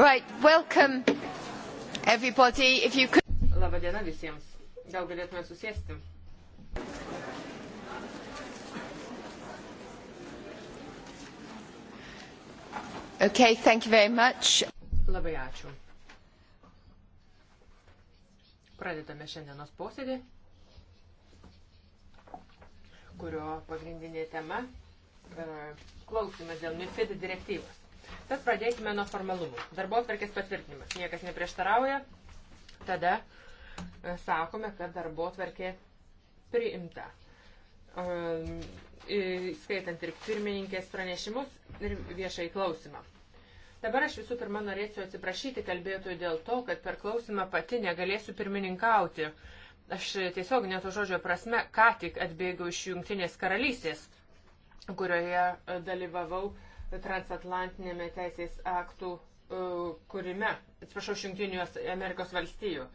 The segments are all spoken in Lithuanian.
Right, welcome everybody, if you could. Labą dieną visiems. Gal galėtume susėsti? Okay, thank you very much. Labai ačiū. Pradedame šiandienos posėdį, kurio pagrindinė tema e, klausimas dėl MIFID direktyvos. Bet pradėkime nuo formalumų. Darbo atvarkės patvirtinimas. Niekas neprieštarauja. Tada e, sakome, kad darbo atvarkė priimta. E, skaitant ir pirmininkės pranešimus ir viešai klausimą. Dabar aš visų pirma norėčiau atsiprašyti kalbėtojų dėl to, kad per klausimą pati negalėsiu pirmininkauti. Aš tiesiog neto žodžio prasme ką tik atbėgau iš Junktinės karalystės, kurioje e, dalyvavau uh, transatlantinėme teisės aktų e, kūrime, atsiprašau, iš Junktinių Amerikos valstijų.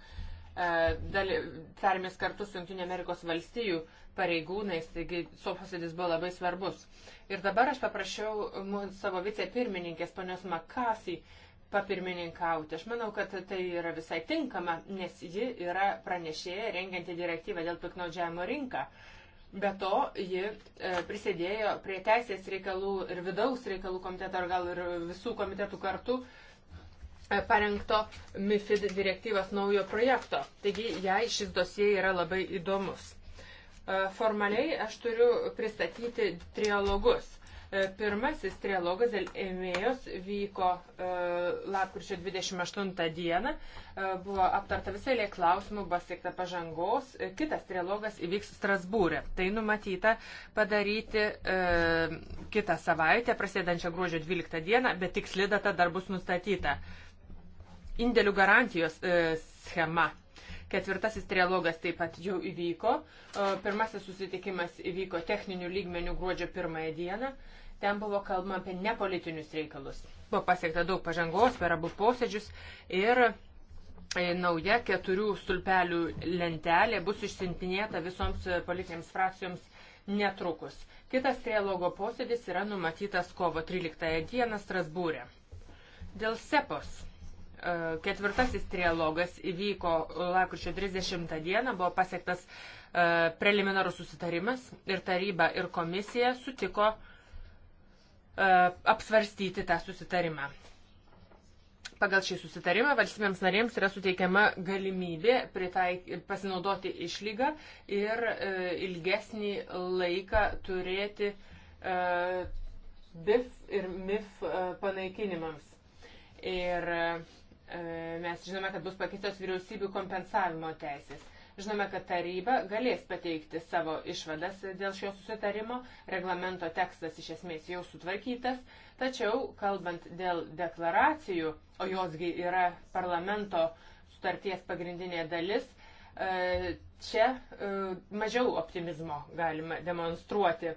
Tarėmės e, kartu su Junktinių Amerikos valstijų pareigūnais, taigi sofosėdis buvo labai svarbus. Ir dabar aš paprašiau savo vicepirmininkės, ponios Makasi, papirmininkauti. Aš manau, kad tai yra visai tinkama, nes ji yra pranešėja rengianti direktyvą dėl piknaudžiavimo rinką. Uh, Be to, ji e, prisidėjo prie teisės reikalų ir vidaus reikalų komiteto, ar gal ir visų komitetų kartu, e, parengto MIFID direktyvos naujo projekto. Taigi, jai šis dosie yra labai įdomus. E, formaliai aš turiu pristatyti trialogus. E, pirmasis trialogas dėl EMEJOS vyko e, lapkričio 28 dieną, e, buvo aptarta visai lė klausimų, buvo siekta pažangos, e, kitas trialogas įvyks Strasbūrė. Tai numatyta padaryti e, kitą savaitę, prasidėdančią gruodžio 12 dieną, bet tiksli data dar bus nustatyta. Indėlių garantijos e, schema Ketvirtasis trialogas taip pat jau įvyko. E, pirmasis susitikimas įvyko techninių lygmenių gruodžio pirmąją dieną. Ten buvo kalbama apie nepolitinius reikalus. Buvo pasiekta daug pažangos per abu posėdžius ir e, nauja keturių stulpelių lentelė bus išsintinėta visoms politinėms frakcijoms netrukus. Kitas trialogo posėdis yra numatytas kovo 13 dieną Strasbūrė. Dėl SEPOS. E, ketvirtasis trialogas įvyko lakrūčio 30 dieną, buvo pasiektas e, preliminarus susitarimas ir taryba ir komisija sutiko uh, E, apsvarstyti tą susitarimą. Pagal šį susitarimą valstybėms narėms yra suteikiama galimybė pritaik, pasinaudoti išlygą ir e, ilgesnį laiką turėti e, BIF ir MIF e, panaikinimams. Ir e, mes žinome, kad bus pakeistos vyriausybių kompensavimo teisės. Žinome, kad taryba galės pateikti savo išvadas dėl šio susitarimo, reglamento tekstas iš esmės jau sutvarkytas, tačiau kalbant dėl deklaracijų, o josgi yra parlamento sutarties pagrindinė dalis, e, čia e, mažiau optimizmo galima demonstruoti.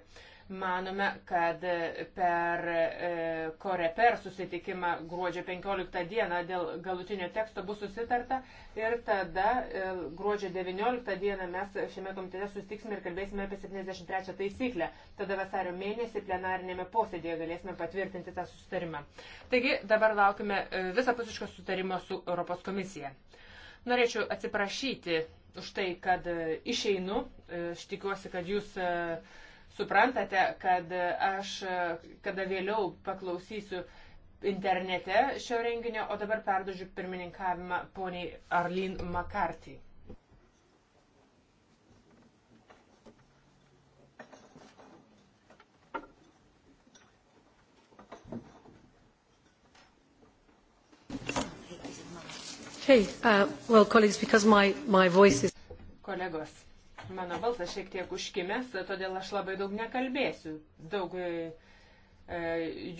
Manome, kad e, per e, Koreper susitikimą gruodžio 15 dieną dėl galutinio teksto bus susitarta ir tada e, gruodžio 19 dieną mes šiame komitete susitiksime ir kalbėsime apie 73 taisyklę. Tada vasario mėnesį plenarinėme posėdėje galėsime patvirtinti tą susitarimą. Taigi dabar laukime visapusiško susitarimo su Europos komisija. Norėčiau atsiprašyti už tai, kad išeinu. Aš tikiuosi, kad jūs. Uh, Suprantate, kad aš, kada vėliau paklausysiu internete šio renginio, o dabar perdužiu pirmininkavimą poniai Arlin McCarthy. Uh, Kolegos, Mano balsas šiek tiek užkimęs, todėl aš labai daug nekalbėsiu. Daug e, e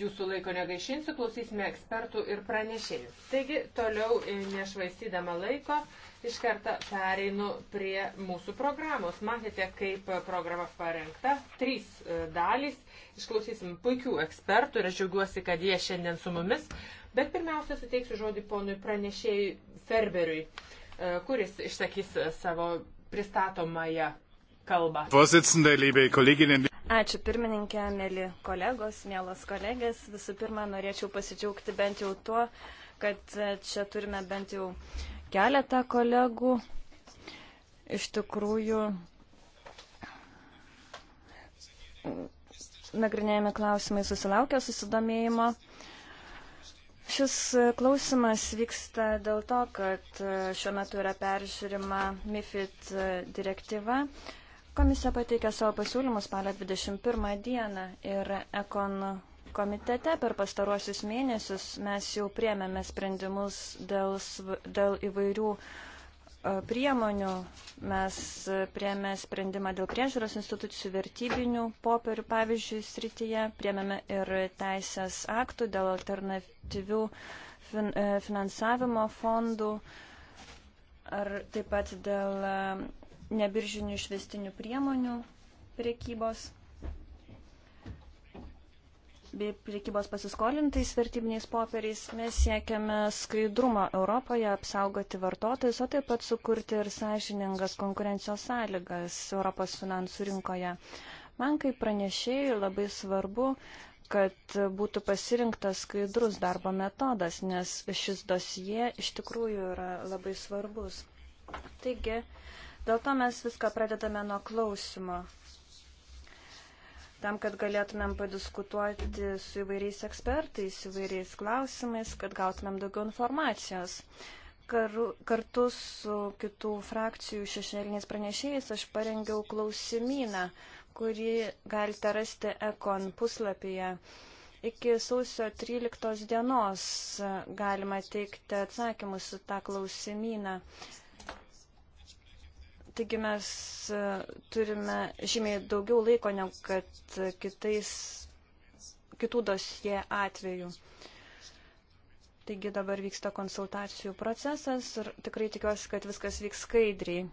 jūsų laiko negaišinsiu, klausysime ekspertų ir pranešėjų. Taigi, toliau e, nešvaistydama laiko, iš karto pereinu prie mūsų programos. Matėte, kaip programa parengta. Trys e, dalys. Išklausysim puikių ekspertų ir aš džiaugiuosi, kad jie šiandien su mumis. Bet pirmiausia, suteiksiu žodį ponui pranešėjui Ferberiui, kuris išsakys savo pristatomąją kalbą. Ačiū pirmininkė, mėly kolegos, mėlos kolegės. Visų pirma, norėčiau pasidžiaugti bent jau tuo, kad čia turime bent jau keletą kolegų. Iš tikrųjų, nagrinėjami klausimai susilaukia susidomėjimo. Šis e, klausimas vyksta dėl to, kad e, šiuo metu yra peržiūrima MIFID e, direktyva. Komisija pateikė savo pasiūlymus spalio 21 dieną ir ekon komitete per pastaruosius mėnesius mes jau priemėme sprendimus dėl, dėl įvairių E, priemonių mes priemė sprendimą dėl priežiūros institucijų vertybinių popierių, pavyzdžiui, srityje, priemėme ir teisės aktų dėl alternatyvių fin, e, finansavimo fondų, ar taip pat dėl e, nebiržinių išvestinių priemonių priekybos bei priekybos pasiskolintais vertybiniais popieriais mes siekiame skaidrumo Europoje, apsaugoti vartotojus, o taip pat sukurti ir sąžiningas konkurencijos sąlygas Europos finansų rinkoje. Man kaip pranešėjai labai svarbu, kad būtų pasirinktas skaidrus darbo metodas, nes šis dosie iš tikrųjų yra labai svarbus. Taigi, dėl to mes viską pradedame nuo klausimo tam, kad galėtumėm padiskutuoti su įvairiais ekspertais, įvairiais klausimais, kad gautumėm daugiau informacijos. Karu, kartu su kitų frakcijų šešėliniais pranešėjais aš parengiau klausimyną, kurį galite rasti Ekon puslapyje. Iki sausio 13 dienos galima teikti atsakymus į tą klausimyną. Taigi mes e, turime žymiai daugiau laiko negu kad kitais, kitų dosie atveju. Taigi dabar vyksta konsultacijų procesas ir tikrai tikiuosi, kad viskas vyks skaidriai.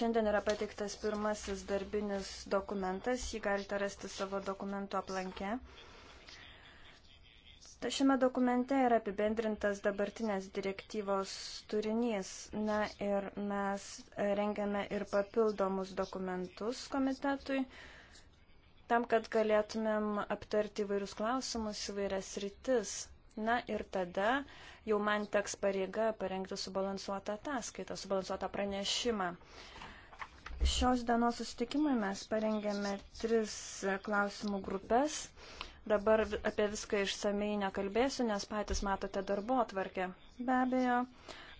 Šiandien yra pateiktas pirmasis darbinis dokumentas, jį galite rasti savo dokumento aplanke. Ta šiame dokumente yra apibendrintas dabartinės direktyvos turinys. Na ir mes rengiame ir papildomus dokumentus komitetui, tam, kad galėtumėm aptarti įvairius klausimus, įvairias rytis. Na ir tada jau man teks pareiga parengti subalansuotą ataskaitą, subalansuotą pranešimą. Šios dienos susitikimui mes parengėme tris klausimų grupės. Dabar apie viską išsamei nekalbėsiu, nes patys matote darbo atvarkę. Be abejo,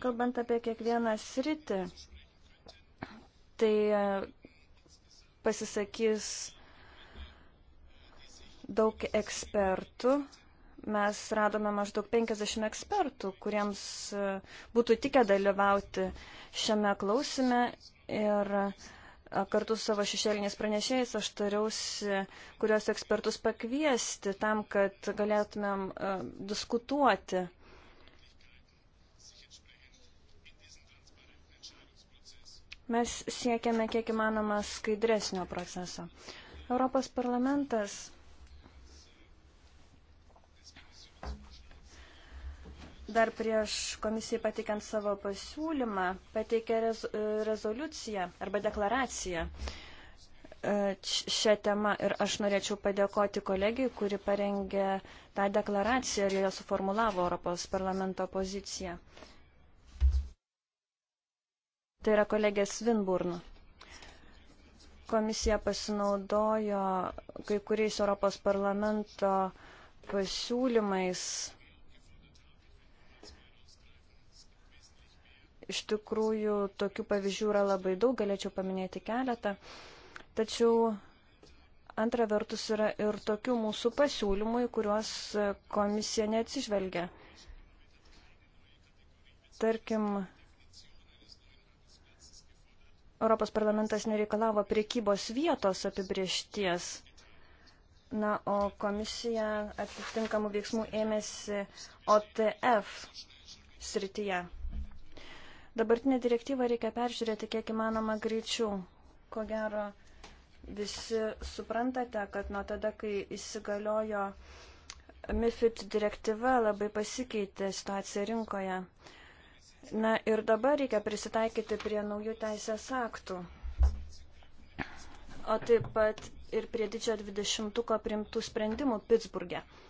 kalbant apie kiekvieną sritį, tai e, pasisakys daug ekspertų. Mes radome maždaug 50 ekspertų, kuriems e, būtų tikę dalyvauti šiame klausime ir uh, kartu su savo šešėliniais pranešėjais aš tariausi, kuriuos ekspertus pakviesti tam, kad galėtumėm e, diskutuoti. Mes siekiame kiek įmanoma skaidresnio proceso. Europos parlamentas dar prieš komisijai pateikiant savo pasiūlymą pateikė rez, e, rezoliuciją arba deklaraciją e, šią temą ir aš norėčiau padėkoti kolegijai, kuri parengė tą deklaraciją ir joje suformulavo Europos parlamento poziciją. Tai yra kolegė Svinburn. Komisija pasinaudojo kai kuriais Europos parlamento pasiūlymais Iš tikrųjų, tokių pavyzdžių yra labai daug, galėčiau paminėti keletą. Tačiau antra vertus yra ir tokių mūsų pasiūlymų, į kuriuos komisija neatsižvelgia. Tarkim, Europos parlamentas nereikalavo priekybos vietos apibriešties. Na, o komisija atitinkamų veiksmų ėmėsi OTF srityje. Dabartinę direktyvą reikia peržiūrėti kiek įmanoma greičiau. Ko gero, visi suprantate, kad nuo tada, kai įsigaliojo MIFID direktyva, labai pasikeitė situacija rinkoje. Na ir dabar reikia prisitaikyti prie naujų teisės aktų, o taip pat ir prie didžiojo dvidešimtuko primtų sprendimų Pittsburgė. E.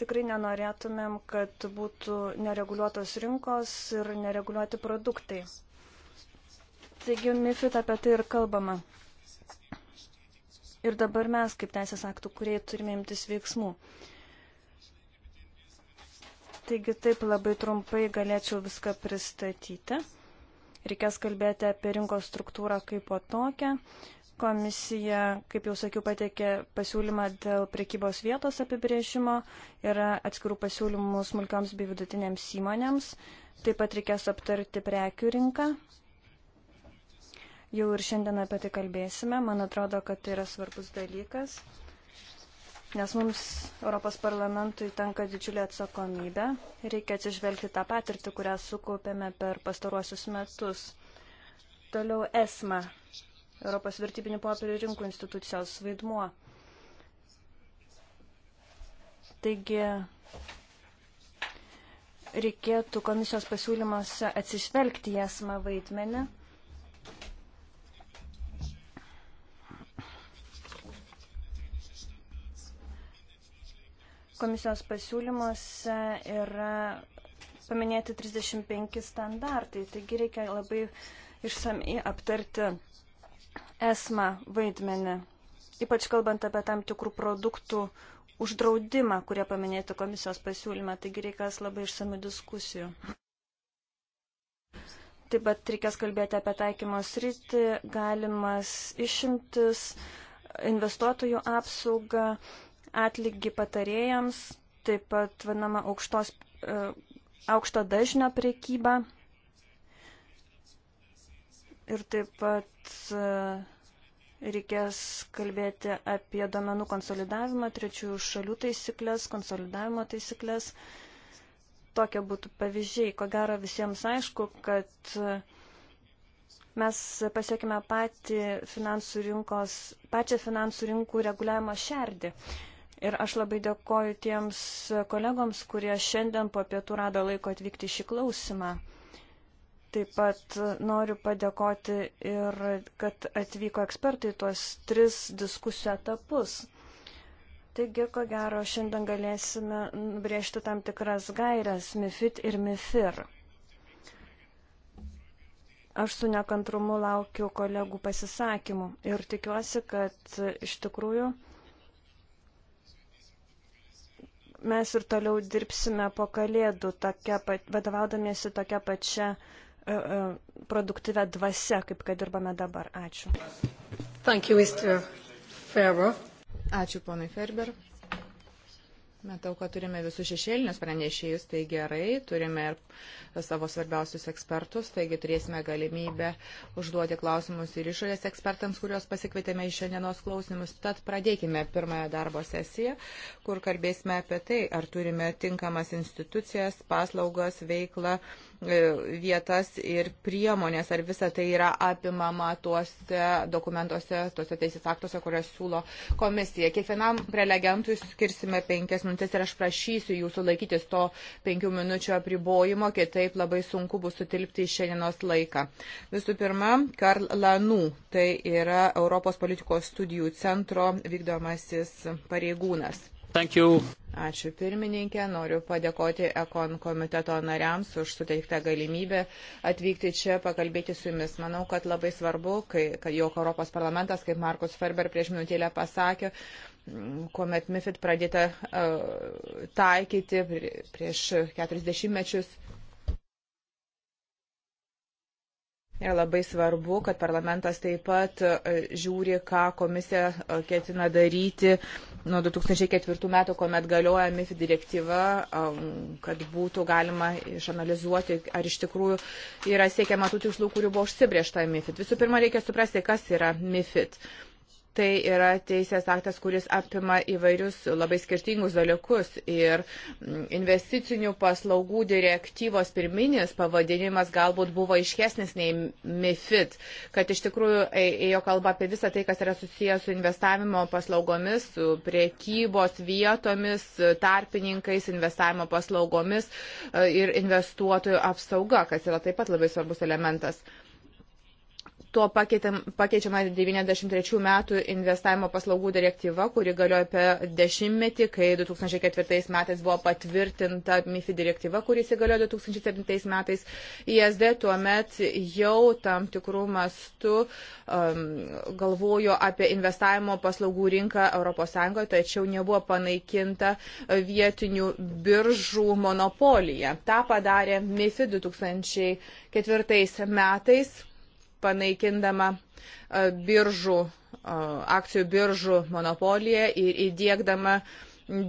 Tikrai nenorėtumėm, kad būtų nereguliuotos rinkos ir nereguliuoti produktai. Taigi MIFID apie tai ir kalbama. Ir dabar mes, kaip teisės aktų, kurie turime imtis veiksmų. Taigi taip labai trumpai galėčiau viską pristatyti. Reikės kalbėti apie rinkos struktūrą kaip po tokią, Komisija, kaip jau sakiau, pateikė pasiūlymą dėl prekybos vietos apibrėžimo, yra atskirų pasiūlymų smulkioms bei vidutinėms įmonėms, taip pat reikės aptarti prekių rinką. Jau ir šiandien apie tai kalbėsime, man atrodo, kad tai yra svarbus dalykas, nes mums Europos parlamentui tenka didžiulė atsakomybė, reikia atsižvelgti tą patirtį, kurią sukaupėme per pastaruosius metus. Toliau esma Europos vertybinių popierių rinkų institucijos vaidmuo. Taigi reikėtų komisijos pasiūlymuose atsižvelgti į esmą vaidmenį. Komisijos pasiūlymuose yra paminėti 35 standartai, taigi reikia labai išsamei aptarti esmą vaidmenį, ypač kalbant apie tam tikrų produktų uždraudimą, kurie paminėti komisijos pasiūlymą, taigi reikės labai išsamių diskusijų. Taip pat reikės kalbėti apie taikymo sritį, galimas išimtis, investuotojų apsaugą, atlygį patarėjams, taip pat vadinama aukštos, e, aukšto dažnio priekybą. Ir taip pat e, reikės kalbėti apie domenų konsolidavimą, trečiųjų šalių taisyklės, konsolidavimo taisyklės. Tokie būtų pavyzdžiai. Ko gero visiems aišku, kad e, mes pasiekime patį finansų rinkos, pačią finansų rinkų reguliavimo šerdį. Ir aš labai dėkoju tiems kolegoms, kurie šiandien po pietų rado laiko atvykti šį klausimą. Taip pat noriu padėkoti ir, kad atvyko ekspertai tuos tris diskusijų etapus. Taigi, ko gero, šiandien galėsime briežti tam tikras gairias MIFID ir MIFIR. Aš su nekantrumu laukiu kolegų pasisakymų ir tikiuosi, kad iš tikrųjų mes ir toliau dirbsime po kalėdų, tokia pat, vadovaudamiesi tokia pačia E, e, produktyvę dvasę, kaip kad dirbame dabar. Ačiū. Thank you, Mr. Ferber. Ačiū, ponai Ferber. Matau, kad turime visus šešėlinius pranešėjus, tai gerai, turime ir savo svarbiausius ekspertus, taigi turėsime galimybę užduoti klausimus ir išorės ekspertams, kuriuos pasikvietėme į šiandienos klausimus. Tad pradėkime pirmąją darbo sesiją, kur kalbėsime apie tai, ar turime tinkamas institucijas, paslaugas, veiklą E, vietas ir priemonės, ar visa tai yra apimama tuose dokumentuose, tuose teisės aktuose, kurias siūlo komisija. Kiekvienam prelegentui skirsime penkias minutės ir aš prašysiu jūsų laikytis to penkių minučių apribojimo, kitaip labai sunku bus sutilpti į šiandienos laiką. Visų pirma, Karl Lanų, tai yra Europos politikos studijų centro vykdomasis pareigūnas. Ačiū pirmininkė, noriu padėkoti Ekon komiteto nariams už suteiktą galimybę atvykti čia, pakalbėti su jumis. Manau, kad labai svarbu, kai, kad jog Europos parlamentas, kaip Markus Ferber prieš minutėlę pasakė, kuomet MIFID pradėta uh, taikyti prieš 40 mečius Ir labai svarbu, kad parlamentas taip pat e, žiūri, ką komisija e, ketina daryti nuo 2004 metų, kuomet galioja MIF direktyva, kad būtų galima išanalizuoti, ar iš tikrųjų yra siekiama tų tikslų, kurių buvo užsibriešta MIFID. Visų pirma, reikia suprasti, kas yra MIFID tai yra teisės aktas, kuris apima įvairius labai skirtingus dalykus. Ir mm, investicinių paslaugų direktyvos pirminis pavadinimas galbūt buvo iškesnis nei MIFID, kad iš tikrųjų ėjo kalba apie visą tai, kas yra susijęs su investavimo paslaugomis, su priekybos vietomis, tarpininkais, investavimo paslaugomis e, ir investuotojų apsauga, kas yra taip pat labai svarbus elementas. Tuo pakeičiama 93 metų investavimo paslaugų direktyva, kuri galioja apie dešimtmetį, kai 2004 metais buvo patvirtinta MIFI direktyva, kuris įgaliojo 2007 metais. ISD tuo met jau tam tikrų mastų um, galvojo apie investavimo paslaugų rinką ES, tačiau nebuvo panaikinta vietinių biržų monopolija. Ta padarė MIFI 2004 metais panaikindama e, biržų, e, akcijų biržų monopoliją ir įdėkdama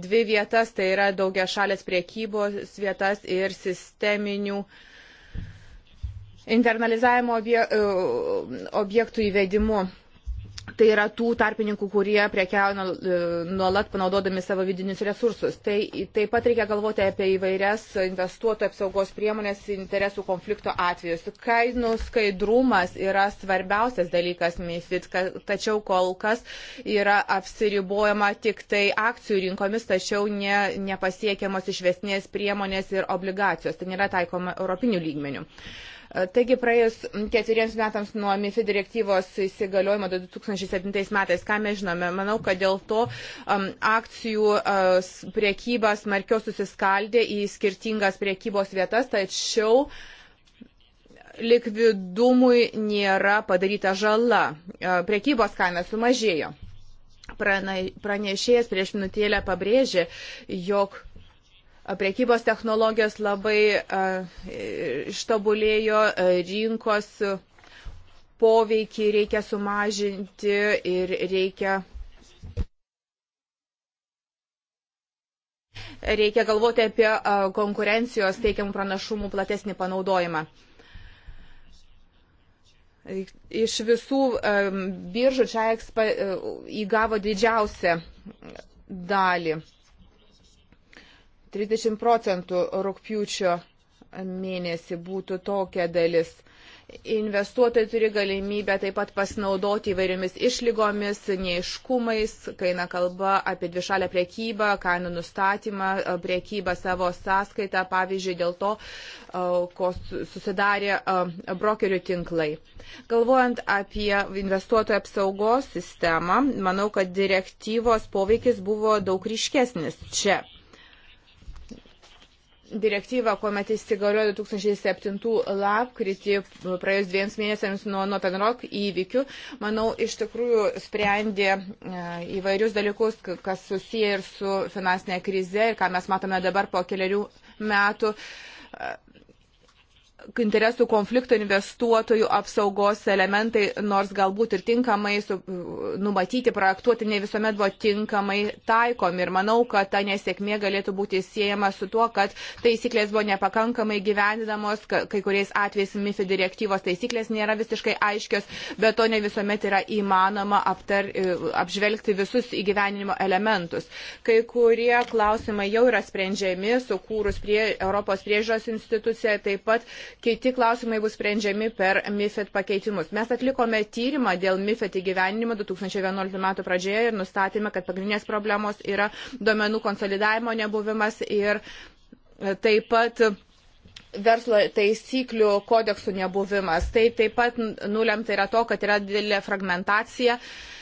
dvi vietas, tai yra daugia šalės priekybos vietas ir sisteminių internalizavimo e, objektų įvedimu. Tai yra tų tarpininkų, kurie priekiauja e, nuolat panaudodami savo vidinius resursus. Tai taip pat reikia galvoti apie įvairias investuotojų apsaugos priemonės interesų konflikto atvejus. Kainų skaidrumas yra svarbiausias dalykas MIFID, tačiau kol kas yra apsiribojama tik tai akcijų rinkomis, tačiau ne, nepasiekiamos išvesnės priemonės ir obligacijos. Tai nėra taikoma europinių lygmenių. Uh, Taigi praėjus ketveriems metams nuo MIFI direktyvos įsigaliojimo 2007 metais, ką mes žinome, manau, kad dėl to um, akcijų uh, priekyba smarkiau susiskaldė į skirtingas priekybos vietas, tačiau likvidumui nėra padaryta žala. Uh, priekybos kaina sumažėjo. Prana, pranešėjas prieš minutėlę pabrėžė, jog Priekybos technologijos labai ištobulėjo, rinkos poveikį reikia sumažinti ir reikia reikia galvoti apie konkurencijos teikiamų pranašumų platesnį panaudojimą. Iš visų biržų čia įgavo didžiausią dalį. 30 procentų rūpjūčio mėnesį būtų tokia dalis. Investuotojai turi galimybę taip pat pasinaudoti įvairiomis išlygomis, neiškumais, kai eina kalba apie dvišalę priekybą, kainų nustatymą, priekybą savo sąskaitą, pavyzdžiui, dėl to, ko susidarė brokerių tinklai. Galvojant apie investuotojų apsaugos sistemą, manau, kad direktyvos poveikis buvo daug ryškesnis čia direktyvą, kuomet įsigaliojo 2007 lapkritį, praėjus dviems mėnesiams nuo, nuo Penrok įvykių, manau, iš tikrųjų sprendė e, įvairius dalykus, kas susiję ir su finansinė krize ir ką mes matome dabar po keliarių metų e, interesų konflikto investuotojų apsaugos elementai, nors galbūt ir tinkamai su, numatyti, projektuoti, ne visuomet buvo tinkamai taikomi. Ir manau, kad ta nesėkmė galėtų būti siejama su tuo, kad taisyklės buvo nepakankamai gyvendinamos, kai kuriais atvejais MIFI direktyvos taisyklės nėra visiškai aiškios, bet to ne visuomet yra įmanoma aptar, e, apžvelgti visus įgyvenimo elementus. Kai kurie klausimai jau yra sprendžiami, sukūrus prie Europos priežiūros instituciją, taip pat Kiti klausimai bus sprendžiami per MIFID pakeitimus. Mes atlikome tyrimą dėl MIFID įgyvenimo 2011 metų pradžioje ir nustatėme, kad pagrindinės problemos yra duomenų konsolidavimo nebuvimas ir e, taip pat verslo taisyklių kodeksų nebuvimas. Tai taip pat nulemta yra to, kad yra didelė fragmentacija. Uh,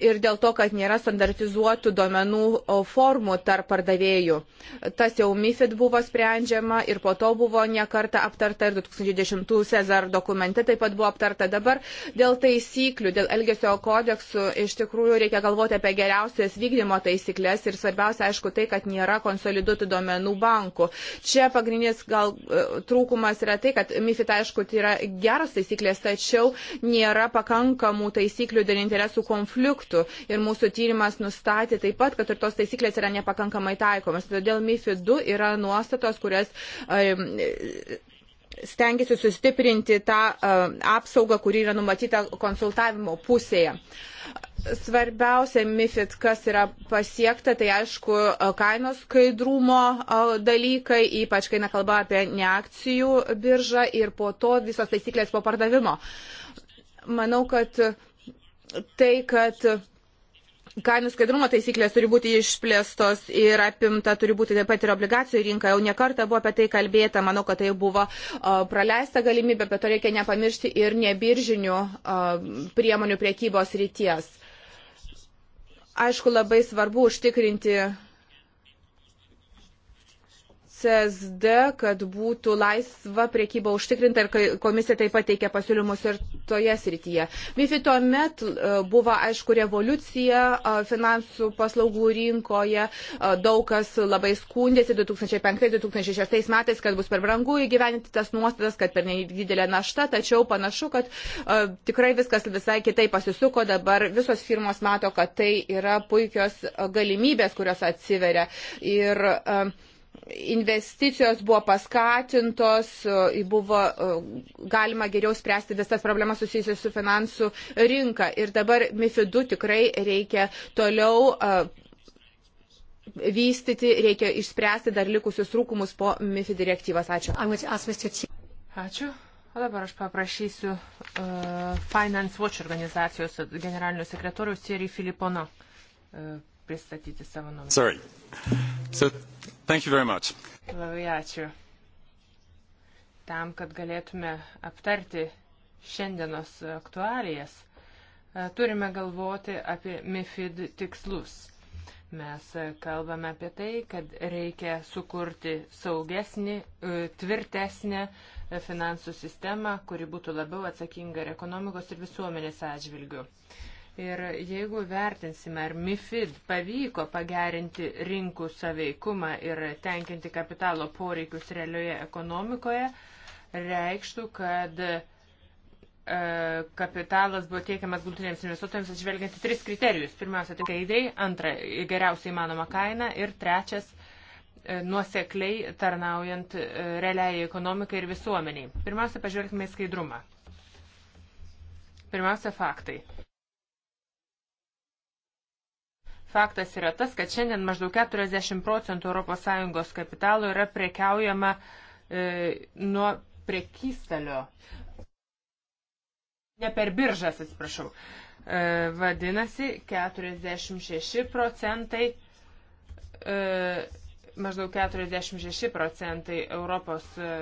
ir dėl to, kad nėra standartizuotų duomenų formų tarp pardavėjų. Tas jau MIFID buvo sprendžiama ir po to buvo nekarta aptarta ir 2010 Cezar dokumente taip pat buvo aptarta. Dabar dėl taisyklių, dėl Elgesio kodeksų iš tikrųjų reikia galvoti apie geriausias vykdymo taisyklės ir svarbiausia, aišku, tai, kad nėra konsoliduotų duomenų bankų. Čia pagrindinis gal e, trūkumas yra tai, kad MIFID, aišku, tai yra geros taisyklės, tačiau nėra pakankamų taisyklių dėl interesų konfliktų aktų. Ir mūsų tyrimas nustatė taip pat, kad ir tos taisyklės yra nepakankamai taikomas. Todėl MIFID 2 yra nuostatos, kurias. E, Stengiasi sustiprinti tą uh, apsaugą, kuri yra numatyta konsultavimo pusėje. Svarbiausia, MIFID, kas yra pasiekta, tai aišku, kainos skaidrumo dalykai, ypač kai nekalba apie neakcijų biržą ir po to visos taisyklės po pardavimo. Manau, kad uh, tai, kad kainų skaidrumo taisyklės turi būti išplėstos ir apimta turi būti taip pat ir obligacijų rinka. Jau nekarta buvo apie tai kalbėta, manau, kad tai buvo praleista galimybė, bet to reikia nepamiršti ir nebiržinių priemonių priekybos ryties. Aišku, labai svarbu užtikrinti CSD, kad būtų laisva priekyba užtikrinta ir komisija taip pat teikia pasiūlymus ir toje srityje. MIFI tuomet e, buvo, aišku, revoliucija e, finansų paslaugų rinkoje, e, daug kas labai skundėsi 2005-2006 metais, kad bus per brangu įgyveninti tas nuostatas, kad per nedidelė našta, tačiau panašu, kad tikrai viskas visai kitai pasisuko, dabar visos firmos mato, kad tai yra puikios galimybės, kurios atsiveria. Ir, uh, investicijos buvo paskatintos, e, buvo e, galima geriau spręsti visas problemas susijusias su finansų rinka. Ir dabar MIFIDU tikrai reikia toliau e, vystyti, reikia išspręsti dar likusius trūkumus po MIFID direktyvas. Ačiū. Ačiū. O dabar aš paprašysiu uh, Finance Watch organizacijos generalinio sekretoriaus Thierry Filipono uh, pristatyti savo nuomonę. Thank you very much. Labai ačiū. Tam, kad galėtume aptarti šiandienos aktualijas, e, turime galvoti apie MIFID tikslus. Mes e, kalbame apie tai, kad reikia sukurti saugesnį, e, tvirtesnę finansų sistemą, kuri būtų labiau atsakinga ir ekonomikos ir visuomenės atžvilgių. Ir jeigu vertinsime, ar MIFID pavyko pagerinti rinkų saveikumą ir tenkinti kapitalo poreikius realioje ekonomikoje, reikštų, kad e, kapitalas buvo tiekiamas galutiniams investuotojams atžvelgiant į tris kriterijus. Pirmiausia, tai skaidriai, antra, geriausiai įmanoma kaina ir trečias, e, nuosekliai tarnaujant e, realiai ekonomikai ir visuomeniai. Pirmiausia, pažvelgime į skaidrumą. Pirmiausia, faktai. Faktas yra tas, kad šiandien maždaug 40 procentų ES kapitalo yra prekiaujama e, nuo prekystalio. Ne per biržas, atsiprašau. E, vadinasi, 46 procentai, e, maždaug 46 procentai Europos e,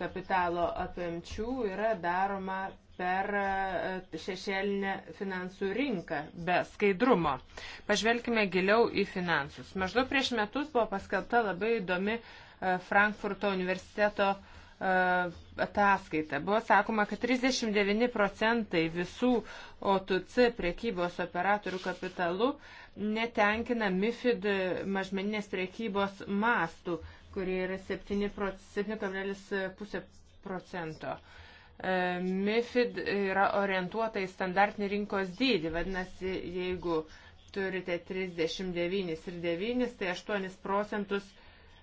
kapitalo apimčių yra daroma per e, šešėlinę finansų rinką be skaidrumo. Pažvelkime giliau į finansus. Maždaug prieš metus buvo paskelbta labai įdomi e, Frankfurto universiteto e, ataskaita. Buvo sakoma, kad 39 procentai visų OTC priekybos operatorių kapitalų netenkina MIFID mažmeninės priekybos mastų, kurie yra 7,5 procento. E, MIFID yra orientuota į standartinį rinkos dydį. Vadinasi, jeigu turite 39 ir 9, tai 8 procentus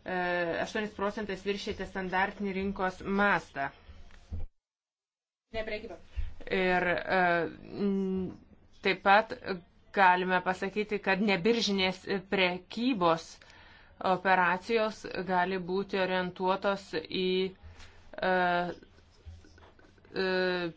8 e, procentais viršėte standartinį rinkos mastą. Neprekyba. Ir e, taip pat galime pasakyti, kad nebiržinės prekybos operacijos gali būti orientuotos į E,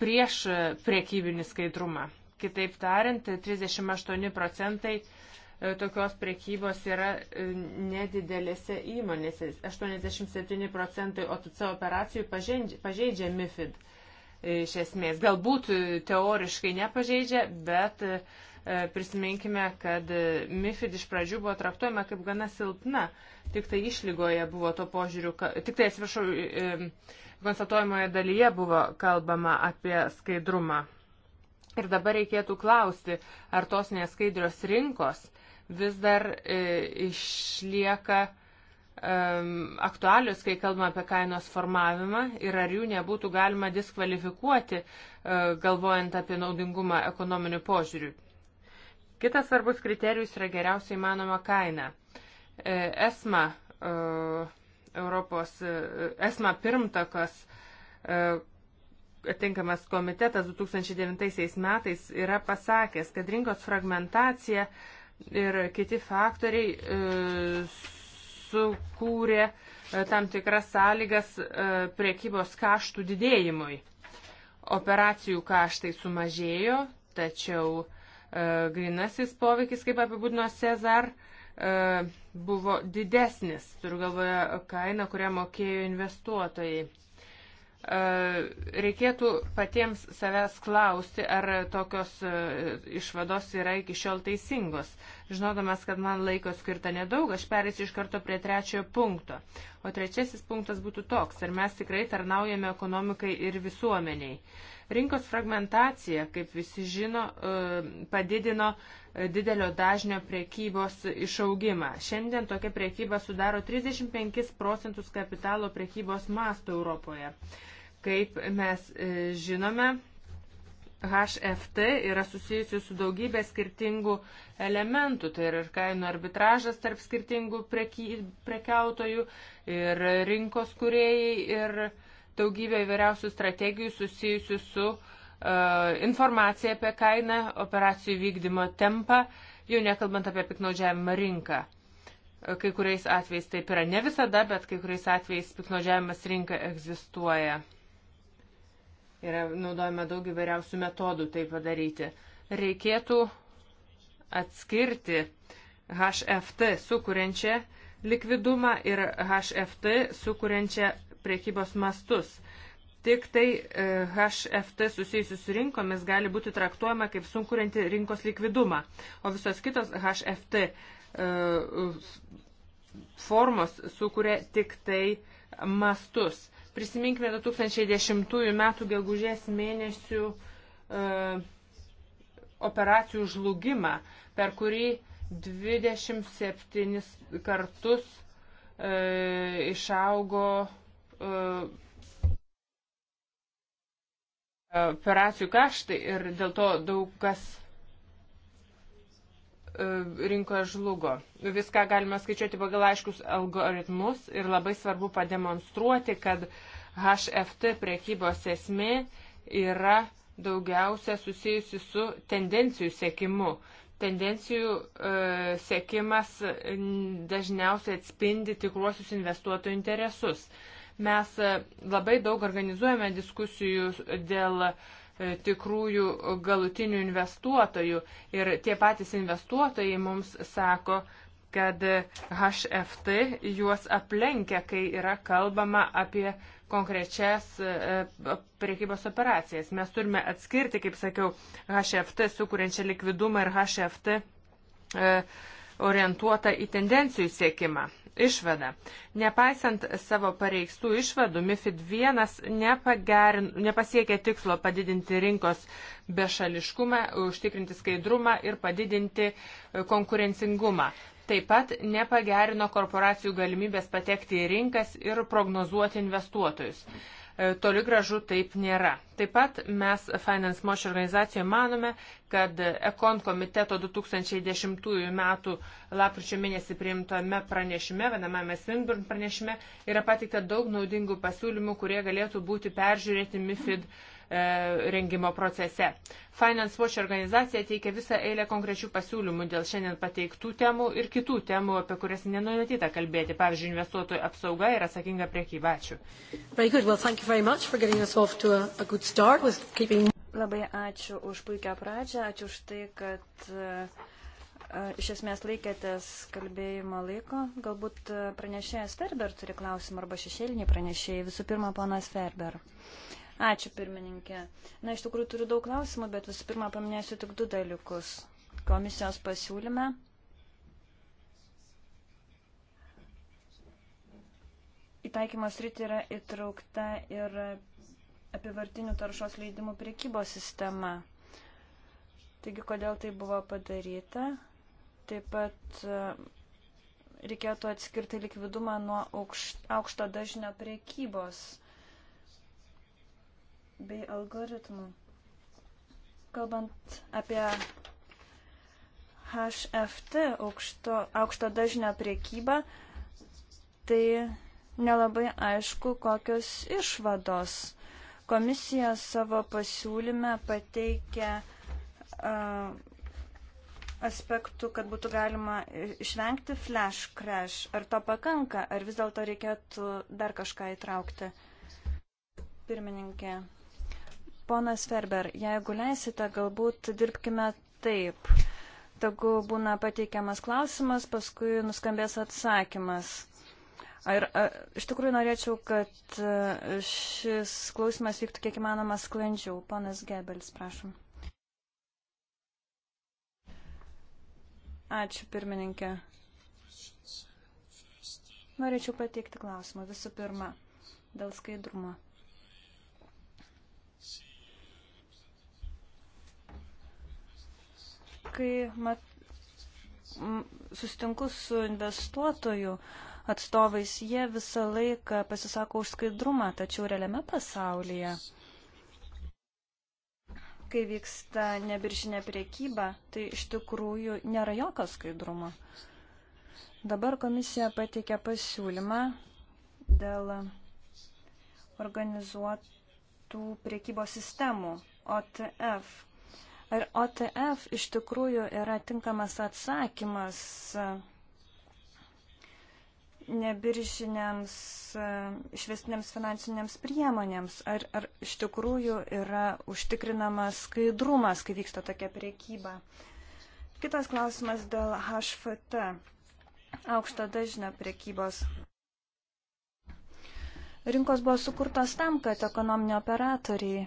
prieš priekybinį skaidrumą. Kitaip tariant, 38 procentai e, tokios priekybos yra e, nedidelėse įmonėse. 87 procentai OTC operacijų pažeidžia, pažeidžia MIFID iš esmės. Galbūt teoriškai nepažeidžia, bet prisiminkime, kad MIFID iš pradžių buvo traktuojama kaip gana silpna. Tik tai išlygoje buvo to požiūriu, tik tai atsiprašau, Konstatuojamoje dalyje buvo kalbama apie skaidrumą. Ir dabar reikėtų klausti, ar tos neskaidrios rinkos vis dar e, išlieka um, aktualius, kai kalbame apie kainos formavimą ir ar jų nebūtų galima diskvalifikuoti, uh, galvojant apie naudingumą ekonominių požiūrių. Kitas svarbus kriterijus yra geriausiai manoma kaina. E, esma uh, Europos e, esma pirmtakas e, atinkamas komitetas 2009 metais yra pasakęs, kad rinkos fragmentacija ir kiti faktoriai e, sukūrė tam tikras sąlygas priekybos kaštų didėjimui. Operacijų kaštai sumažėjo, tačiau grinasis poveikis, kaip apibūdino Cezar, e, E, buvo didesnis, turiu galvoje kainą, kurią mokėjo investuotojai. E, reikėtų patiems savęs klausti, ar tokios e, išvados yra iki šiol teisingos. Žinodamas, kad man laiko skirta nedaug, aš perėsiu iš karto prie trečiojo punkto. O trečiasis punktas būtų toks, ar mes tikrai tarnaujame ekonomikai ir visuomeniai. Uh, Rinkos fragmentacija, kaip visi žino, e, padidino e, didelio dažnio priekybos išaugimą. Šiandien tokia priekyba sudaro 35 procentus kapitalo priekybos masto Europoje. Kaip mes e, žinome, HFT yra susijusi su daugybė skirtingų elementų, tai yra ir kainų arbitražas tarp skirtingų preky, prekiautojų ir rinkos kuriejai ir daugybę įvairiausių strategijų susijusių su uh, informacija apie kainą, operacijų vykdymo tempą, jau nekalbant apie piknaudžiavimą rinką. E, kai kuriais atvejais taip yra ne visada, bet kai kuriais atvejais piknaudžiavimas rinka egzistuoja. Yra naudojama daug įvairiausių metodų tai padaryti. Reikėtų atskirti HFT sukuriančią likvidumą ir HFT sukuriančią priekybos mastus. Tik tai e, HFT susijusius su rinkomis gali būti traktuojama kaip sunkurianti rinkos likvidumą, o visos kitos HFT e, formos sukuria tik tai mastus. Prisiminkime 2010 m. gegužės mėnesių e, operacijų žlugimą, per kurį 27 kartus e, išaugo E, operacijų kaštai ir dėl to daug kas e, rinkoje žlugo. Viską galime skaičiuoti pagal aiškius algoritmus ir labai svarbu pademonstruoti, kad HFT priekybos esmė yra daugiausia susijusi su tendencijų sėkimu. Tendencijų e, sėkimas dažniausiai atspindi tikruosius investuotojų interesus. Mes e, labai daug organizuojame diskusijų dėl e, tikrųjų galutinių investuotojų ir tie patys investuotojai mums sako, kad HFT juos aplenkia, kai yra kalbama apie konkrečias e, priekybos operacijas. Mes turime atskirti, kaip sakiau, HFT sukūrenčią likvidumą ir HFT orientuotą į tendencijų siekimą išvadą. Nepaisant savo pareikstų išvadų, MIFID 1 nepasiekė tikslo padidinti rinkos bešališkumą, užtikrinti skaidrumą ir padidinti e, konkurencingumą. Taip pat nepagerino korporacijų galimybės patekti į rinkas ir prognozuoti investuotojus. E, toli gražu taip nėra. Taip pat mes Finance Mosh organizacijoje manome, kad Ekon komiteto 2010 m. lapkričio mėnesį priimtame pranešime, vienamame Svinburn pranešime, yra pateikta daug naudingų pasiūlymų, kurie galėtų būti peržiūrėti MIFID E, rengimo procese. Finance Watch organizacija teikia visą eilę konkrečių pasiūlymų dėl šiandien pateiktų temų ir kitų temų, apie kurias nenumatyta kalbėti, pavyzdžiui, investuotojų apsauga ir atsakinga priekyba. Ačiū. Well, keeping... Labai ačiū už puikią pradžią, ačiū už tai, kad uh, iš esmės laikėtės kalbėjimo laiko. Galbūt pranešėjas Ferber turi klausimą arba šešėlinį pranešėjai. Visų pirma, ponas Ferber. Uh, Ačiū pirmininkė. Na, iš tikrųjų turiu daug klausimų, bet visų pirma paminėsiu tik du dalykus. Komisijos pasiūlyme. Įtaikymas rytį yra įtraukta ir apivartinių taršos leidimų priekybos sistema. Taigi, kodėl tai buvo padaryta? Taip pat e, reikėtų atskirti likvidumą nuo aukšto dažnio priekybos bei algoritmų. Kalbant apie HFT aukšto, aukšto dažnio priekybą, tai nelabai aišku, kokios išvados. Komisija savo pasiūlyme pateikia uh, aspektų, kad būtų galima išvengti flash crash. Ar to pakanka, ar vis dėlto reikėtų dar kažką įtraukti? Pirmininkė, Ponas Ferber, jeigu leisite, galbūt dirbkime taip. Tegu būna pateikiamas klausimas, paskui nuskambės atsakymas. Ir iš tikrųjų norėčiau, kad šis klausimas vyktų kiek įmanoma sklandžiau. Ponas Gebelis, prašom. Ačiū, pirmininkė. Norėčiau pateikti klausimą. Visų pirma, dėl skaidrumo. kai mat, sustinku su investuotojų atstovais, jie visą laiką pasisako už skaidrumą, tačiau realiame pasaulyje, kai vyksta nebiržinė priekyba, tai iš tikrųjų nėra jokio skaidrumo. Dabar komisija pateikė pasiūlymą dėl organizuotų priekybos sistemų OTF Ar OTF iš tikrųjų yra tinkamas atsakymas e, nebiržiniams e, išvestinėms finansinėms priemonėms? Ar, ar iš tikrųjų yra užtikrinamas skaidrumas, kai vyksta tokia priekyba? Kitas klausimas dėl HFT, aukšto dažnio priekybos. Rinkos buvo sukurtos tam, kad ekonominiai operatoriai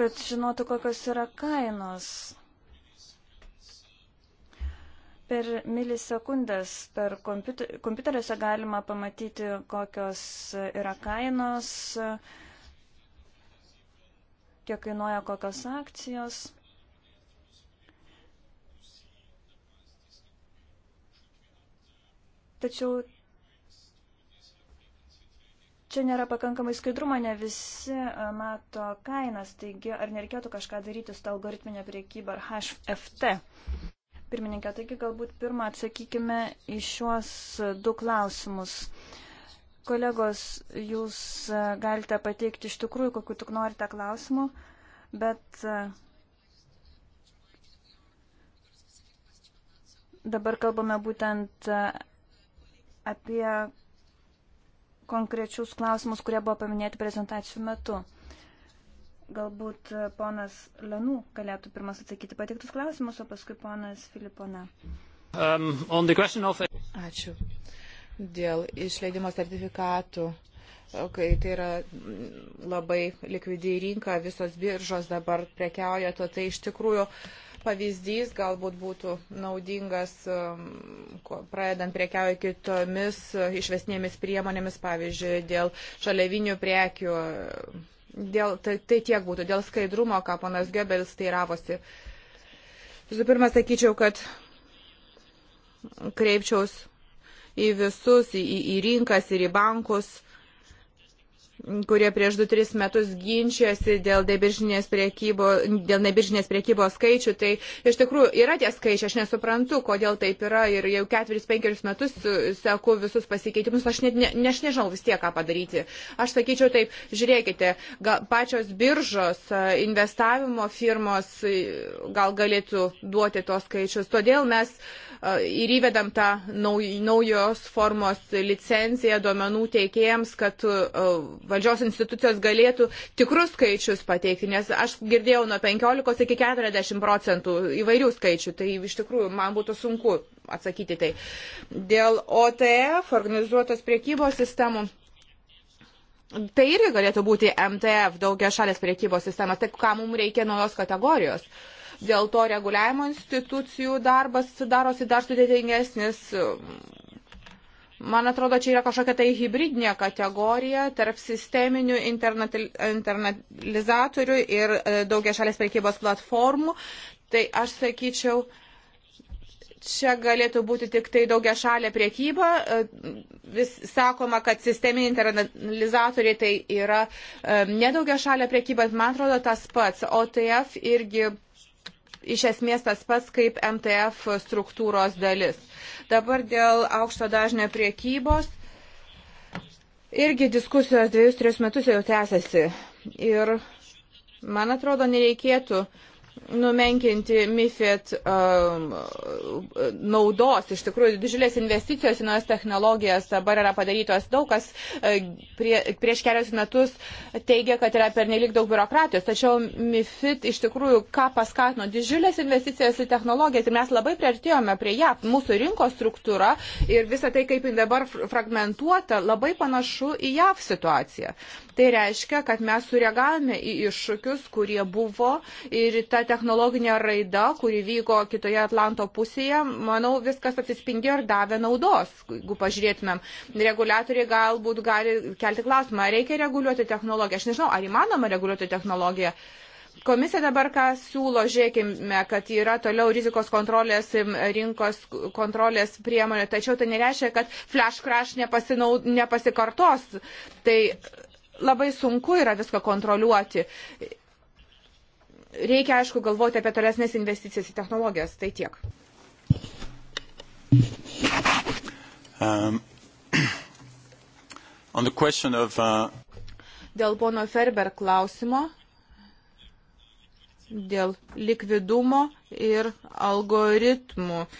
kad žinotų, kokios yra kainos. Per milisekundės per kompiuteriuose galima pamatyti, kokios yra kainos, kiek kainuoja kokios akcijos. Tačiau Čia nėra pakankamai skaidrumo, ne visi e, mato kainas, taigi ar nereikėtų kažką daryti su algoritminė priekyba ar HFT. Pirmininkė, taigi galbūt pirmą atsakykime į šiuos du klausimus kolegos, jūs e, galite pateikti iš tikrųjų kokiu tik norite klausimų, bet e, dabar kalbame būtent apie konkrečius klausimus, kurie buvo paminėti prezentacijų metu. Galbūt ponas Lenų galėtų pirmas atsakyti patiktus klausimus, o paskui ponas Filipona. Um, of... Ačiū. Dėl išleidimo sertifikatų kai tai yra labai likvidiai rinka, visos biržos dabar prekiauja, to tai iš tikrųjų uh, pavyzdys galbūt būtų naudingas, um, pradedant prekiauja kitomis uh, išvesnėmis priemonėmis, pavyzdžiui, dėl žaliavinių prekių. Uh, dėl, tai, tai tiek būtų, dėl skaidrumo, ką panas Goebbels teiravosi. Visų pirma, sakyčiau, kad kreipčiaus į visus, į, į rinkas ir į bankus kurie prieš 2-3 metus ginčiasi dėl nebiržinės priekybos, dėl nebiržinės priekybos skaičių, tai iš tikrųjų yra tie skaičiai, aš nesuprantu, kodėl taip yra ir jau 4-5 metus seku visus pasikeitimus, aš, net, ne, ne, aš nežinau vis tiek, ką padaryti. Aš sakyčiau taip, žiūrėkite, gal, pačios biržos, investavimo firmos gal galėtų duoti tos skaičius, todėl mes ir įvedam tą naujos formos licenciją duomenų teikėjams, kad valdžios institucijos galėtų tikrus skaičius pateikti, nes aš girdėjau nuo 15 iki 40 procentų įvairių skaičių, tai iš tikrųjų man būtų sunku atsakyti tai. Dėl OTF, organizuotos priekybos sistemų. Tai irgi galėtų būti MTF, daugia šalės priekybos sistemas, tai ką mums reikia naujos kategorijos. Dėl to reguliavimo institucijų darbas darosi dar sudėtingesnis, Man atrodo, čia yra kažkokia tai hybridinė kategorija tarp sisteminių internalizatorių ir e, daugia šalės prekybos platformų. Tai aš sakyčiau, čia galėtų būti tik tai daugia šalė priekyba. E, vis sakoma, kad sisteminiai internalizatoriai tai yra e, nedaugia šalė priekyba, man atrodo tas pats. OTF irgi iš esmės tas pats kaip MTF struktūros dalis. Dabar dėl aukšto dažnio priekybos. Irgi diskusijos dviejus, tris metus jau tęsiasi. Ir man atrodo, nereikėtų uh, numenkinti MIFID um, naudos. Iš tikrųjų, didžiulės investicijos į naujas technologijas dabar yra padarytos. Daug kas uh, prie, prieš kelius metus teigia, kad yra pernelik daug biurokratijos. Tačiau MIFID iš tikrųjų ką paskatino? Didžiulės investicijas į technologijas ir mes labai priartėjome prie ją. Mūsų rinkos struktūra ir visa tai, kaip jin dabar fragmentuota, labai panašu į JAV situaciją. Tai reiškia, kad mes sureagavome į iššūkius, kurie buvo ir ta technologinė raida, kuri vyko kitoje Atlanto pusėje, manau, viskas atsispindėjo ir davė naudos, jeigu pažiūrėtumėm. Reguliatoriai galbūt gali kelti klausimą, ar reikia reguliuoti technologiją. Aš nežinau, ar įmanoma reguliuoti technologiją. Komisija dabar ką siūlo, žiūrėkime, kad yra toliau rizikos kontrolės, rinkos kontrolės priemonė, tačiau tai nereiškia, kad flash crash nepasinaud, nepasikartos. Tai labai sunku yra viską kontroliuoti reikia, aišku, galvoti apie tolesnės investicijas į technologijas. Tai tiek. Um, of, uh... Dėl pono Ferber klausimo, dėl likvidumo ir algoritmų. Uh,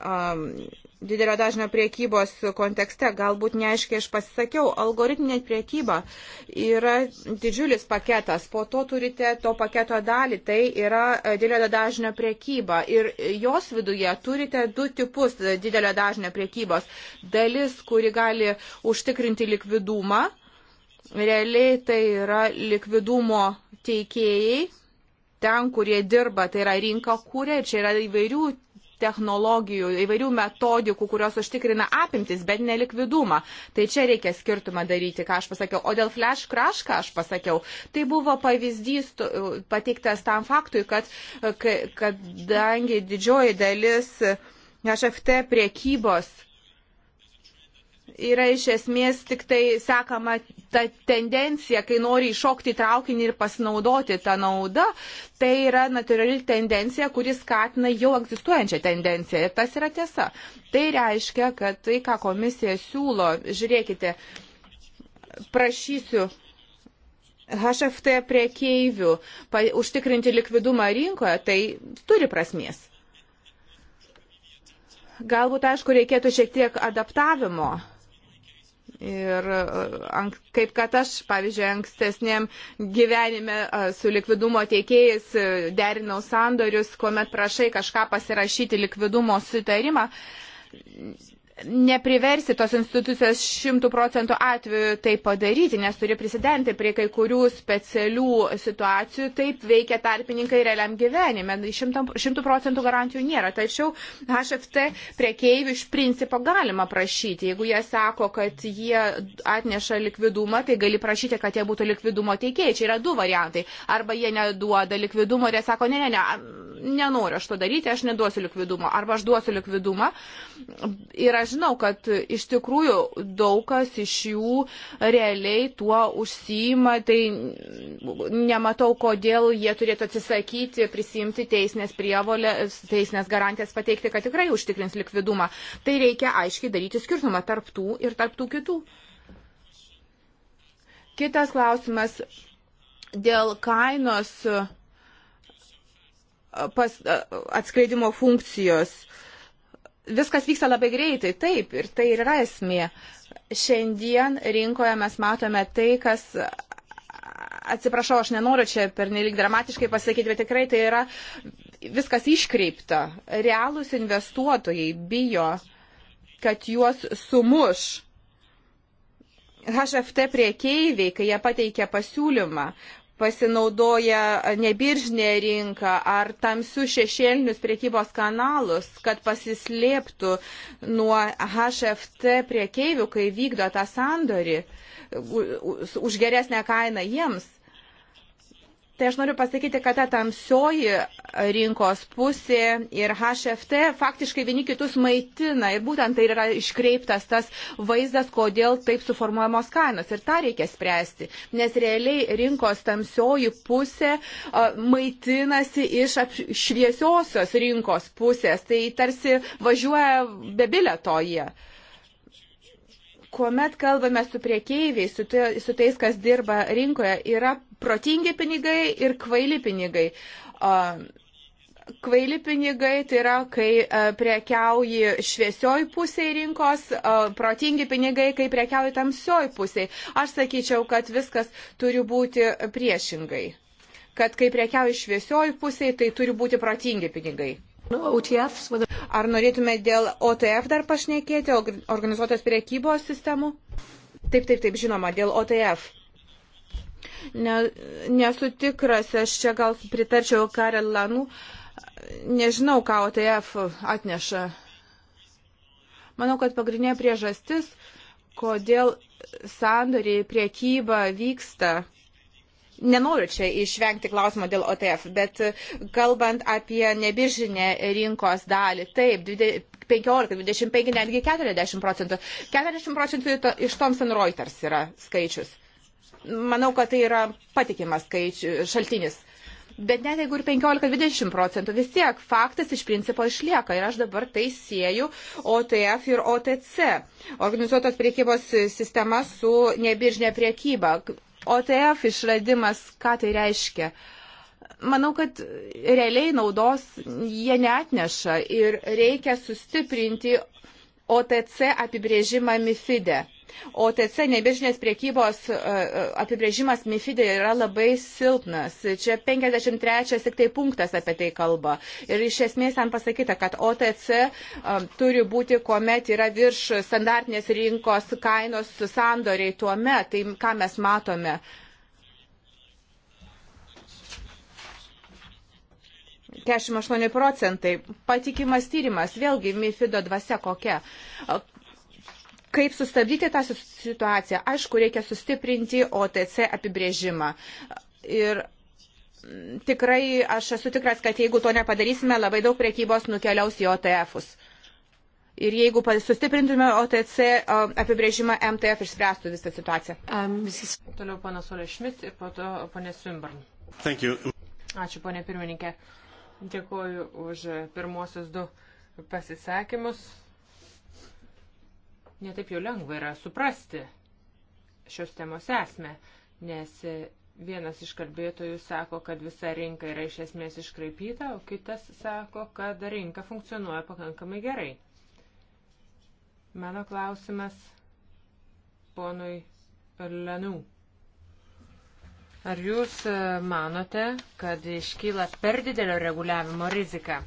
um, didelio dažnio priekybos kontekste, galbūt neaiškiai aš pasisakiau, algoritminė priekyba yra didžiulis paketas, po to turite to paketo dalį, tai yra e, didelio dažnio priekyba ir jos viduje turite du tipus didelio dažnio priekybos. Dalis, kuri gali užtikrinti likvidumą, realiai tai yra likvidumo teikėjai, ten, kurie dirba, tai yra rinka kūrė, čia yra įvairių technologijų, įvairių metodikų, kurios užtikrina apimtis, bet nelikvidumą. Tai čia reikia skirtumą daryti, ką aš pasakiau. O dėl flash crash, ką aš pasakiau, tai buvo pavyzdys pateiktas tam faktui, kad kadangi didžioji dalis HFT priekybos yra iš esmės tik tai sekama ta tendencija, kai nori iššokti traukinį ir pasinaudoti tą naudą, tai yra natūrali tendencija, kuris skatina jau egzistuojančią tendenciją. Ir tas yra tiesa. Tai reiškia, kad tai, ką komisija siūlo, žiūrėkite, prašysiu HFT priekeivių užtikrinti likvidumą rinkoje, tai turi prasmės. Galbūt, aišku, reikėtų šiek tiek adaptavimo Ir e, kaip kad aš, pavyzdžiui, ankstesniam gyvenime e, su likvidumo teikėjais e, derinau sandorius, kuomet prašai kažką pasirašyti likvidumo sutarimą, nepriversi tos institucijos šimtų procentų atveju tai padaryti, nes turi prisidengti prie kai kurių specialių situacijų, taip veikia tarpininkai realiam gyvenime. Šimtų procentų garantijų nėra, tačiau HFT priekeivių iš principo galima prašyti. Jeigu jie sako, kad jie atneša likvidumą, tai gali prašyti, kad jie būtų likvidumo teikėjai. Čia yra du variantai. Arba jie neduoda likvidumo ir jie sako, ne, ne, ne, nenoriu aš to daryti, aš neduosiu likvidumo. Arba aš duosiu likvidumą ir aš Aš žinau, kad iš tikrųjų daug kas iš jų realiai tuo užsima, tai nematau, kodėl jie turėtų atsisakyti prisimti teisinės prievolės, teisinės garantijas pateikti, kad tikrai užtikrins likvidumą. Tai reikia aiškiai daryti skirtumą tarp tų ir tarp tų kitų. Kitas klausimas dėl kainos pas, atskleidimo funkcijos. Uh, viskas vyksta labai greitai, taip, ir tai ir yra esmė. Šiandien rinkoje mes matome tai, kas atsiprašau, aš nenoriu čia pernelyg dramatiškai pasakyti, bet tikrai tai yra viskas iškreipta. Realūs investuotojai bijo, kad juos sumuš. HFT priekeiviai, kai jie pateikė pasiūlymą, pasinaudoja nebiržinę rinką ar tamsius šešėlinius priekybos kanalus, kad pasislėptų nuo HFT priekeivių, kai vykdo tą sandorį už geresnę kainą jiems. Tai aš noriu pasakyti, kad ta tamsioji rinkos pusė ir HFT faktiškai vieni kitus maitina ir būtent tai yra iškreiptas tas vaizdas, kodėl taip suformuojamos kainos ir tą reikia spręsti, nes realiai rinkos tamsioji pusė a, maitinasi iš šviesiosios rinkos pusės, tai tarsi važiuoja be bileto jie kuomet kalbame su priekeiviais, su, te, tai, su tais, kas dirba rinkoje, yra protingi pinigai ir kvaili pinigai. Kvaili pinigai tai yra, kai priekiauji šviesioj pusėje rinkos, protingi pinigai, kai priekiauji tamsioj pusėje. Aš sakyčiau, kad viskas turi būti priešingai. Kad kai priekiauji šviesioj pusėje, tai turi būti protingi pinigai. Nu, Ar norėtume dėl OTF dar pašnekėti, organizuotos priekybos sistemų? Taip, taip, taip, žinoma, dėl OTF. Ne, nesu tikras, aš čia gal pritarčiau Karel Lanų, nežinau, ką OTF atneša. Manau, kad pagrindinė priežastis, kodėl sandoriai priekyba vyksta nenoriu čia išvengti klausimo dėl OTF, bet e, kalbant apie nebiržinę rinkos dalį, taip, 15, 25, netgi 40 procentų. 40 procentų iš Thomson Reuters yra skaičius. Manau, kad tai yra patikimas skaičius, šaltinis. Bet net jeigu ir 15-20 procentų, vis tiek faktas iš principo išlieka. Ir aš dabar tai sieju OTF ir OTC, organizuotos priekybos sistema su nebiržinė priekyba. OTF išradimas, ką tai reiškia? Manau, kad realiai naudos jie neatneša ir reikia sustiprinti OTC apibrėžimą MIFIDE. OTC nebiržinės priekybos e, e, apibrėžimas MIFID yra labai silpnas. Čia 53 tik tai punktas apie tai kalba. Ir iš esmės ten pasakyta, kad OTC e, turi būti, kuomet yra virš standartinės rinkos kainos sandoriai tuo metu. Tai ką mes matome? Kešim aštuoni procentai. Patikimas tyrimas, vėlgi, MIFIDO dvasia kokia. Kaip sustabdyti tą situaciją? Aišku, reikia sustiprinti OTC apibrėžimą. Ir mm, tikrai aš esu tikras, kad jeigu to nepadarysime, labai daug priekybos nukeliaus į OTF-us. Ir jeigu sustiprintume OTC apibrėžimą, MTF išspręstų visą situaciją. Um, visis... Toliau pana Solė Šmit ir po to pana Svimbarn. Ačiū, ponė pirmininkė. Dėkuoju už pirmosius du pasisakymus netaip jau lengva yra suprasti šios temos esmę, nes vienas iš kalbėtojų sako, kad visa rinka yra iš esmės iškraipyta, o kitas sako, kad rinka funkcionuoja pakankamai gerai. Mano klausimas ponui Lenų. Ar jūs e, manote, kad iškyla per didelio reguliavimo rizika?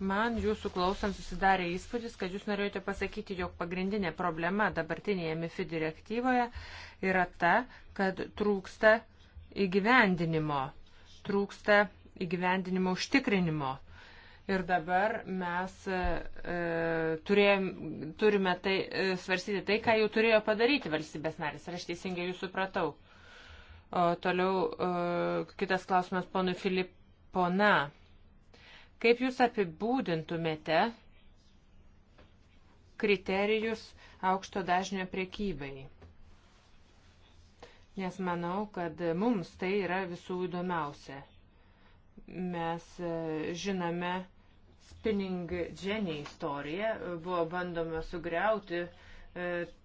Man jūsų klausant susidarė įspūdis, kad jūs norėjote pasakyti, jog pagrindinė problema dabartinėje MIFI direktyvoje yra ta, kad trūksta įgyvendinimo, trūksta įgyvendinimo užtikrinimo. Ir dabar mes e, e, turėjom, turime tai, e, svarstyti tai, ką jau turėjo padaryti valstybės narės. Ar aš teisingai jūs supratau? O toliau e, kitas klausimas ponui Filipona. Kaip jūs apibūdintumėte kriterijus aukšto dažnio priekybai? Nes manau, kad mums tai yra visų įdomiausia. Mes e, žinome Spinning Jenny istoriją, buvo bandoma sugriauti e,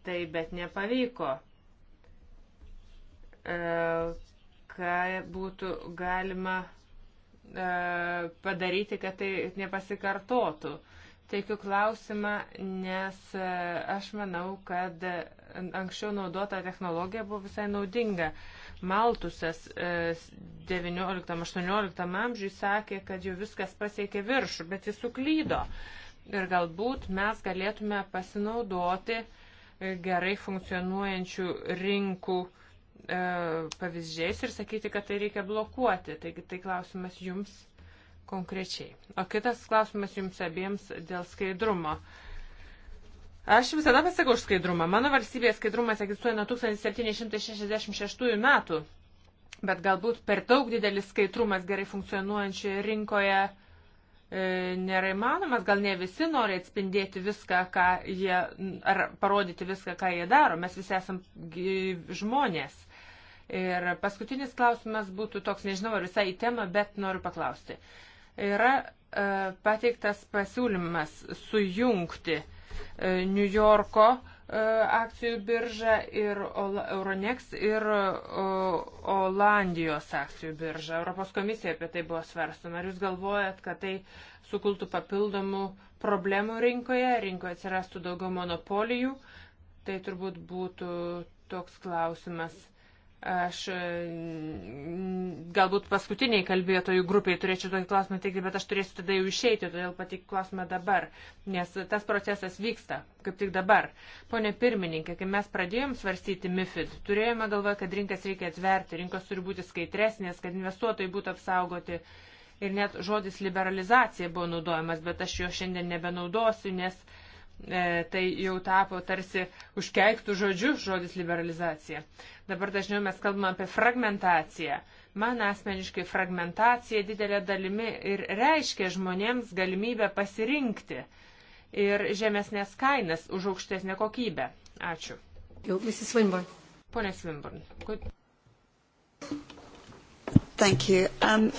tai, bet nepavyko e, ką būtų galima E, padaryti, kad tai nepasikartotų. Teikiu klausimą, nes e, aš manau, kad anksčiau naudota technologija buvo visai naudinga. Maltusas 19-18 e, amžiui sakė, kad jau viskas pasiekė viršų, bet jis suklydo. Ir galbūt mes galėtume pasinaudoti gerai funkcionuojančių rinkų uh, E, pavyzdžiais ir sakyti, kad tai reikia blokuoti. Taigi tai klausimas jums konkrečiai. O kitas klausimas jums abiems dėl skaidrumo. Aš visada pasakau už skaidrumą. Mano valstybėje skaidrumas egzistuoja nuo 1766 metų, bet galbūt per daug didelis skaidrumas gerai funkcionuojančioje rinkoje e, nėra įmanomas. Gal ne visi nori atspindėti viską, ką jie, ar parodyti viską, ką jie daro. Mes visi esam žmonės. Ir paskutinis klausimas būtų toks, nežinau, ar visai į temą, bet noriu paklausti. Yra e, pateiktas pasiūlymas sujungti e, New Yorko e, akcijų biržą ir Euronex ir o, Olandijos akcijų biržą. Europos komisija apie tai buvo svarstama. Ar jūs galvojat, kad tai sukultų papildomų problemų rinkoje, rinkoje atsirastų daugiau monopolijų? Tai turbūt būtų toks klausimas Aš mm, galbūt paskutiniai kalbėtojų grupiai turėčiau tokį klausimą teikti, bet aš turėsiu tada jau išeiti, todėl patikiu klausimą dabar, nes tas procesas vyksta kaip tik dabar. Pone pirmininkė, kai mes pradėjom svarstyti MIFID, turėjome galvoje, kad rinkas reikia atverti, rinkos turi būti skaidresnės, kad investuotojai būtų apsaugoti ir net žodis liberalizacija buvo naudojamas, bet aš jo šiandien nebenaudosiu, nes E, tai jau tapo tarsi užkeiktų žodžių žodis liberalizacija. Dabar dažniau mes kalbame apie fragmentaciją. Man asmeniškai fragmentacija didelė dalimi ir reiškia žmonėms galimybę pasirinkti ir žemesnės kainas už aukštesnę kokybę. Ačiū. Jau, Mrs. Swinburne. Pone Swinburne. Good. Thank you. Um,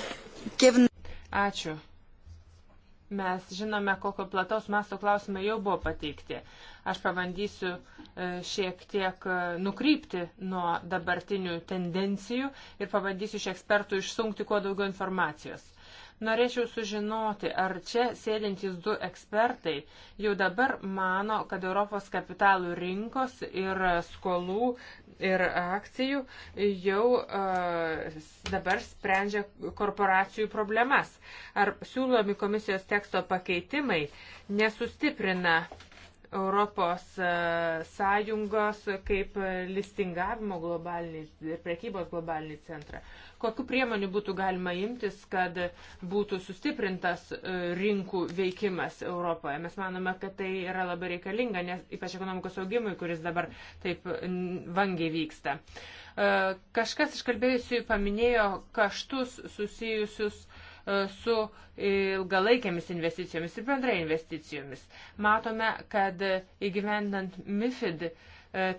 given... Ačiū. Mes žinome, kokio plataus masto klausimai jau buvo pateikti. Aš pabandysiu e, šiek tiek e, nukrypti nuo dabartinių tendencijų ir pabandysiu iš ekspertų išsunkti kuo daugiau informacijos. Norėčiau sužinoti, ar čia sėdintys du ekspertai jau dabar mano, kad Europos kapitalų rinkos ir skolų ir akcijų jau uh, dabar sprendžia korporacijų problemas. Ar siūlomi komisijos teksto pakeitimai nesustiprina uh, Europos e, sąjungos kaip listingavimo globalinį ir prekybos globalinį centrą. Kokiu priemoniu būtų galima imtis, kad būtų sustiprintas e, rinkų veikimas Europoje? Mes manome, kad tai yra labai reikalinga, nes ypač ekonomikos augimui, kuris dabar taip vangiai vyksta. E, kažkas iš kalbėjusių paminėjo kaštus susijusius su ilgalaikėmis investicijomis ir bendrai investicijomis. Matome, kad įgyvendant MIFID e,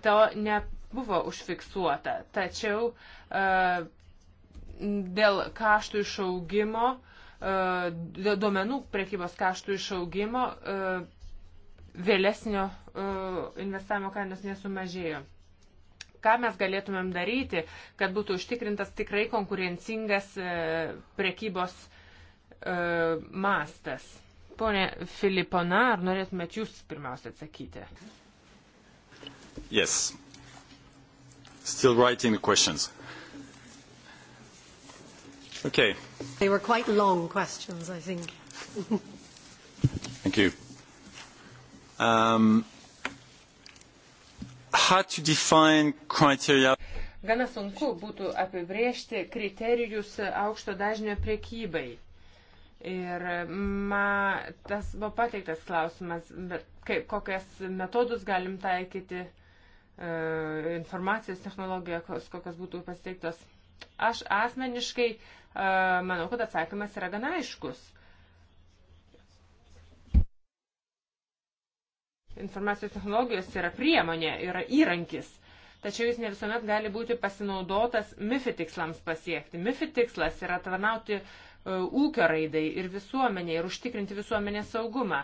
to nebuvo užfiksuota, tačiau e, dėl kaštų išaugimo, e, dėl duomenų prekybos kaštų išaugimo vėlesnio investavimo kainos nesumažėjo ką mes galėtumėm daryti, kad būtų užtikrintas tikrai konkurencingas prekybos E, mastas. Pone Filipona, ar norėtumėt jūs pirmiausia atsakyti? Yes. Still writing questions. Okay. They were quite long questions, I think. Thank you. Um, how to define criteria? Gana sunku būtų apibrėžti kriterijus aukšto dažnio prekybai Ir ma, tas buvo pateiktas klausimas, bet kaip, kokias metodus galim taikyti, e, informacijos technologijos, kokias būtų pasteiktos. Aš asmeniškai e, manau, kad atsakymas yra gana aiškus. Informacijos technologijos yra priemonė, yra įrankis tačiau jis ne visuomet gali būti pasinaudotas MIFI tikslams pasiekti. MIFI tikslas yra tarnauti E, ūkio raidai ir visuomeniai ir užtikrinti visuomenės saugumą.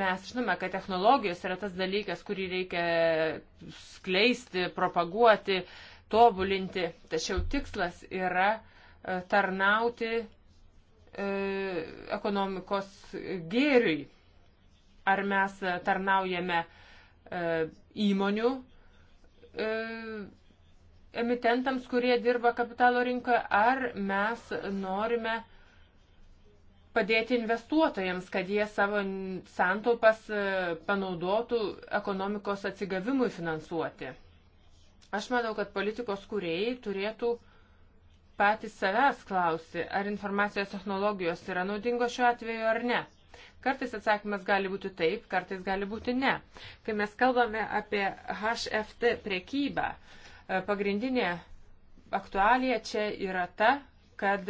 Mes žinome, kad technologijos yra tas dalykas, kurį reikia skleisti, propaguoti, tobulinti, tačiau tikslas yra e, tarnauti e, ekonomikos gėriui. Ar mes tarnaujame e, įmonių e, emitentams, kurie dirba kapitalo rinkoje, ar mes norime e, padėti investuotojams, kad jie savo santaupas e, panaudotų ekonomikos atsigavimui finansuoti. Aš manau, kad politikos kūrėjai turėtų patys savęs klausti, ar informacijos technologijos yra naudingos šiuo atveju ar ne. Kartais atsakymas gali būti taip, kartais gali būti ne. Kai mes kalbame apie HFT priekybą, e, pagrindinė aktualija čia yra ta, kad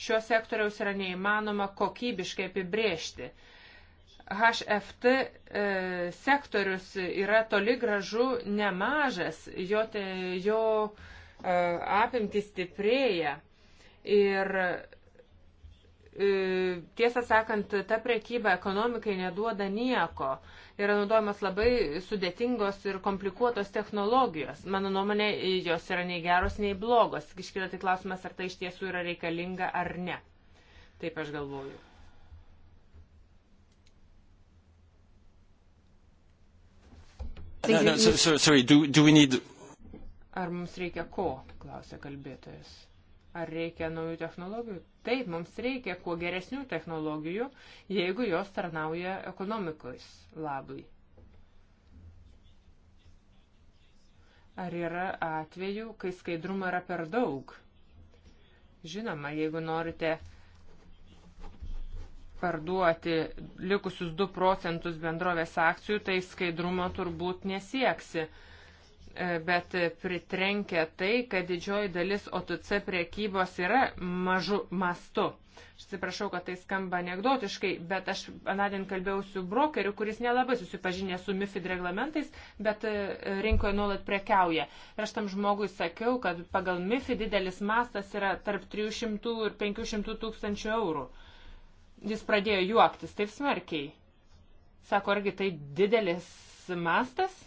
šio sektoriaus yra neįmanoma kokybiškai apibrėžti. HFT e, sektorius yra toli gražu nemažas, jo, te, jo e, apimtis stiprėja ir E, tiesą sakant, ta prekyba ekonomikai neduoda nieko. Yra naudojamas labai sudėtingos ir komplikuotos technologijos. Mano nuomonė, jos yra nei geros, nei blogos. Iškyla tik klausimas, ar tai iš tiesų yra reikalinga ar ne. Taip aš galvoju. No, no, sorry, sorry, do, do we need... Ar mums reikia ko, klausė kalbėtojas. Ar reikia naujų technologijų? Taip, mums reikia kuo geresnių technologijų, jeigu jos tarnauja ekonomikos labui. Ar yra atvejų, kai skaidrumo yra per daug? Žinoma, jeigu norite parduoti likusius 2 procentus bendrovės akcijų, tai skaidrumo turbūt nesieksi. E, bet pritrenkia tai, kad didžioji dalis OTC priekybos yra mažu mastu. Aš atsiprašau, kad tai skamba anegdotiškai, bet aš anadien kalbėjau su brokeriu, kuris nelabai susipažinė su MIFID reglamentais, bet e, rinkoje nuolat prekiauja. Ir aš tam žmogui sakiau, kad pagal MIFID didelis mastas yra tarp 300 ir 500 tūkstančių eurų. Jis pradėjo juoktis taip smarkiai. Sako, argi tai didelis mastas?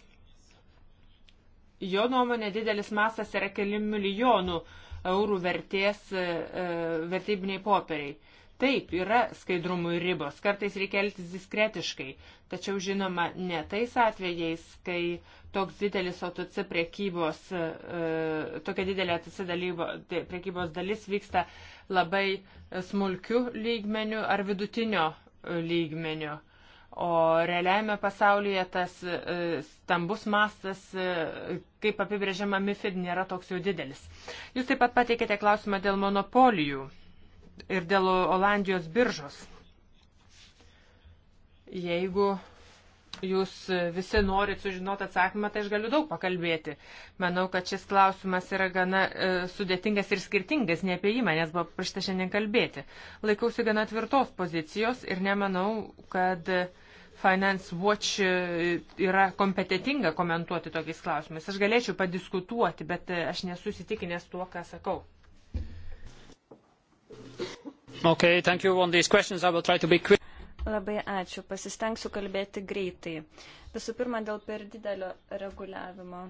Jo nuomonė didelis masas yra keli milijonų eurų vertės e, e, vertybiniai popieriai. Taip, yra skaidrumų ir ribos, kartais reikia elgtis diskretiškai, tačiau žinoma, ne tais atvejais, kai toks didelis OTC priekybos, e, tokia didelė OTC dalybo, priekybos dalis vyksta labai smulkių lygmenių ar vidutinio lygmenių. O realiame pasaulyje tas e, stambus mastas, e, kaip apibrėžiama MIFID, nėra toks jau didelis. Jūs taip pat pateikėte klausimą dėl monopolijų ir dėl Olandijos biržos. Jeigu jūs visi norit sužinoti atsakymą, tai aš galiu daug pakalbėti. Manau, kad šis klausimas yra gana e, sudėtingas ir skirtingas, ne apie jį manęs buvo paprašyta šiandien kalbėti. Laikausi gana tvirtos pozicijos ir nemanau, kad e, Finance Watch e, yra kompetitinga komentuoti tokiais klausimais. Aš galėčiau padiskutuoti, bet e, aš nesu įsitikinęs tuo, ką sakau. Okay, thank you on these questions. I will try to be quick. Labai ačiū. Pasistengsiu kalbėti greitai. Visų pirma, dėl per didelio reguliavimo.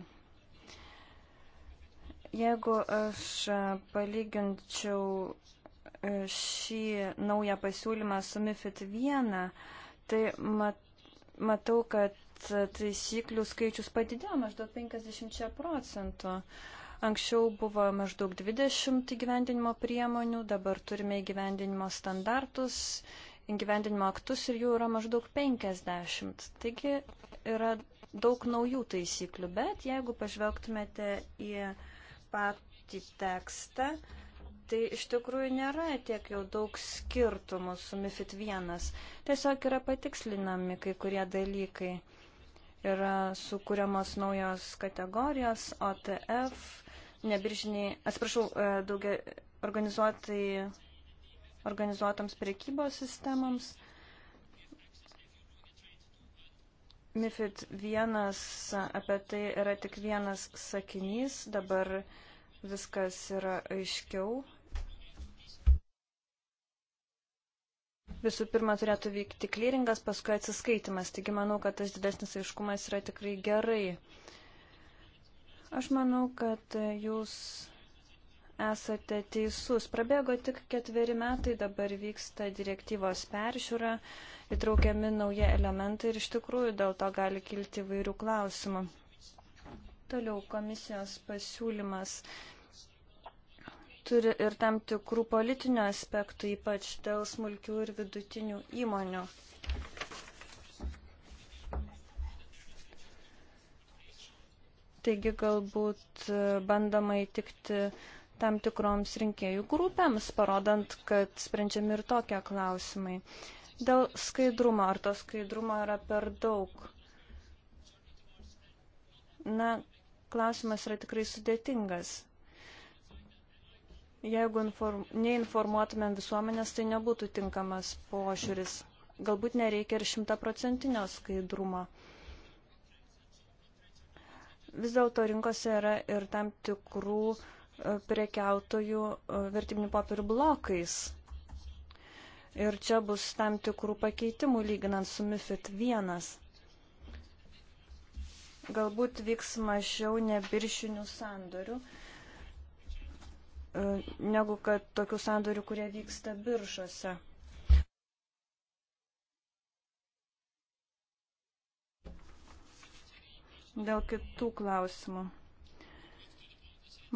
Jeigu aš palyginčiau e, šį naują pasiūlymą su MIFID 1, tai mat, matau, kad taisyklių skaičius padidėjo maždaug 50 procentų. Anksčiau buvo maždaug 20 įgyvendinimo priemonių, dabar turime įgyvendinimo standartus, įgyvendinimo aktus ir jų yra maždaug 50. Taigi yra daug naujų taisyklių, bet jeigu pažvelgtumėte į patį tekstą, tai iš tikrųjų nėra tiek jau daug skirtumų su MIFID 1. Tiesiog yra patikslinami kai kurie dalykai. Yra sukūriamos naujos kategorijos, OTF, nebiržiniai, atsiprašau, e, daugia organizuotai, organizuotams prekybos sistemams. MIFID 1 apie tai yra tik vienas sakinys, dabar viskas yra aiškiau visų pirma turėtų vykti klyringas, paskui atsiskaitimas. Taigi manau, kad tas didesnis aiškumas yra tikrai gerai. Aš manau, kad jūs esate teisus. Prabėgo tik ketveri metai, dabar vyksta direktyvos peržiūra, įtraukiami nauji elementai ir iš tikrųjų dėl to gali kilti vairių klausimų. Toliau komisijos pasiūlymas turi ir tam tikrų politinių aspektų, ypač dėl smulkių ir vidutinių įmonių. Taigi galbūt e, bandoma įtikti tam tikroms rinkėjų grupėms, parodant, kad sprendžiami ir tokie klausimai. Dėl skaidrumo, ar to skaidrumo yra per daug? Na, klausimas yra tikrai sudėtingas. Jeigu inform, neinformuotumėm visuomenės, tai nebūtų tinkamas pošiūris. Galbūt nereikia ir šimtaprocentinio skaidrumo. Vis dėlto rinkose yra ir tam tikrų e, prekiautojų e, vertybinių papirų blokais. Ir čia bus tam tikrų pakeitimų lyginant su MIFID 1. Galbūt vyks mažiau nebiršinių sandorių E, negu kad tokių sandorių, kurie vyksta biržose. Dėl kitų klausimų.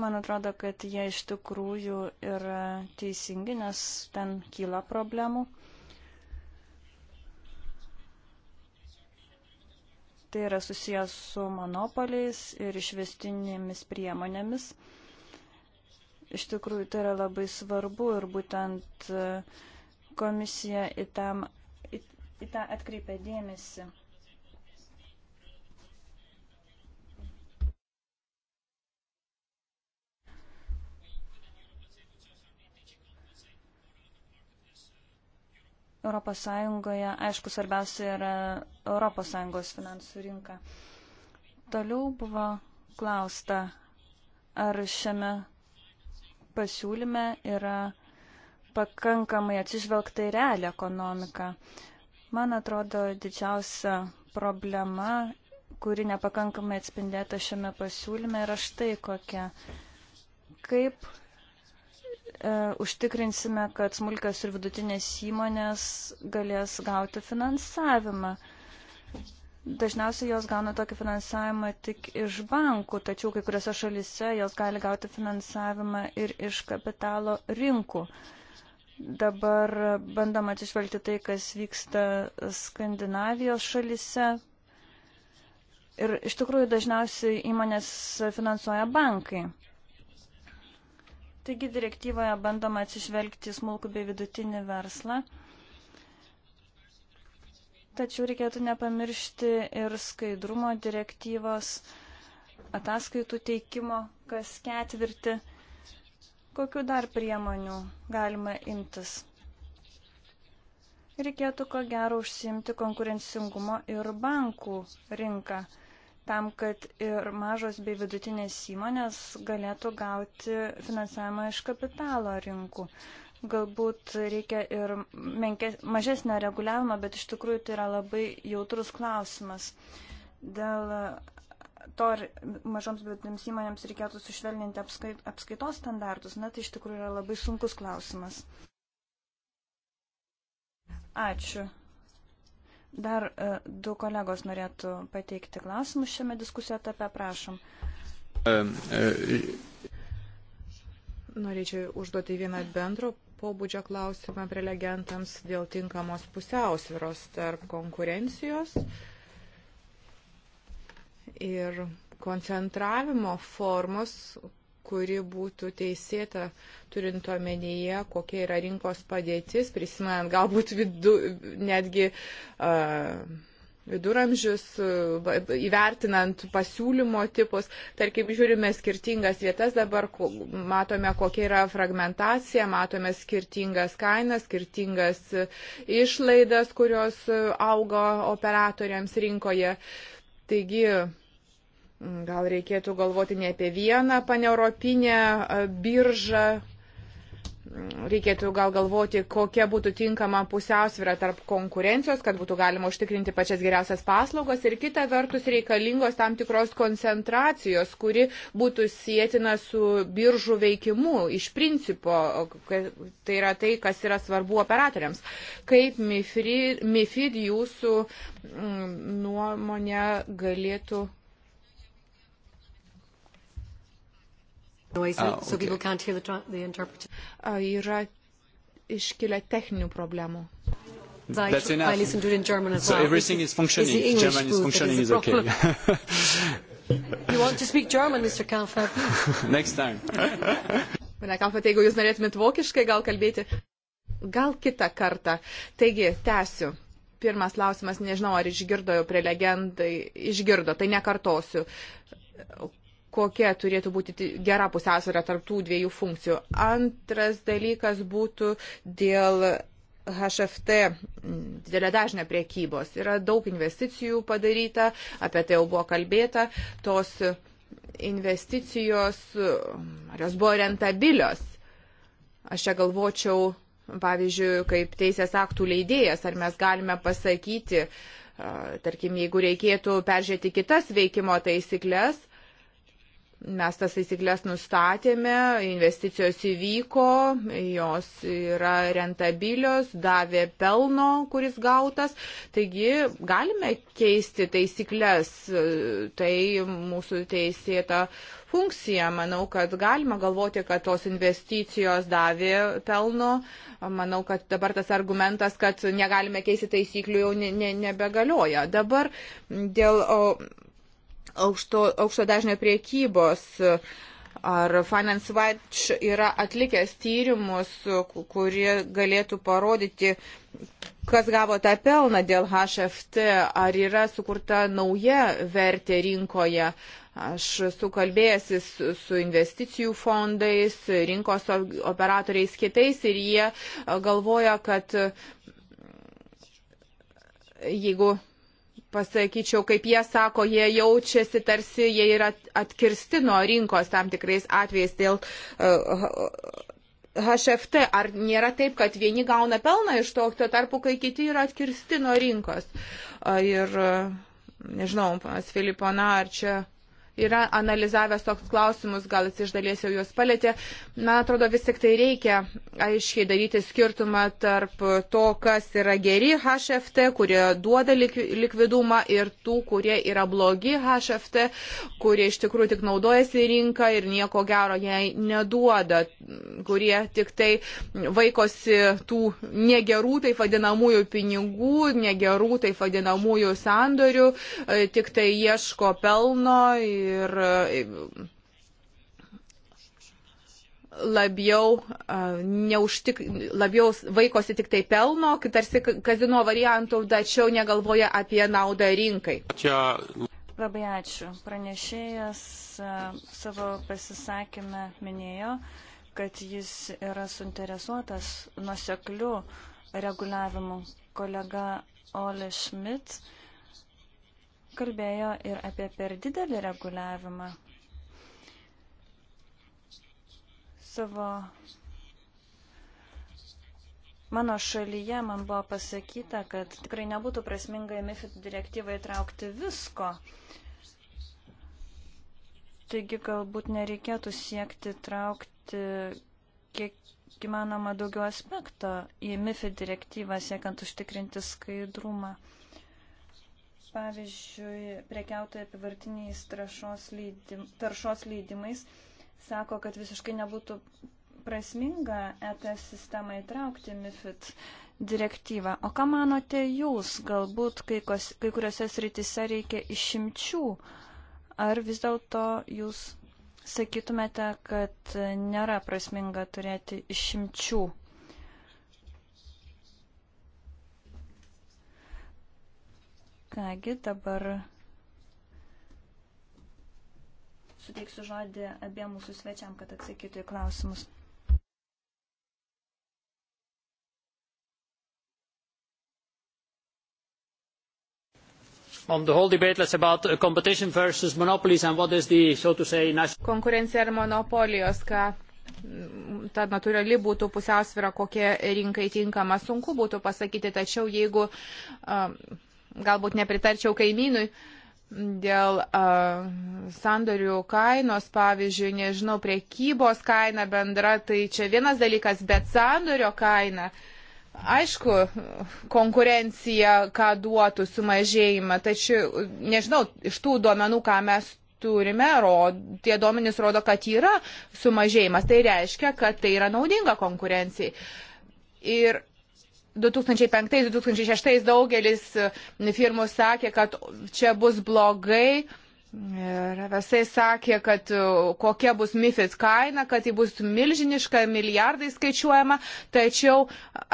Man atrodo, kad jie iš tikrųjų yra teisingi, nes ten kyla problemų. Tai yra susijęs su monopoliais ir išvestinėmis priemonėmis. Uh, Iš tikrųjų, tai yra labai svarbu ir būtent e, komisija į, tam, į, į tą atkreipia dėmesį. Europos Sąjungoje, aišku, svarbiausia yra Europos Sąjungos finansų rinka. Toliau buvo klausta, ar šiame pasiūlyme yra pakankamai atsižvelgta į realią ekonomiką. Man atrodo, didžiausia problema, kuri nepakankamai atspindėta šiame pasiūlyme, yra štai kokia. Kaip e, užtikrinsime, kad smulkios ir vidutinės įmonės galės gauti finansavimą. Dažniausiai jos gauna tokį finansavimą tik iš bankų, tačiau kai kuriuose šalise jos gali gauti finansavimą ir iš kapitalo rinkų. Dabar bandom atsižvelgti tai, kas vyksta Skandinavijos šalise. Ir iš tikrųjų dažniausiai įmonės finansuoja bankai. Taigi direktyvoje bandoma atsižvelgti smulkų bei vidutinį verslą. Tačiau reikėtų nepamiršti ir skaidrumo direktyvos ataskaitų teikimo kas ketvirtį. Kokiu dar priemonių galima imtis? Reikėtų ko gero užsimti konkurencingumo ir bankų rinką tam, kad ir mažos bei vidutinės įmonės galėtų gauti finansavimą iš kapitalo rinkų. Galbūt reikia ir menkes, mažesnio reguliavimo, bet iš tikrųjų tai yra labai jautrus klausimas. Dėl to ar mažoms vidutinėms įmonėms reikėtų sušvelninti apskait, apskaitos standartus, na tai iš tikrųjų yra labai sunkus klausimas. Ačiū. Dar uh, du kolegos norėtų pateikti klausimus šiame diskusijoje etape, prašom. Um, uh, Norėčiau užduoti vieną bendro pobūdžio klausimą prelegentams dėl tinkamos pusiausviros tarp konkurencijos ir koncentravimo formos, kuri būtų teisėta, turint omenyje, kokia yra rinkos padėtis, prisimant galbūt vidu, netgi uh, viduramžius, įvertinant pasiūlymo tipus. Tarkim, žiūrime skirtingas vietas, dabar matome, kokia yra fragmentacija, matome skirtingas kainas, skirtingas išlaidas, kurios augo operatoriams rinkoje. Taigi, gal reikėtų galvoti ne apie vieną paneuropinę biržą, reikėtų gal galvoti, kokia būtų tinkama pusiausvyrą tarp konkurencijos, kad būtų galima užtikrinti pačias geriausias paslaugas ir kita vertus reikalingos tam tikros koncentracijos, kuri būtų sėtina su biržų veikimu iš principo, tai yra tai, kas yra svarbu operatoriams. Kaip MIFID jūsų mm, nuomonė galėtų Noise, ah, okay. so people can't hear the, the interpreter. Uh, yra iškilę techninių problemų. That's enough. I listen to it in German as so well. So everything is functioning. Is German is functioning is, is okay. you want to speak German, Mr. Kampfer? Next time. Pane Kampfer, jeigu jūs norėtumėt vokiškai gal kalbėti, gal kitą kartą. Taigi, tęsiu. Pirmas klausimas, nežinau, ar išgirdo jau prelegentai, išgirdo, tai nekartosiu kokia turėtų būti gera pusiausvėra tarptų dviejų funkcijų. Antras dalykas būtų dėl HFT didelė dažnė priekybos. Yra daug investicijų padaryta, apie tai jau buvo kalbėta, tos investicijos, ar jos buvo rentabilios. Aš čia galvočiau, pavyzdžiui, kaip teisės aktų leidėjas, ar mes galime pasakyti, tarkim, jeigu reikėtų peržiūrėti kitas veikimo taisyklės, Mes tas taisyklės nustatėme, investicijos įvyko, jos yra rentabilios, davė pelno, kuris gautas. Taigi galime keisti taisyklės, tai mūsų teisėta funkcija. Manau, kad galima galvoti, kad tos investicijos davė pelno. Manau, kad dabar tas argumentas, kad negalime keisti taisyklių, jau ne, ne, nebegalioja. Dabar dėl o, aukšto, aukšto dažnio priekybos ar Finance Watch yra atlikęs tyrimus, kurie galėtų parodyti, kas gavo tą pelną dėl HFT, ar yra sukurta nauja vertė rinkoje. Aš esu kalbėjęsis su investicijų fondais, rinkos operatoriais kitais ir jie galvoja, kad jeigu pasakyčiau, kaip jie sako, jie jaučiasi tarsi jie yra atkirsti nuo rinkos tam tikrais atvejais dėl uh, HFT. Ar nėra taip, kad vieni gauna pelną iš to, tuo tarpu, kai kiti yra atkirsti nuo rinkos? Uh, ir, uh, nežinau, panas Filipona, ar čia yra analizavęs toks klausimus, gal jis iš dalies jau juos palėtė. Man atrodo, vis tik tai reikia aiškiai daryti skirtumą tarp to, kas yra geri HFT, kurie duoda likvidumą ir tų, kurie yra blogi HFT, kurie iš tikrųjų tik naudojasi rinką ir nieko gero jai neduoda, kurie tik tai vaikosi tų negerų, tai vadinamųjų pinigų, negerų, tai vadinamųjų sandorių, e, tik tai ieško pelno. Ir ir e, labiau, e, neužtik, labiau vaikosi tik tai pelno, tarsi kazino variantų, tačiau negalvoja apie naudą rinkai. Čia... Labai ačiū. Pranešėjas e, savo pasisakymę minėjo, kad jis yra suinteresuotas nusekliu reguliavimu. Kolega Ole Schmidt kalbėjo ir apie per didelį reguliavimą. Savo mano šalyje man buvo pasakyta, kad tikrai nebūtų prasminga į MIFID direktyvą įtraukti visko. Taigi galbūt nereikėtų siekti traukti kiek įmanoma daugiau aspekto į MIFID direktyvą, siekiant užtikrinti skaidrumą. Pavyzdžiui, prekiautojai apivartiniais leidim, taršos leidimais sako, kad visiškai nebūtų prasminga ETS sistemą įtraukti MIFID direktyvą. O ką manote jūs, galbūt kai, kos, kai kuriuose sritise reikia išimčių, ar vis dėlto jūs sakytumėte, kad nėra prasminga turėti išimčių Kągi, dabar suteiksiu žodį abiem mūsų svečiam, kad atsakytų į klausimus. on um, the whole debate that's about uh, competition versus monopolies and what is the, so to say, national... Konkurencija ir monopolijos, ką mm, ta natūrali būtų pusiausvėra, kokia rinkai tinkama, sunku būtų pasakyti, tačiau jeigu um, uh, galbūt nepritarčiau kaimynui dėl uh, sandorių kainos, pavyzdžiui, nežinau, priekybos kaina bendra, tai čia vienas dalykas, bet sandorio kaina. Aišku, konkurencija, ką duotų sumažėjimą, tačiau, nežinau, iš tų duomenų, ką mes turime, rod, tie duomenys rodo, kad yra sumažėjimas. Tai reiškia, kad tai yra naudinga konkurencijai. Ir 2005-2006 daugelis e, firmų sakė, kad čia bus blogai. Ir visai sakė, kad e, kokia bus MIFID kaina, kad ji bus milžiniška, milijardai skaičiuojama, tačiau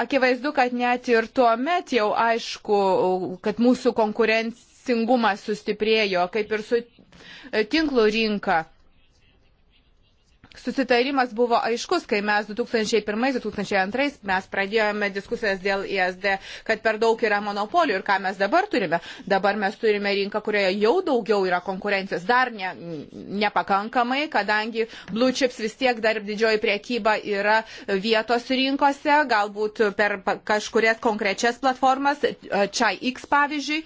akivaizdu, kad net ir tuo met jau aišku, kad mūsų konkurencingumas sustiprėjo, kaip ir su e, tinklų rinka susitarimas buvo aiškus, kai mes 2001-2002 mes pradėjome diskusijas dėl ISD, kad per daug yra monopolijų ir ką mes dabar turime. Dabar mes turime rinką, kurioje jau daugiau yra konkurencijos, dar ne, nepakankamai, kadangi blue chips vis tiek dar didžioji priekyba yra vietos rinkose, galbūt per kažkurias konkrečias platformas, čia X pavyzdžiui.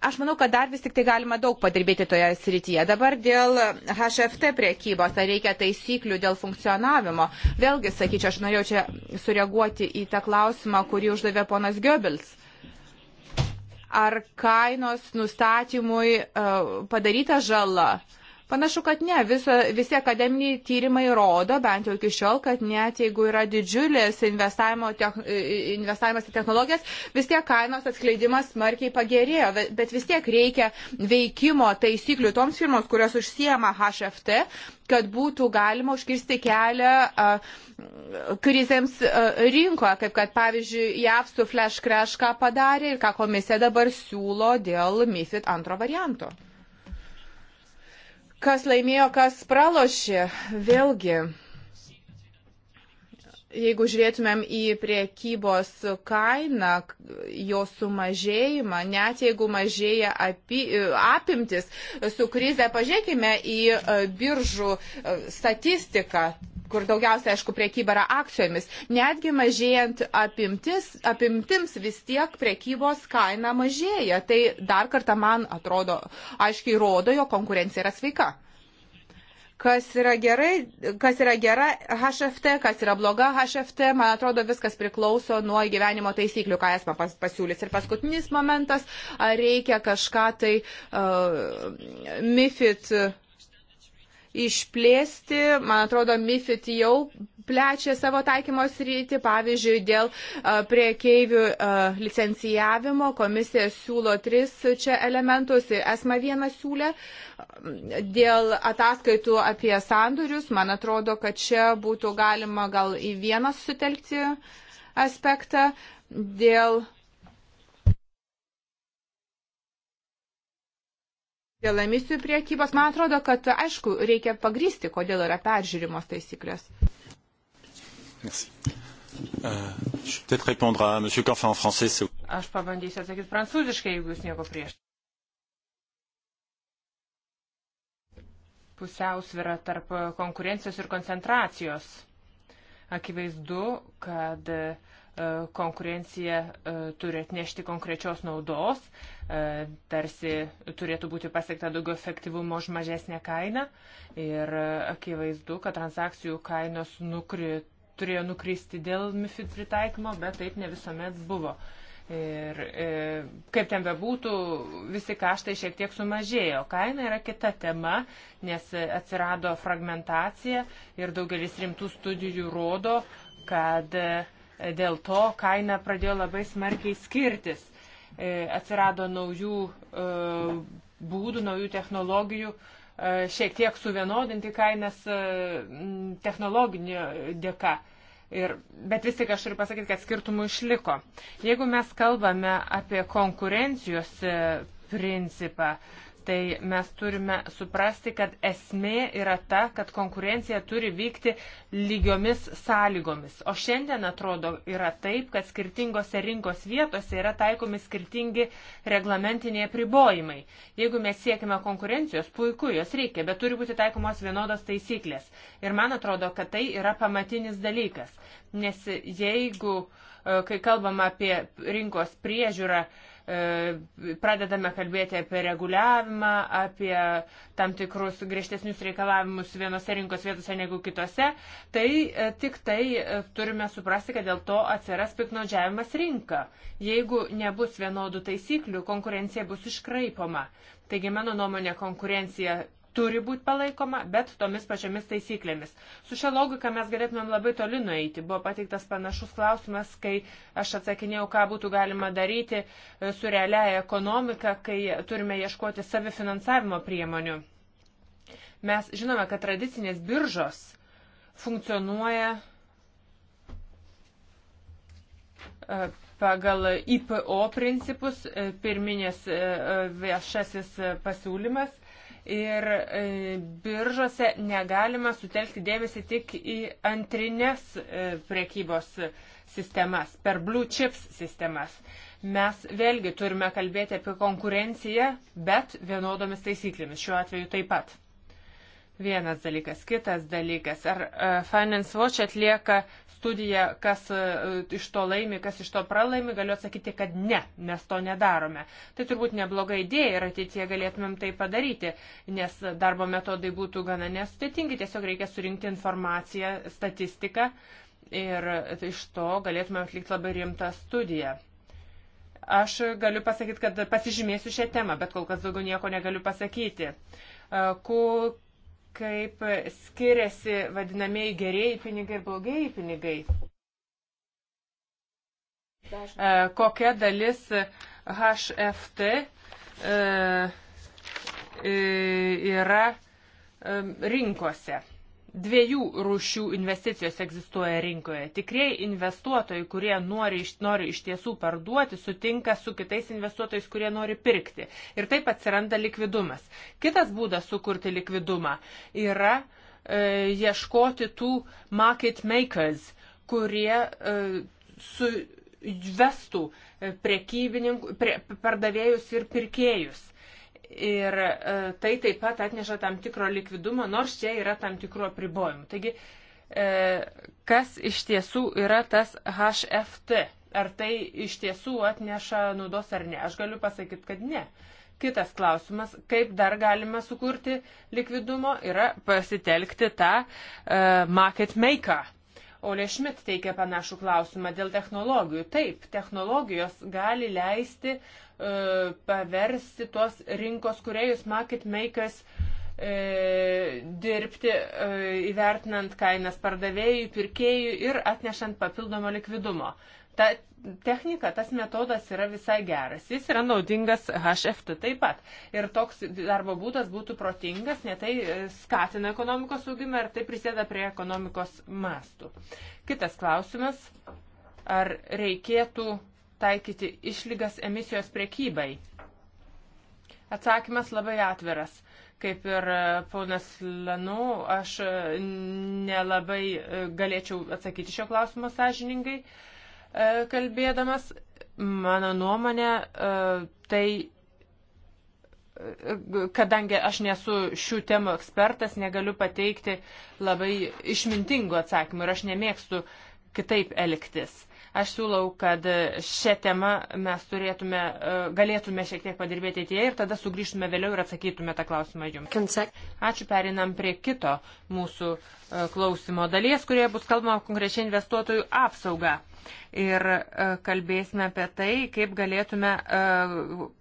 Aš manau, kad dar vis tik tai galima daug padirbėti toje srityje. Dabar dėl HFT priekybos, ar reikia taisyklių dėl funkcionavimo. Vėlgi, sakyčiau, aš norėjau čia sureaguoti į tą klausimą, kurį uždavė ponas Goebbels. Ar kainos nustatymui padaryta žala? Uh, Panašu, kad ne. Viso, visi akademiniai tyrimai rodo, bent jau iki šiol, kad net jeigu yra didžiulis tech, investavimas į technologijas, vis tiek kainos atskleidimas smarkiai pagerėjo. Bet vis tiek reikia veikimo taisyklių toms firmoms, kurios užsiema HFT, kad būtų galima užkirsti kelią a, krizėms a, rinkoje, kaip kad pavyzdžiui JAV su Flash Crash ką padarė ir ką komisija dabar siūlo dėl MIFID antro varianto kas laimėjo, kas pralošė. Vėlgi, jeigu žiūrėtumėm į priekybos kainą, jo sumažėjimą, net jeigu mažėja api, apimtis su krize, pažiūrėkime į e, biržų e, statistiką kur daugiausia, aišku, priekyba yra akcijomis. Netgi mažėjant apimtis, apimtims vis tiek priekybos kaina mažėja. Tai dar kartą man atrodo, aiškiai rodo, jo konkurencija yra sveika. Kas yra, gerai, kas yra gera HFT, kas yra bloga HFT, man atrodo, viskas priklauso nuo gyvenimo taisyklių, ką esame pas, pasiūlys. Ir paskutinis momentas, ar reikia kažką tai uh, MIFID. Uh, išplėsti. Man atrodo, MIFID jau plečia savo taikymo sritį, pavyzdžiui, dėl priekeivių licencijavimo komisija siūlo tris čia elementus, esma vieną siūlė, dėl ataskaitų apie sandurius, man atrodo, kad čia būtų galima gal į vieną sutelkti aspektą, dėl Dėl emisijų priekybos, man atrodo, kad aišku, reikia pagrysti, kodėl yra peržiūrimos taisyklės. Merci. Euh, Aš pabandysiu atsakyti prancūziškai, jeigu jūs nieko prieš. Pusiausvira tarp konkurencijos ir koncentracijos. Akivaizdu, kad e, konkurencija e, turi atnešti konkrečios naudos, E, tarsi turėtų būti pasiekta daugiau efektyvumo už mažesnę kainą ir akivaizdu, kad transakcijų kainos nukri, turėjo nukristi dėl MIFID pritaikymo, bet taip ne visuomet buvo. Ir e, kaip ten bebūtų, visi kaštai šiek tiek sumažėjo. Kaina yra kita tema, nes atsirado fragmentacija ir daugelis rimtų studijų rodo, kad e, dėl to kaina pradėjo labai smarkiai skirtis E, atsirado naujų e, būdų, naujų technologijų, e, šiek tiek suvienodinti kainas technologinio dėka. Ir, bet vis tik aš turiu pasakyti, kad skirtumų išliko. Jeigu mes kalbame apie konkurencijos principą, uh, tai mes turime suprasti, kad esmė yra ta, kad konkurencija turi vykti lygiomis sąlygomis. O šiandien atrodo yra taip, kad skirtingose rinkos vietose yra taikomi skirtingi reglamentiniai pribojimai. Jeigu mes siekime konkurencijos, puiku, jos reikia, bet turi būti taikomos vienodos taisyklės. Ir man atrodo, kad tai yra pamatinis dalykas. Nes jeigu, e, kai kalbam apie rinkos priežiūrą, E, pradedame kalbėti apie reguliavimą, apie tam tikrus griežtesnius reikalavimus vienose rinkos vietose negu kitose, tai e, tik tai e, turime suprasti, kad dėl to atsiras piknaudžiavimas rinka. Jeigu nebus vienodų taisyklių, konkurencija bus iškraipoma. Taigi, mano nuomonė, konkurencija turi būti palaikoma, bet tomis pačiomis taisyklėmis. Su šia logika mes galėtumėm labai toli nueiti. Buvo pateiktas panašus klausimas, kai aš atsakinėjau, ką būtų galima daryti e, su realiaja ekonomika, kai turime ieškoti savifinansavimo priemonių. Mes žinome, kad tradicinės biržos funkcionuoja e, pagal IPO principus, e, pirminės viešasis pasiūlymas ir e, biržose negalima sutelkti dėmesį tik į antrinės e, priekybos sistemas, per blue chips sistemas. Mes vėlgi turime kalbėti apie konkurenciją, bet vienodomis taisyklėmis šiuo atveju taip pat. Vienas dalykas. Kitas dalykas. Ar e, Finance Watch atlieka studiją, kas e, iš to laimi, kas iš to pralaimi, galiu atsakyti, kad ne, mes to nedarome. Tai turbūt nebloga idėja ir ateitie galėtumėm tai padaryti, nes darbo metodai būtų gana nesudėtingi, tiesiog reikia surinkti informaciją, statistiką ir iš to galėtumėm atlikti labai rimtą studiją. Aš galiu pasakyti, kad pasižymėsiu šią temą, bet kol kas daugiau nieko negaliu pasakyti. E, Kuk kaip skiriasi vadinamieji gerieji pinigai ir blogieji pinigai. E, kokia dalis HFT e, e, yra rinkose dviejų rūšių investicijos egzistuoja rinkoje. Tikrieji investuotojai, kurie nori iš, nori iš tiesų parduoti, sutinka su kitais investuotojais, kurie nori pirkti. Ir taip atsiranda likvidumas. Kitas būdas sukurti likvidumą yra e, ieškoti tų market makers, kurie e, suvestų e, prie, pardavėjus ir pirkėjus ir e, tai taip pat atneša tam tikro likvidumo, nors čia yra tam tikruo pribojimu. Taigi, e, kas iš tiesų yra tas HFT? Ar tai iš tiesų atneša naudos ar ne? Aš galiu pasakyti, kad ne. Kitas klausimas, kaip dar galime sukurti likvidumo, yra pasitelkti tą uh, market maker. Ole Schmidt teikia panašų klausimą dėl technologijų. Taip, technologijos gali leisti uh, E, paversti tuos rinkos kuriejus market makers e, dirbti e, įvertinant kainas pardavėjų, pirkėjų ir atnešant papildomo likvidumo. Ta technika, tas metodas yra visai geras. Jis yra naudingas HFT taip pat. Ir toks darbo būdas būtų protingas, nes tai e, skatina ekonomikos augimą ir tai prisėda prie ekonomikos mastų. Kitas klausimas. Ar reikėtų taikyti išlygas emisijos priekybai? Atsakymas labai atviras. Kaip ir e, ponas Lanu, aš e, nelabai e, galėčiau atsakyti šio klausimo sąžiningai kalbėdamas. Mano nuomonė, tai kadangi aš nesu šių temų ekspertas, negaliu pateikti labai išmintingų atsakymų ir aš nemėgstu kitaip elgtis. Aš siūlau, kad šią temą mes turėtume, e, galėtume šiek tiek padirbėti ateityje ir tada sugrįžtume vėliau ir atsakytume tą klausimą jums. Ačiū, perinam prie kito mūsų e, klausimo dalies, kurioje bus kalbama konkrečiai investuotojų apsauga. Ir e, kalbėsime apie tai, kaip galėtume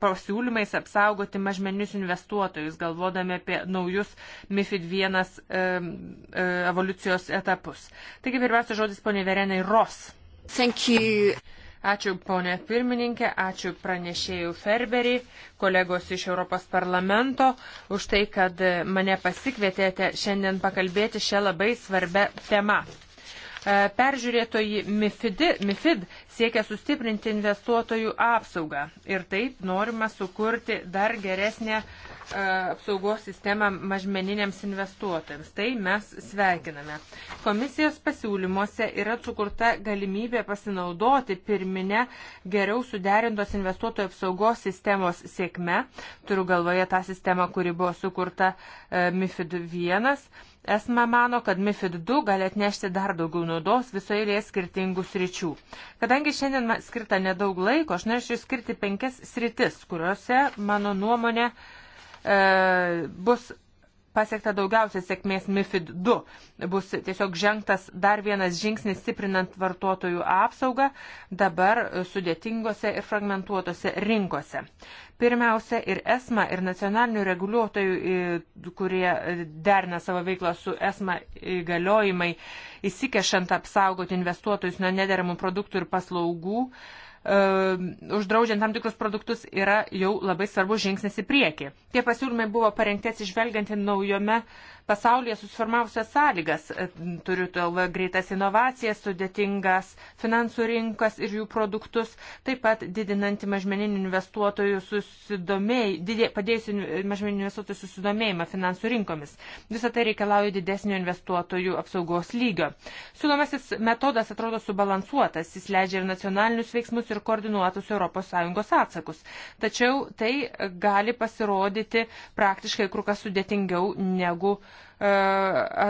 pasiūlymais apsaugoti mažmenius investuotojus, galvodami apie naujus MIFID 1 evoliucijos etapus. Taigi pirmiausia žodis ponė Verenai Ros. Thank you. Ačiū ponė pirmininkė, ačiū pranešėjų Ferberį, kolegos iš Europos parlamento, už tai, kad mane pasikvietėte šiandien pakalbėti šią labai svarbę temą. E, peržiūrėtoji MIFID, MIFID siekia sustiprinti investuotojų apsaugą ir taip norima sukurti dar geresnę uh, E, apsaugos sistemą mažmeniniams investuotojams. Tai mes sveikiname. Komisijos pasiūlymuose yra sukurta galimybė pasinaudoti pirminę geriau suderintos investuotojų apsaugos sistemos sėkme. Turiu galvoje tą sistemą, kuri buvo sukurta e, MIFID 1. Esma mano, kad MIFID 2 gali atnešti dar daugiau naudos visoje eilėje skirtingų sričių. Kadangi šiandien skirta nedaug laiko, aš norėčiau skirti penkias sritis, kuriuose, mano nuomonė, uh, E, bus pasiekta daugiausia sėkmės MIFID 2. Bus tiesiog žengtas dar vienas žingsnis stiprinant vartotojų apsaugą dabar sudėtingose ir fragmentuotose rinkose. Pirmiausia, ir ESMA, ir nacionalinių reguliuotojų, e, kurie derina savo veiklą su ESMA įgaliojimai, įsikešant apsaugoti investuotojus nuo nederamų produktų ir paslaugų, uh, Um, uždraudžiant tam tikrus produktus yra jau labai svarbus žingsnis į priekį. Tie pasiūlymai buvo parengti atsižvelgiant į naujome uh, pasaulyje susiformavusias sąlygas. E, turiu galvoje greitas inovacijas, sudėtingas finansų rinkas ir jų produktus, taip pat didinantį mažmeninių investuotojų susidomėjimą, padėjusi mažmeninių investuotojų susidomėjimą finansų rinkomis. Visą tai reikalauja didesnio investuotojų apsaugos lygio. Siūlomasis metodas atrodo subalansuotas, jis leidžia ir nacionalinius veiksmus, ir koordinuotus ES atsakus. Tačiau tai gali pasirodyti praktiškai kur kas sudėtingiau negu uh, E,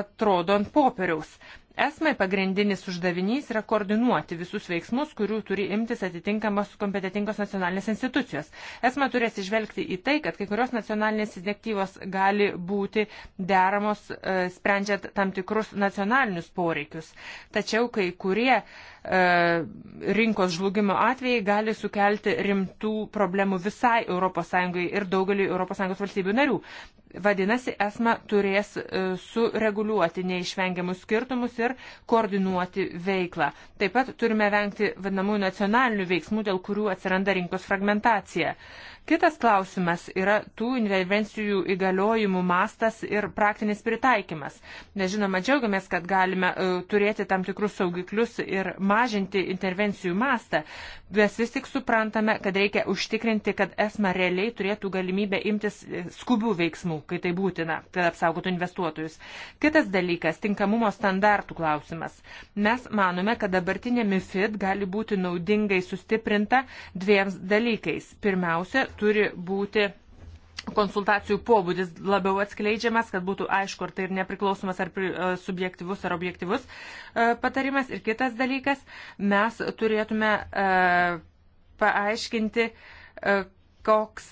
atrodo ant popieriaus. Esmai pagrindinis uždavinys yra koordinuoti visus veiksmus, kurių turi imtis atitinkamos kompetitingos nacionalinės institucijos. Esma turės išvelgti į tai, kad kai kurios nacionalinės iniciatyvos gali būti deramos e, sprendžiant tam tikrus nacionalinius poreikius. Tačiau kai kurie e, rinkos žlugimo atvejai gali sukelti rimtų problemų visai ES ir daugeliu ES valstybių narių. Vadinasi, esma turės e, sureguliuoti neišvengiamus skirtumus ir koordinuoti veiklą. Taip pat turime vengti vadinamų nacionalinių veiksmų, dėl kurių atsiranda rinkos fragmentacija. Uh, Kitas klausimas yra tų intervencijų įgaliojimų mastas ir praktinis pritaikymas. Nežinoma, džiaugiamės, kad galime uh, turėti tam tikrus saugiklius ir mažinti intervencijų mastą, bet vis tik suprantame, kad reikia užtikrinti, kad esma realiai turėtų galimybę imtis e, skubių veiksmų, kai tai būtina, kad apsaugotų investuotojus. Kitas dalykas - tinkamumo standartų klausimas. Mes manome, kad dabartinė MIFID gali būti naudingai sustiprinta dviems dalykais. Pirmiausia, turi būti konsultacijų pobūdis labiau atskleidžiamas, kad būtų aišku, ar tai ir nepriklausomas, ar e, subjektivus, ar objektivus e, patarimas. Ir kitas dalykas, mes turėtume e, paaiškinti, koks,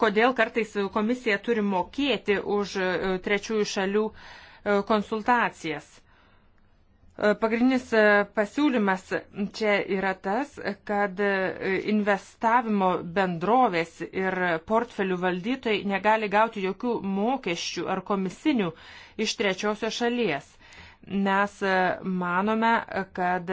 kodėl kartais komisija turi mokėti už trečiųjų šalių konsultacijas. Pagrindinis e, pasiūlymas čia yra tas, kad e, investavimo bendrovės ir portfelių valdytojai negali gauti jokių mokesčių ar komisinių iš trečiosios šalies. Mes e, manome, kad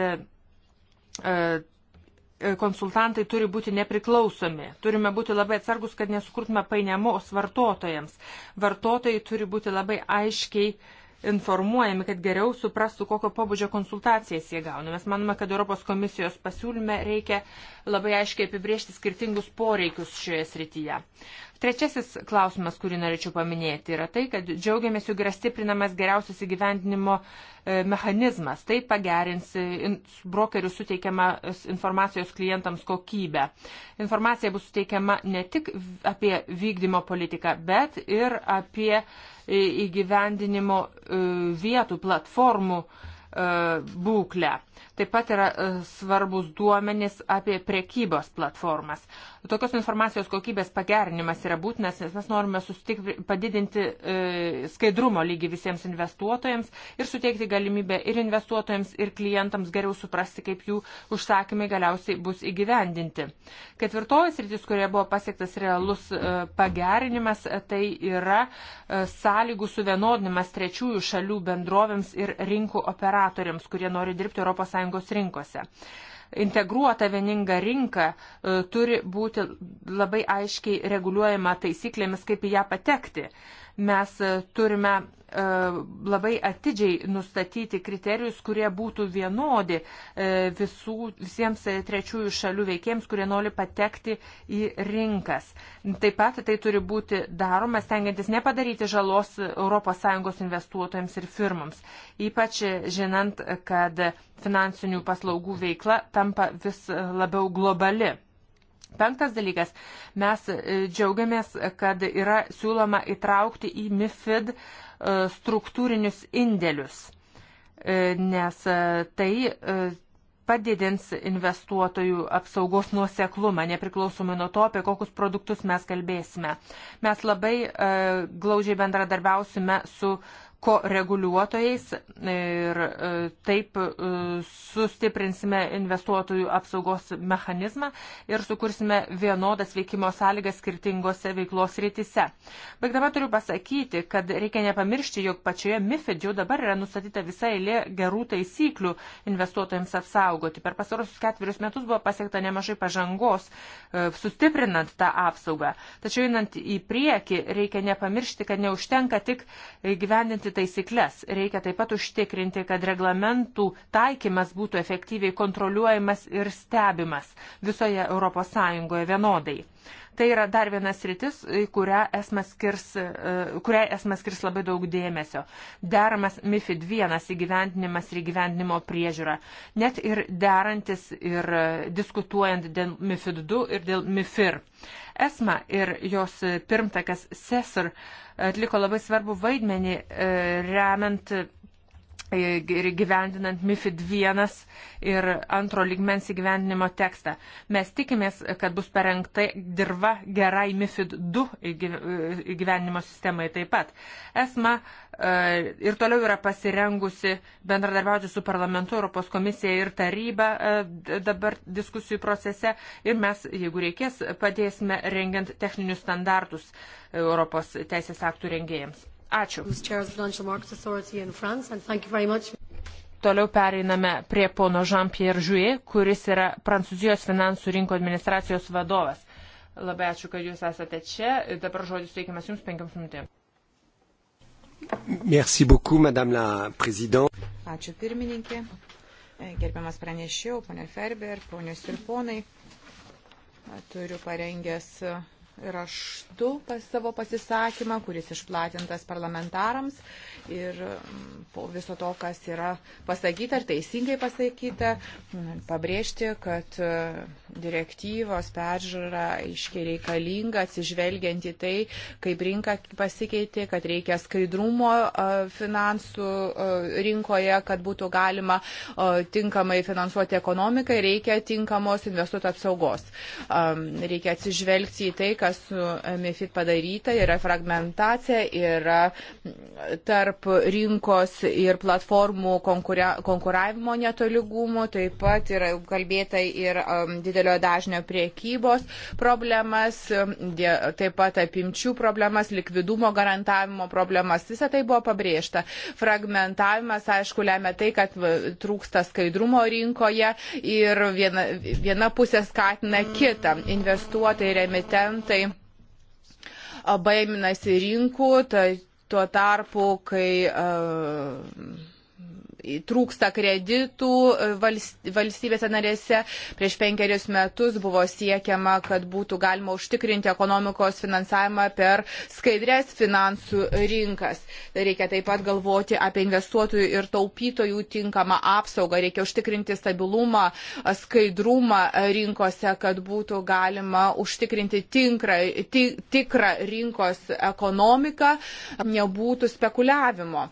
konsultantai turi būti nepriklausomi. Turime būti labai atsargus, kad nesukurtume painiamos vartotojams. Vartotojai turi būti labai aiškiai uh, informuojami, kad geriau suprastų, kokio pobūdžio konsultacijas jie gauna. Mes manome, kad Europos komisijos pasiūlyme reikia labai aiškiai apibriežti skirtingus poreikius šioje srityje. Trečiasis klausimas, kurį norėčiau paminėti, yra tai, kad džiaugiamės, jog yra stiprinamas geriausias įgyvendinimo e, mechanizmas. Tai pagerins brokerių suteikiamą informacijos klientams kokybę. Informacija bus suteikiama ne tik apie vykdymo politiką, bet ir apie e, įgyvendinimo e, vietų, platformų E, būklę. Taip pat yra e, svarbus duomenys apie prekybos platformas. Tokios informacijos kokybės pagerinimas yra būtinas, nes mes norime padidinti e, skaidrumo lygį visiems investuotojams ir suteikti galimybę ir investuotojams, ir klientams geriau suprasti, kaip jų užsakymai galiausiai bus įgyvendinti. Ketvirtojas rytis, kurioje buvo pasiektas realus pagerinimas, tai yra sąlygų suvienodinimas trečiųjų šalių bendrovėms ir rinkų operacijoms operatoriams, kurie nori dirbti ES rinkose. Integruota vieninga rinka e, turi būti labai aiškiai reguliuojama taisyklėmis, kaip į ją patekti. Mes e, turime E, labai atidžiai nustatyti kriterijus, kurie būtų vienodi e, visų, visiems trečiųjų šalių veikėjams, kurie nori patekti į rinkas. Taip pat tai turi būti daroma, stengiantis nepadaryti žalos ES investuotojams ir firmams. Ypač žinant, kad finansinių paslaugų veikla tampa vis labiau globali. Penktas dalykas, mes e, džiaugiamės, kad yra siūloma įtraukti į MIFID uh, E, struktūrinius indėlius, e, nes e, tai padidins investuotojų apsaugos nuoseklumą, nepriklausomai nuo to, apie kokius produktus mes kalbėsime. Mes labai e, glaužiai bendradarbiausime su e, ko reguliuotojais ir e, taip e, sustiprinsime investuotojų apsaugos mechanizmą ir sukursime vienodas veikimo sąlygas skirtingose veiklos rytise. Baigdama turiu pasakyti, kad reikia nepamiršti, jog pačioje MIFID jau dabar yra nustatyta visa eilė gerų taisyklių investuotojams apsaugoti. Per pasarosius ketverius metus buvo pasiekta nemažai pažangos e, sustiprinant tą apsaugą. Tačiau einant į priekį reikia nepamiršti, kad neužtenka tik gyvendinti suformuluoti taisyklės. Reikia taip pat užtikrinti, kad reglamentų taikymas būtų efektyviai kontroliuojamas ir stebimas visoje ES vienodai. Tai yra dar vienas rytis, kurią esmas skirs, e, kuriai esmas skirs labai daug dėmesio. Deramas MIFID 1 įgyventinimas ir įgyventinimo priežiūra. Net ir derantis ir e, diskutuojant dėl MIFID 2 ir dėl MIFIR. ESMA ir jos pirmtakas SESR atliko labai svarbu vaidmenį e, remiant E, ir gyvendinant MIFID 1 ir antro ligmens įgyvendinimo tekstą. Mes tikimės, kad bus parengta dirba gerai MIFID 2 e, įgyvendinimo sistemai taip pat. ESMA e, ir toliau yra pasirengusi bendradarbiauti su parlamentu, Europos komisija ir taryba dabar diskusijų procese ir mes, jeigu reikės, padėsime rengiant techninius standartus Europos teisės aktų rengėjams. Ačiū. Toliau pereiname prie pono Jean-Pierre Jouet, kuris yra Prancūzijos finansų rinkų administracijos vadovas. Labai ačiū, kad jūs esate čia. Dabar žodis teikiamas jums penkiams minutėms. Merci beaucoup, Madame la Présidente. Ačiū pirmininkė, gerbiamas pranešiau, ponė Ferber, ponios ir ponai. Turiu parengęs raštu pas savo pasisakymą, kuris išplatintas parlamentarams ir mm, po viso to, kas yra pasakyta ar teisingai pasakyta, mm, pabrėžti, kad e, direktyvos peržiūra aiškiai reikalinga, atsižvelgiant į tai, kaip rinka pasikeitė, kad reikia skaidrumo e, finansų e, rinkoje, kad būtų galima tinkamai finansuoti ekonomiką, reikia tinkamos investuotų apsaugos. Reikia atsižvelgti į tai, kad kas su e, MIFID padaryta, yra fragmentacija, yra tarp rinkos ir platformų konkuria, konkuravimo netoligumų, taip pat yra kalbėta ir didelio dažnio priekybos problemas, taip pat apimčių problemas, likvidumo garantavimo problemas. Visą tai buvo pabrėžta. Fragmentavimas, aišku, lemia tai, kad trūksta skaidrumo rinkoje ir viena, viena pusė skatina kitą. Investuotojai ir emitentai baiminasi rinkų, tai tuo tarpu, kai uh, trūksta kreditų e, valstybėse narėse. Prieš penkerius metus buvo siekiama, kad būtų galima užtikrinti ekonomikos finansavimą per skaidrės finansų rinkas. Reikia taip pat galvoti apie investuotojų ir taupytojų tinkamą apsaugą. Reikia užtikrinti stabilumą, skaidrumą rinkose, kad būtų galima užtikrinti tinkrą, tikrą rinkos ekonomiką, nebūtų spekuliavimo.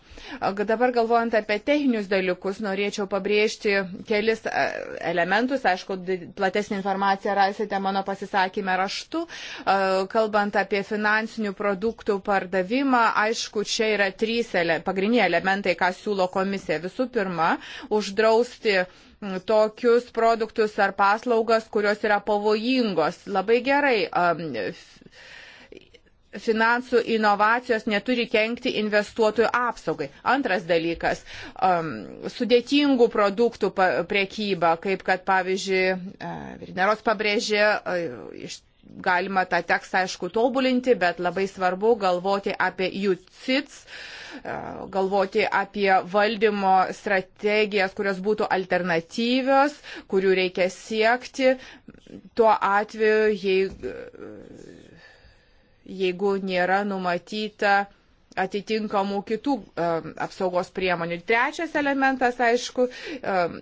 Dabar galvojant apie techninius esminius dalykus. Norėčiau pabrėžti kelis e, elementus. Aišku, platesnį informaciją rasite mano pasisakymę raštu. E, kalbant apie finansinių produktų pardavimą, aišku, čia yra trys ele pagrindiniai elementai, ką siūlo komisija. Visų pirma, uždrausti tokius produktus ar paslaugas, kurios yra pavojingos. Labai gerai. Um, finansų inovacijos neturi kenkti investuotojų apsaugai. Antras dalykas um, - sudėtingų produktų priekyba, kaip kad, pavyzdžiui, e, Virneros pabrėžė, e, iš galima tą tekstą aišku tobulinti, bet labai svarbu galvoti apie jų cits, e, galvoti apie valdymo strategijas, kurios būtų alternatyvios, kurių reikia siekti. Tuo atveju, jei jeigu nėra numatyta atitinkamų kitų um, apsaugos priemonių. Trečias elementas, aišku, um,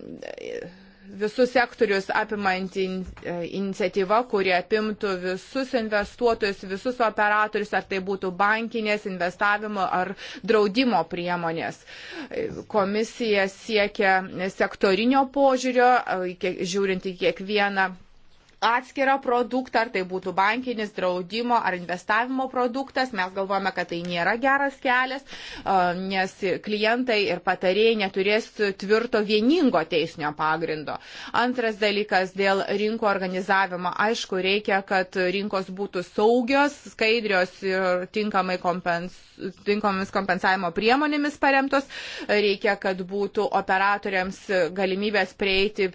visus sektorius apimanti uh, iniciatyva, kurie apimtų visus investuotojus, visus operatorius, ar tai būtų bankinės, investavimo ar draudimo priemonės. Komisija siekia sektorinio požiūrio, uh, žiūrint į kiekvieną atskirą produktą, ar tai būtų bankinis, draudimo ar investavimo produktas. Mes galvojame, kad tai nėra geras kelias, nes klientai ir patarėjai neturės tvirto vieningo teisinio pagrindo. Antras dalykas dėl rinko organizavimo. Aišku, reikia, kad rinkos būtų saugios, skaidrios ir tinkamai kompens, tinkamomis kompensavimo priemonėmis paremtos. Reikia, kad būtų operatoriams galimybės prieiti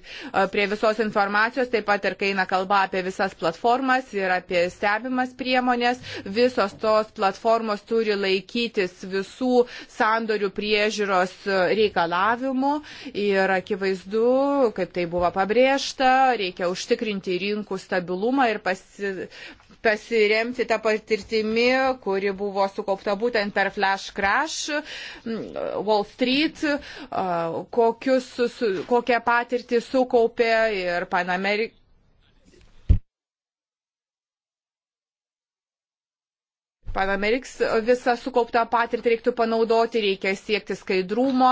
prie visos informacijos, taip pat ir kai eina kalba apie visas platformas ir apie stebimas priemonės. Visos tos platformos turi laikytis visų sandorių priežiūros reikalavimų ir akivaizdu, kaip tai buvo pabrėžta, reikia užtikrinti rinkų stabilumą ir pasi, pasiremti tą patirtimį, kuri buvo sukaupta būtent per Flash Crash, mm, Wall Street, kokius, kokią patirtį sukaupė ir Panamerika Panameriks e, visą sukauptą patirtį reiktų panaudoti, reikia siekti skaidrumo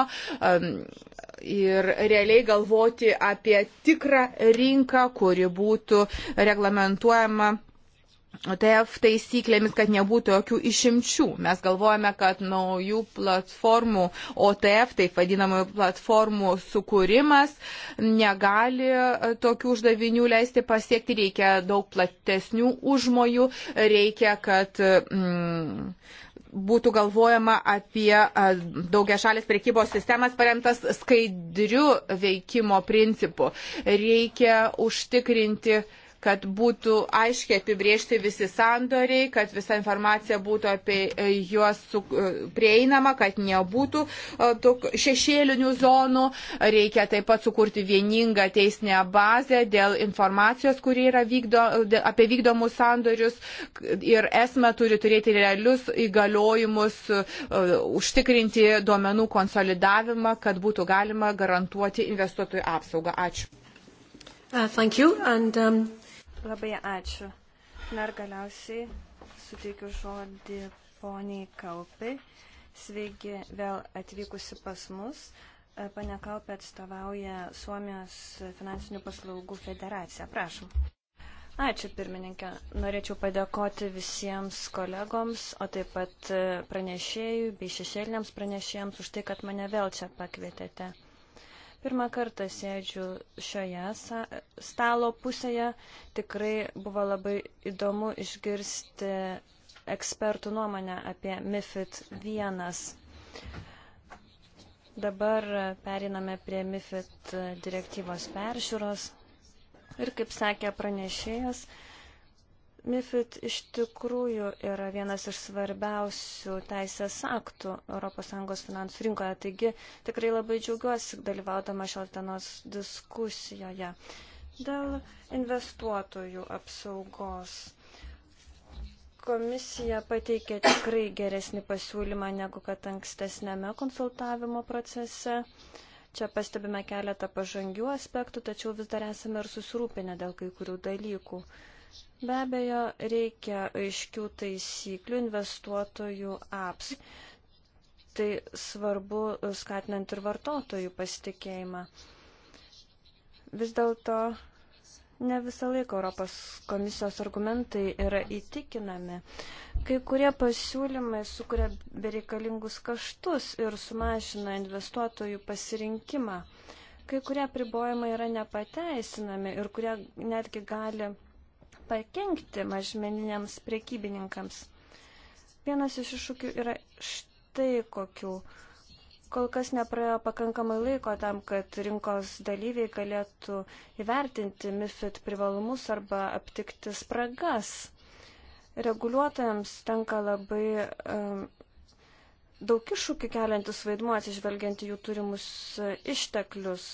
ir realiai galvoti apie tikrą rinką, kuri būtų reglamentuojama TF taisyklėmis, kad nebūtų jokių išimčių. Mes galvojame, kad naujų platformų, OTF, taip vadinamų platformų sukūrimas, negali e, tokių uždavinių leisti pasiekti, reikia daug platesnių užmojų, reikia, kad. Mm, būtų galvojama apie e, daugia šalės priekybos sistemas paremtas skaidriu veikimo principu. Reikia užtikrinti uh, kad būtų aiškiai apibriežti visi sandoriai, kad visa informacija būtų apie e, juos e, prieinama, kad nebūtų e, šešėlinių zonų. Reikia taip pat sukurti vieningą teisinę bazę dėl informacijos, kuri yra vykdo, apie vykdomus sandorius ir esmė turi turėti realius įgaliojimus, užtikrinti duomenų konsolidavimą, kad būtų galima garantuoti investuotojų apsaugą. Ačiū. Uh, thank you. And, um... Labai ačiū. Na ir galiausiai suteikiu žodį poniai Kaupai. Sveiki vėl atvykusi pas mus. E, Pane Kaupė atstovauja Suomijos finansinių paslaugų federaciją. Prašom. Ačiū pirmininkė. Norėčiau padėkoti visiems kolegoms, o taip pat e, pranešėjų bei šešėliniams pranešėjams už tai, kad mane vėl čia pakvietėte. Pirmą kartą sėdžiu šioje stalo pusėje. Tikrai buvo labai įdomu išgirsti ekspertų nuomonę apie MIFID 1. Dabar periname prie MIFID direktyvos peržiūros. Ir kaip sakė pranešėjas, MIFID iš tikrųjų yra vienas iš svarbiausių teisės aktų ES finansų rinkoje, taigi tikrai labai džiaugiuosi dalyvaudama šios dienos diskusijoje. Dėl investuotojų apsaugos. Komisija pateikė tikrai geresnį pasiūlymą negu kad ankstesnėme konsultavimo procese. Čia pastebime keletą pažangių aspektų, tačiau vis dar esame ir susirūpinę dėl kai kurių dalykų. Uh, Be abejo, reikia aiškių taisyklių investuotojų aps. Tai svarbu skatinant ir vartotojų pasitikėjimą. Vis dėlto ne visą laiką Europos komisijos argumentai yra įtikinami. Kai kurie pasiūlymai sukuria bereikalingus kaštus ir sumažina investuotojų pasirinkimą. Kai kurie pribojimai yra nepateisinami ir kurie netgi gali pakenkti mažmeniniams prekybininkams. Vienas iš iššūkių yra štai kokių. Kol kas nepraėjo pakankamai laiko tam, kad rinkos dalyviai galėtų įvertinti MIFID privalumus arba aptikti spragas. Reguliuotojams tenka labai um, daug iššūkių keliantis vaidmuo atsižvelgianti jų turimus išteklius.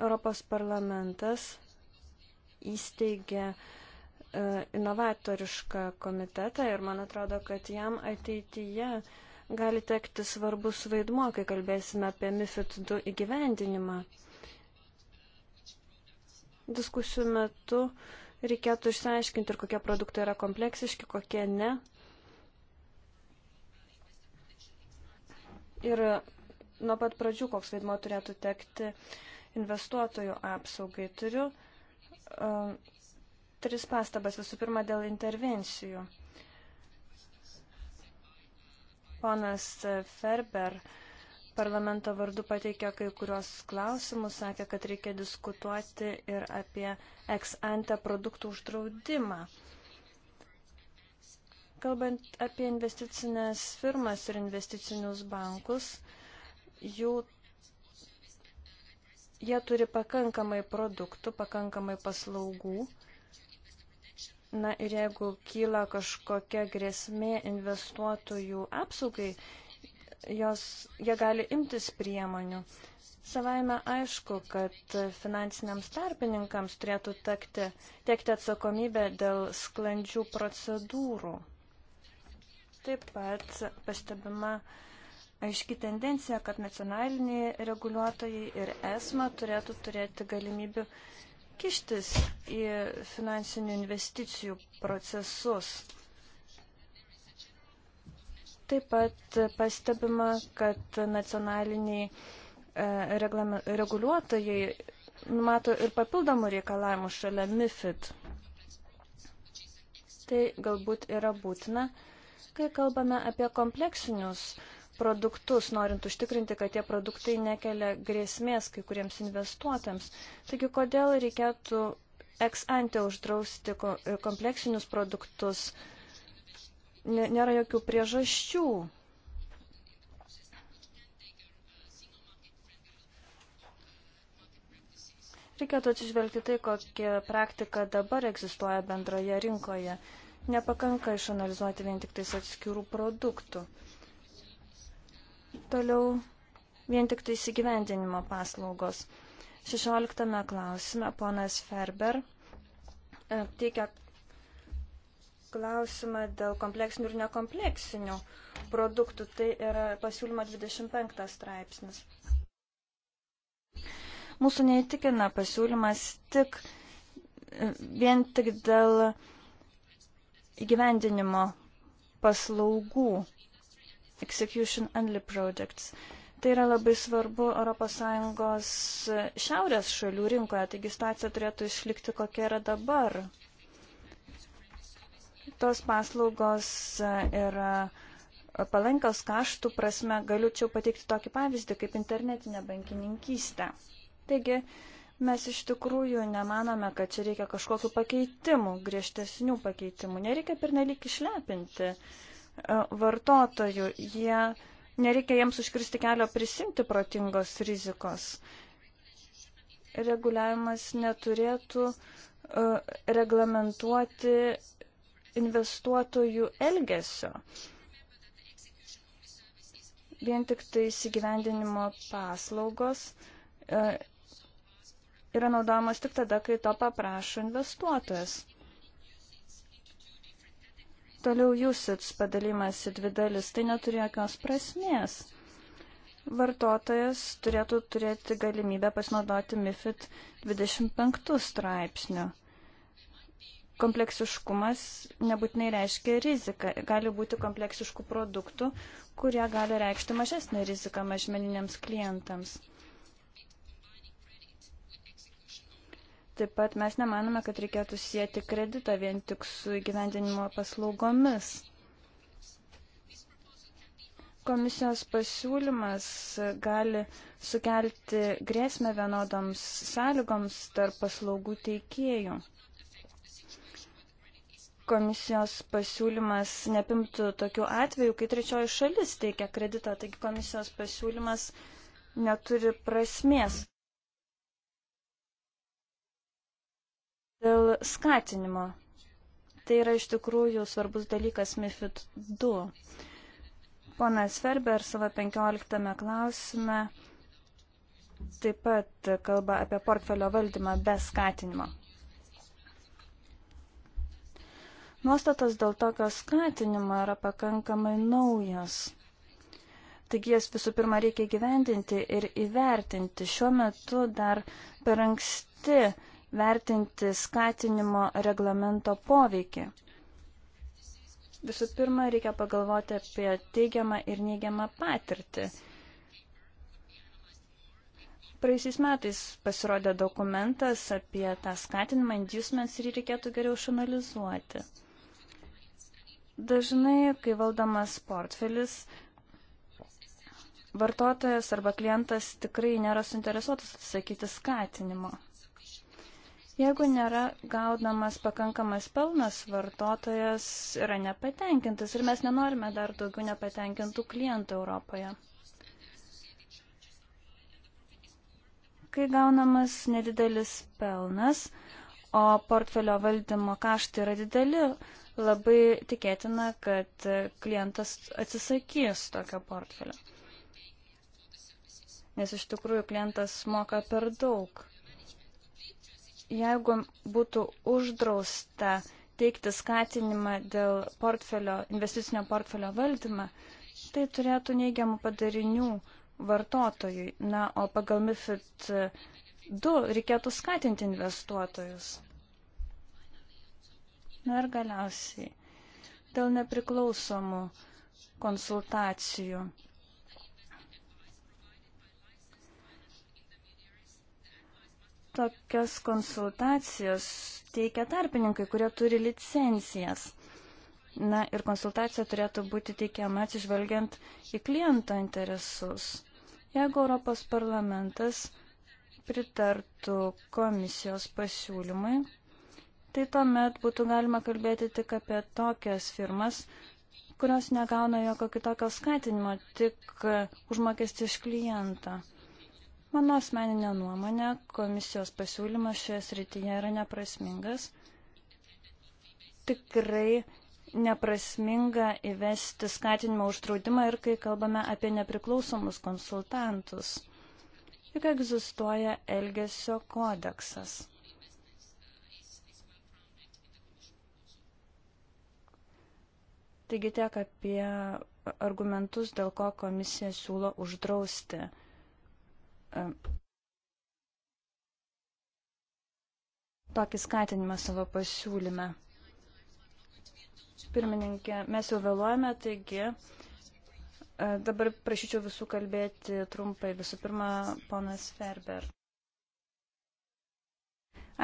Europos parlamentas įsteigė e, inovatorišką komitetą ir man atrodo, kad jam ateityje gali tekti svarbus vaidmuo, kai kalbėsime apie MIFID 2 įgyvendinimą. Diskusijų metu reikėtų išsiaiškinti, ir kokie produktai yra kompleksiški, kokie ne. Ir nuo pat pradžių, koks vaidmo turėtų tekti investuotojų apsaugai. Turiu uh, tris pastabas visų pirma dėl intervencijų. Ponas Ferber parlamento vardu pateikė kai kurios klausimus, sakė, kad reikia diskutuoti ir apie ex ante produktų uždraudimą. Kalbant apie investicinės firmas ir investicinius bankus, jų jie turi pakankamai produktų, pakankamai paslaugų. Na ir jeigu kyla kažkokia grėsmė investuotojų apsaugai, jos, jie gali imtis priemonių. Savaime aišku, kad finansiniams tarpininkams turėtų tekti, tekti atsakomybę dėl sklandžių procedūrų. Taip pat pastebima uh, aiški tendencija, kad nacionaliniai reguliuotojai ir ESMA turėtų turėti galimybių kištis į finansinių investicijų procesus. Taip pat pastebima, kad nacionaliniai e, reglame, reguliuotojai numato ir papildomų reikalavimų šalia MIFID. Tai galbūt yra būtina, kai kalbame apie kompleksinius uh, produktus, norint užtikrinti, kad tie produktai nekelia grėsmės kai kuriems investuotams. Taigi, kodėl reikėtų ex ante uždrausti kompleksinius produktus? Nėra jokių priežasčių. Reikėtų atsižvelgti tai, kokia praktika dabar egzistuoja bendroje rinkoje. Nepakanka išanalizuoti vien tik tais atskirų produktų. Toliau vien tik tai įsigyvendinimo paslaugos. 16 klausime ponas Ferber e, teikia klausimą dėl kompleksinių ir nekompleksinių produktų. Tai yra pasiūlymo 25 straipsnis. Mūsų neįtikina pasiūlymas tik e, vien tik dėl įgyvendinimo paslaugų. Execution Only Projects. Tai yra labai svarbu ES šiaurės šalių rinkoje, taigi situacija turėtų išlikti kokia yra dabar. Tos paslaugos yra palankios kaštų prasme, galiu čia pateikti tokį pavyzdį kaip internetinė bankininkystė. Taigi, mes iš tikrųjų nemanome, kad čia reikia kažkokiu pakeitimu, griežtesnių pakeitimų. Nereikia pernelyg išlepinti uh, E, vartotojų. Jie, nereikia jiems užkristi kelio prisimti protingos rizikos. Reguliavimas neturėtų e, reglamentuoti investuotojų elgesio. Vien tik tai įsigyvendinimo paslaugos e, yra naudojamas tik tada, kai to paprašo investuotojas. Toliau jūsits padalimas į dvi dalis, tai neturi jokios prasmės. Vartotojas turėtų turėti galimybę pasinaudoti MIFID 25 straipsniu. Kompleksiškumas nebūtinai reiškia riziką. Gali būti kompleksiškų produktų, kurie gali reikšti mažesnę riziką mažmeniniams klientams. Taip pat mes nemanome, kad reikėtų sieti kreditą vien tik su įgyvendinimo paslaugomis. Komisijos pasiūlymas gali sukelti grėsmę vienodoms sąlygoms tarp paslaugų teikėjų. Komisijos pasiūlymas nepimtų tokių atvejų, kai trečioji šalis teikia kreditą, taigi komisijos pasiūlymas neturi prasmės. Dėl skatinimo. Tai yra iš tikrųjų svarbus dalykas MIFID 2. Ponas Ferber savo 15 klausime taip pat kalba apie portfelio valdymą be skatinimo. Nuostatas dėl tokio skatinimo yra pakankamai naujas. Taigi jas visų pirma reikia gyvendinti ir įvertinti. Šiuo metu dar per anksti vertinti skatinimo reglamento poveikį. Visų pirma, reikia pagalvoti apie teigiamą ir neigiamą patirtį. Praeisiais metais pasirodė dokumentas apie tą skatinimą inducements ir jį reikėtų geriau išanalizuoti. Dažnai, kai valdomas portfelis, vartotojas arba klientas tikrai nėra suinteresuotas atsisakyti skatinimo. Jeigu nėra gaudamas pakankamas pelnas, vartotojas yra nepatenkintas ir mes nenorime dar daugiau nepatenkintų klientų Europoje. Kai gaunamas nedidelis pelnas, o portfelio valdymo kaštai yra dideli, labai tikėtina, kad klientas atsisakys tokio portfelio. Nes iš tikrųjų klientas moka per daug. Jeigu būtų uždrausta teikti skatinimą dėl portfelio, investicinio portfelio valdymą, tai turėtų neigiamų padarinių vartotojui. Na, o pagal MIFID 2 reikėtų skatinti investuotojus. Na ir galiausiai dėl nepriklausomų konsultacijų. tokias konsultacijas teikia tarpininkai, kurie turi licencijas. Na ir konsultacija turėtų būti teikiama atsižvelgiant į kliento interesus. Jeigu Europos parlamentas pritartų komisijos pasiūlymui, tai tuomet būtų galima kalbėti tik apie tokias firmas, kurios negauna jokio kitokio skatinimo, tik užmokestį iš klientą. Mano asmeninė nuomonė, komisijos pasiūlymas šioje srityje yra neprasmingas. Tikrai neprasminga įvesti skatinimo uždraudimą ir kai kalbame apie nepriklausomus konsultantus. Juk egzistuoja elgesio kodeksas. Taigi tiek apie argumentus, dėl ko komisija siūlo uždrausti tokį skatinimą savo pasiūlyme. Pirmininkė, mes jau vėluojame, taigi e, dabar prašyčiau visų kalbėti trumpai. Visų pirma, ponas Ferber.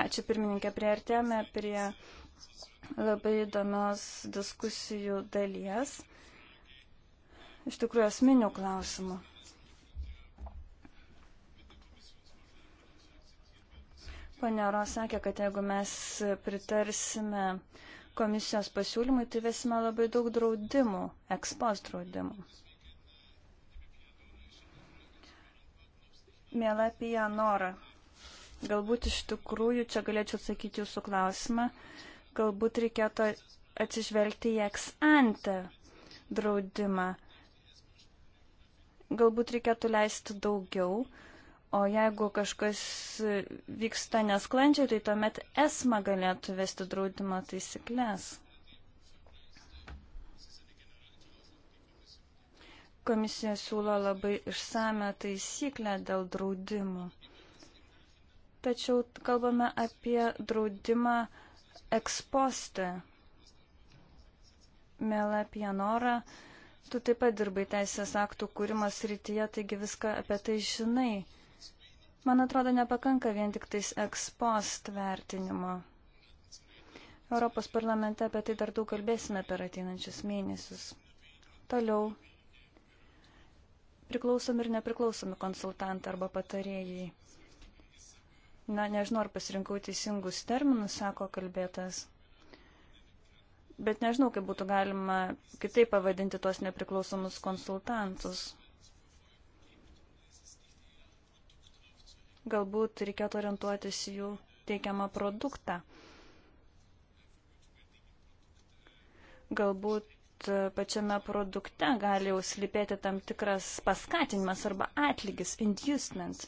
Ačiū pirmininkė, prieartėme prie labai įdomios diskusijų dalies. Iš tikrųjų, asmenių klausimų. Panero sakė, kad jeigu mes pritarsime komisijos pasiūlymui, tai vesime labai daug draudimų, ekspos draudimų. Mėla Pija Nora, galbūt iš tikrųjų čia galėčiau atsakyti jūsų klausimą, galbūt reikėtų atsižvelgti į ex-ante draudimą. Galbūt reikėtų leisti daugiau, O jeigu kažkas vyksta nesklandžiai, tai tuomet esma galėtų vesti draudimo taisyklės. Komisija siūlo labai išsame taisyklę dėl draudimų. Tačiau kalbame apie draudimą ekspostę. Mėla Pianora, tu taip pat dirbai teisės aktų kūrimas rytyje, taigi viską apie tai žinai. Man atrodo, nepakanka vien tik tais ekspost vertinimo. Europos parlamente apie tai dar daug kalbėsime per ateinančius mėnesius. Toliau. Priklausomi ir nepriklausomi konsultantai arba patarėjai. Na, nežinau, ar pasirinkau teisingus terminus, sako kalbėtas. Bet nežinau, kaip būtų galima kitaip pavadinti tuos nepriklausomus konsultantus. galbūt reikėtų orientuotis jų teikiamą produktą. Galbūt pačiame produkte gali jau slipėti tam tikras paskatinimas arba atlygis, inducement.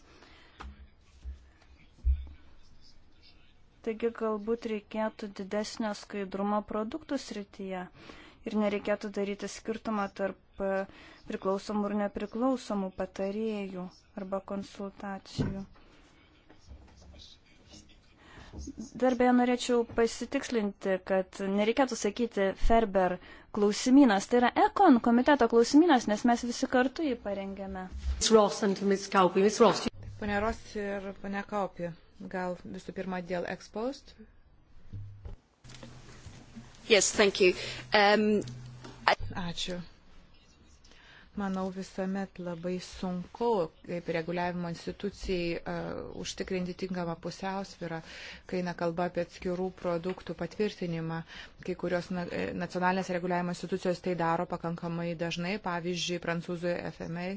Taigi galbūt reikėtų didesnio skaidrumo produktų srityje ir nereikėtų daryti skirtumą tarp priklausomų ir nepriklausomų patarėjų arba konsultacijų. Dar beje norėčiau pasitikslinti, kad nereikėtų sakyti Ferber klausimynas. Tai yra Ekon komiteto klausimynas, nes mes visi kartu jį parengėme. Pane Ros ir pane Kaupi, gal visų pirma dėl Exposed? Yes, thank you. Um, I... Ačiū manau, visuomet labai sunku, kaip reguliavimo institucijai, uh, užtikrinti tinkamą pusiausvyrą, kai eina kalba apie atskirų produktų patvirtinimą. Kai kurios na, e, nacionalinės reguliavimo institucijos tai daro pakankamai dažnai, pavyzdžiui, prancūzų FMA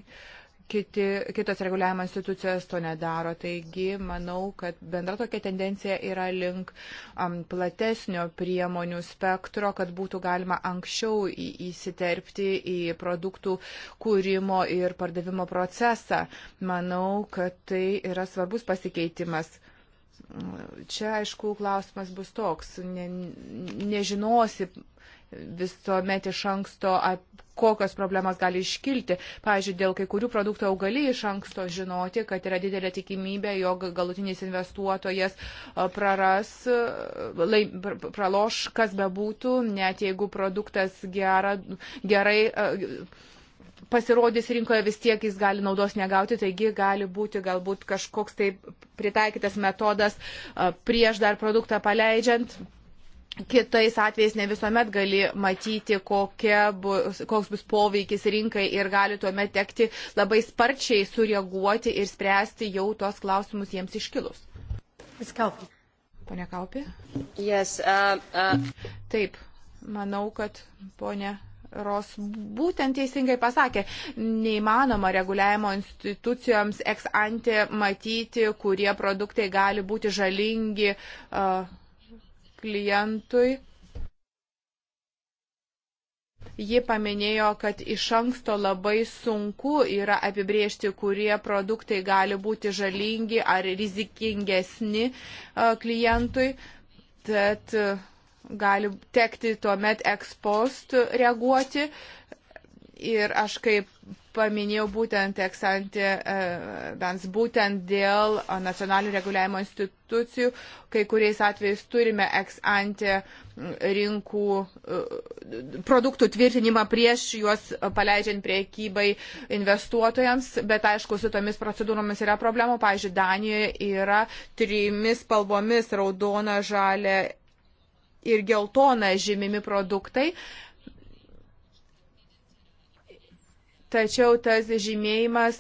kiti, kitos reguliavimo institucijos to nedaro. Taigi, manau, kad bendra tokia tendencija yra link um, platesnio priemonių spektro, kad būtų galima anksčiau į, įsiterpti į produktų kūrimo ir pardavimo procesą. Manau, kad tai yra svarbus pasikeitimas. Čia, aišku, klausimas bus toks. Ne, nežinosi visuomet iš anksto, kokios problemos gali iškilti. Pavyzdžiui, dėl kai kurių produktų jau gali iš anksto žinoti, kad yra didelė tikimybė, jog galutinis investuotojas praras, lai, praloš, kas bebūtų, net jeigu produktas gera, gerai pasirodys rinkoje vis tiek jis gali naudos negauti, taigi gali būti galbūt kažkoks tai pritaikytas metodas prieš dar produktą paleidžiant Kitais atvejais ne visuomet gali matyti, bus, koks bus poveikis rinkai ir gali tuomet tekti labai sparčiai sureaguoti ir spręsti jau tuos klausimus jiems iškilus. Pone Kaupė? Yes, uh, uh. Taip, manau, kad ponė Ros būtent teisingai pasakė, neįmanoma reguliavimo institucijoms ex ante matyti, kurie produktai gali būti žalingi. Uh, klientui. Ji paminėjo, kad iš anksto labai sunku yra apibriežti, kurie produktai gali būti žalingi ar rizikingesni e, klientui. Tad e, gali tekti tuomet ekspost reaguoti. Ir aš kaip paminėjau būtent eksantį, e, bent būtent dėl nacionalinių reguliavimo institucijų, kai kuriais atvejais turime eksantį rinkų e, produktų tvirtinimą prieš juos paleidžiant priekybai investuotojams, bet aišku, su tomis procedūromis yra problemų. Pavyzdžiui, Danijoje yra trimis spalvomis raudona, žalia ir geltona žymimi produktai. Uh, tačiau tas žymėjimas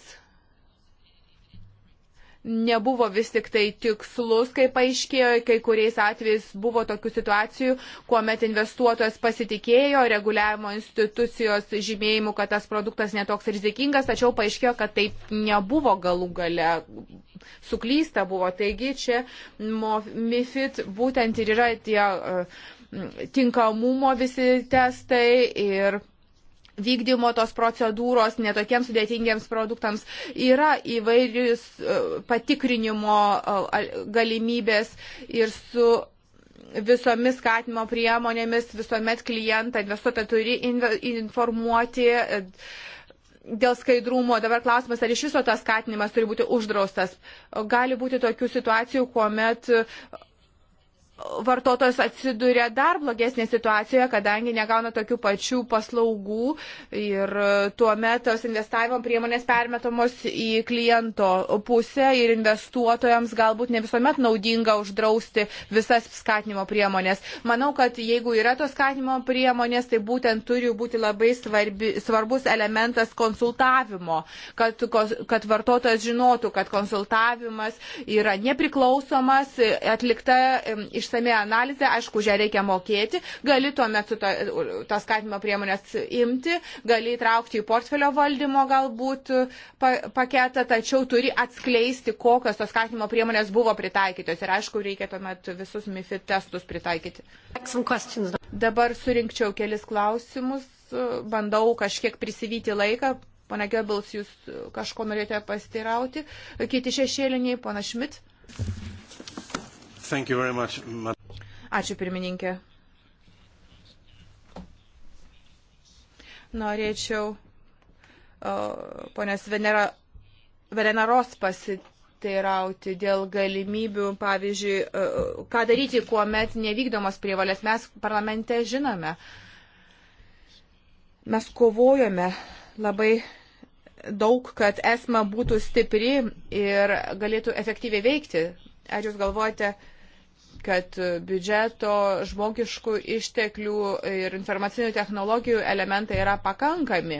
nebuvo vis tik tai tikslus, kaip aiškėjo, kai kuriais atvejais buvo tokių situacijų, kuomet investuotojas pasitikėjo reguliavimo institucijos žymėjimu, kad tas produktas netoks rizikingas, tačiau paaiškėjo, kad taip nebuvo galų gale, suklysta buvo. Taigi čia MIFID būtent ir yra tie e, tinkamumo visi testai ir vykdymo tos procedūros netokiems sudėtingiems produktams yra įvairius e, patikrinimo e, galimybės ir su visomis skatimo priemonėmis visuomet klientą, investuotoją turi informuoti e, dėl skaidrumo. Dabar klausimas, ar iš viso tas skatinimas turi būti uždraustas. Gali būti tokių situacijų, kuomet vartotojas atsiduria dar blogesnė situacijoje, kadangi negauna tokių pačių paslaugų ir tuo metu tos investavimo priemonės permetamos į kliento pusę ir investuotojams galbūt ne visuomet naudinga uždrausti visas skatinimo priemonės. Manau, kad jeigu yra tos skatinimo priemonės, tai būtent turi būti labai svarbi, svarbus elementas konsultavimo, kad, kad vartotojas žinotų, kad konsultavimas yra nepriklausomas, atlikta iš išsame analizė, aišku, už ją reikia mokėti, gali tuomet tos skatimo priemonės imti, gali įtraukti į portfelio valdymo galbūt paketą, tačiau turi atskleisti, kokios tos skatimo priemonės buvo pritaikytos ir aišku, reikia tuomet visus MIFID testus pritaikyti. Dabar surinkčiau kelis klausimus, bandau kažkiek prisivyti laiką, Pana Goebbels, jūs kažko norėjote pastirauti. Kiti šešėliniai, pana Šmit. Much, Ačiū pirmininkė. Norėčiau ponės Veneros pasiteirauti dėl galimybių, pavyzdžiui, ką daryti, kuomet nevykdomos prievalės. Mes parlamente žinome, mes kovojome labai daug, kad esma būtų stipri ir galėtų efektyviai veikti. Ar jūs galvojate, kad biudžeto žmogiškų išteklių ir informacinių technologijų elementai yra pakankami.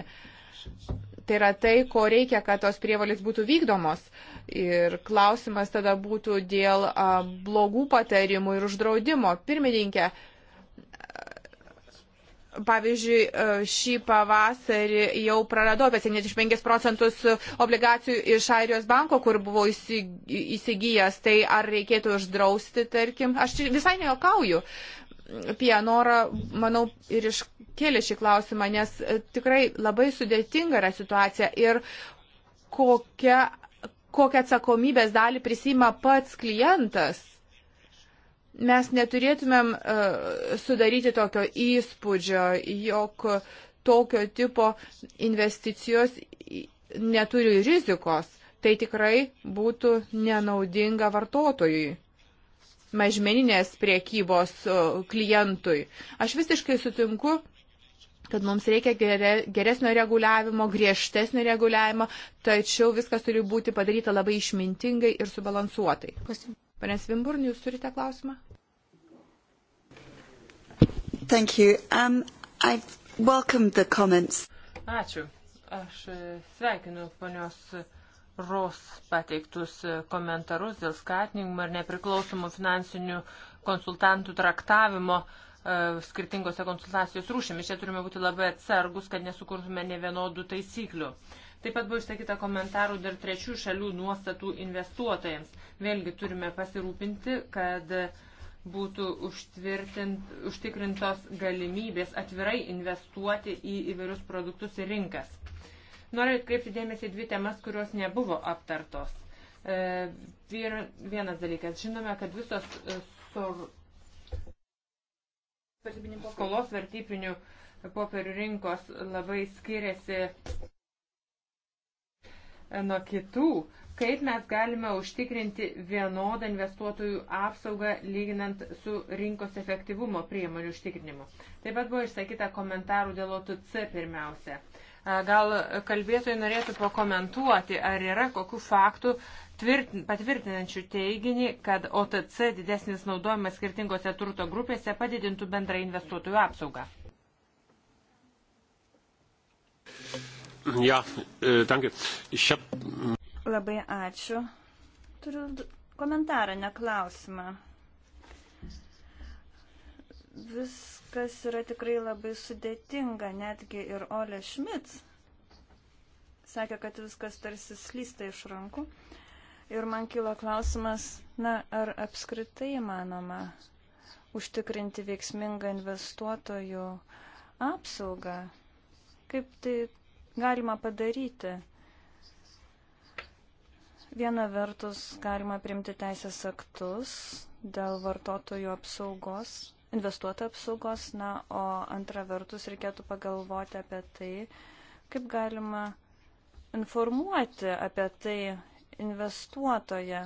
Tai yra tai, ko reikia, kad tos prievalės būtų vykdomos. Ir klausimas tada būtų dėl a, blogų patarimų ir uždraudimo. Pirmininkė, Pavyzdžiui, e, šį pavasarį jau praradau apie 75 procentus obligacijų iš Airijos banko, kur buvo įsigijęs. Tai ar reikėtų uždrausti, tarkim? Aš visai nejuokauju. Pianora, manau, ir iškėlė šį klausimą, nes e, tikrai labai sudėtinga yra situacija ir kokia, kokią atsakomybės dalį prisima pats klientas mes neturėtumėm e, sudaryti tokio įspūdžio, jog tokio tipo investicijos neturi rizikos. Tai tikrai būtų nenaudinga vartotojui, mažmeninės priekybos e, klientui. Aš visiškai sutinku kad mums reikia geresnio reguliavimo, griežtesnio reguliavimo, tačiau viskas turi būti padaryta labai išmintingai ir subalansuotai. Pane Svimburn, jūs turite klausimą? Thank you. Um, I welcome the comments. Ačiū. Aš e, sveikinu ponios Ros pateiktus e, komentarus dėl skatinimo ir nepriklausomų finansinių konsultantų traktavimo e, skirtingose konsultacijos rūšimis. Čia turime būti labai atsargus, kad nesukurtume ne vienodų taisyklių. Taip pat buvo išsakyta komentarų dėl trečių šalių nuostatų investuotojams. Vėlgi turime pasirūpinti, kad uh, būtų užtikrintos galimybės atvirai investuoti į įvairius produktus ir rinkas. Noriu atkreipti dėmesį dvi temas, kurios nebuvo aptartos. E, vienas dalykas, žinome, kad visos e, sur... skolos vertybinių popierių rinkos labai skiriasi e, nuo kitų. Kaip mes galime užtikrinti vienodą investuotojų apsaugą lyginant su rinkos efektyvumo priemonių užtikrinimu? Taip pat buvo išsakyta komentarų dėl OTC pirmiausia. Gal kalbėtojai norėtų pakomentuoti, ar yra kokių faktų tvirtin, patvirtinančių teiginį, kad OTC didesnis naudojimas skirtingose turto grupėse padidintų bendrą investuotojų apsaugą. Ja, e, danke. Ich hab... Labai ačiū. Turiu komentarą, neklausimą. Viskas yra tikrai labai sudėtinga, netgi ir Ole Schmidt sakė, kad viskas tarsi slysta iš rankų. Ir man kilo klausimas, na, ar apskritai įmanoma užtikrinti veiksmingą investuotojų apsaugą? Kaip tai galima padaryti? Viena vertus galima primti teisės aktus dėl vartotojų apsaugos, investuotojų apsaugos, na, o antra vertus reikėtų pagalvoti apie tai, kaip galima informuoti apie tai investuotoje.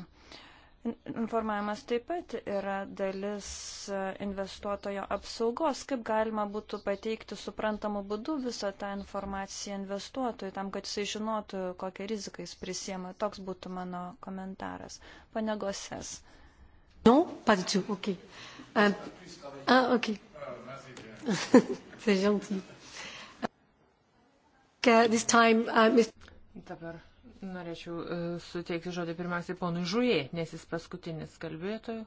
Informavimas taip pat yra dalis e, investuotojo apsaugos, kaip galima būtų pateikti suprantamų būdų visą tą informaciją investuotojui, tam, kad jisai žinotų, kokią riziką jis prisiema. Toks būtų mano komentaras. Pane Goses. Non, pas du tout, ok. Uh, ah, ok. C'est gentil. Euh, this time, uh, Mr. Dabar Norėčiau e, suteikti žodį pirmiausiai ponui Žujai, nes jis paskutinis kalbėtojų.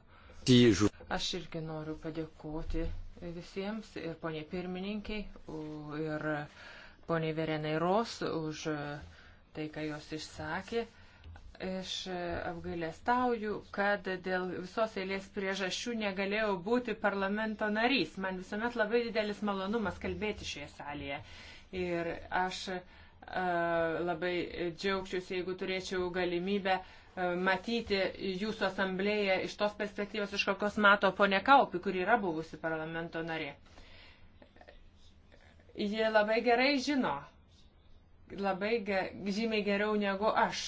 Aš irgi noriu padėkoti visiems ir poniai pirmininkiai ir poniai Verenai Ros už tai, ką jos išsakė. Aš apgailėstauju, kad dėl visos eilės priežasčių negalėjau būti parlamento narys. Man visuomet labai didelis malonumas kalbėti šioje salėje. Ir aš uh, Labai džiaugčiausi, jeigu turėčiau galimybę matyti jūsų asamblėje iš tos perspektyvos, iš kokios mato ponė Kaupi, kuri yra buvusi parlamento narė. Ji labai gerai žino, labai ge, žymiai geriau negu aš,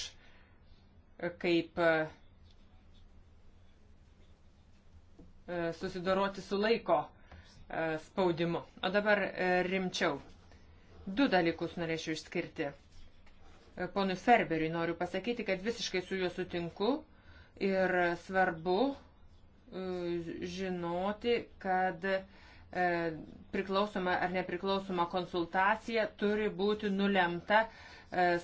kaip susidoroti su laiko spaudimu. O dabar rimčiau. Du dalykus norėčiau išskirti. E, ponui Ferberiui noriu pasakyti, kad visiškai su juo sutinku ir svarbu e, žinoti, kad e, priklausoma ar nepriklausoma konsultacija turi būti nulemta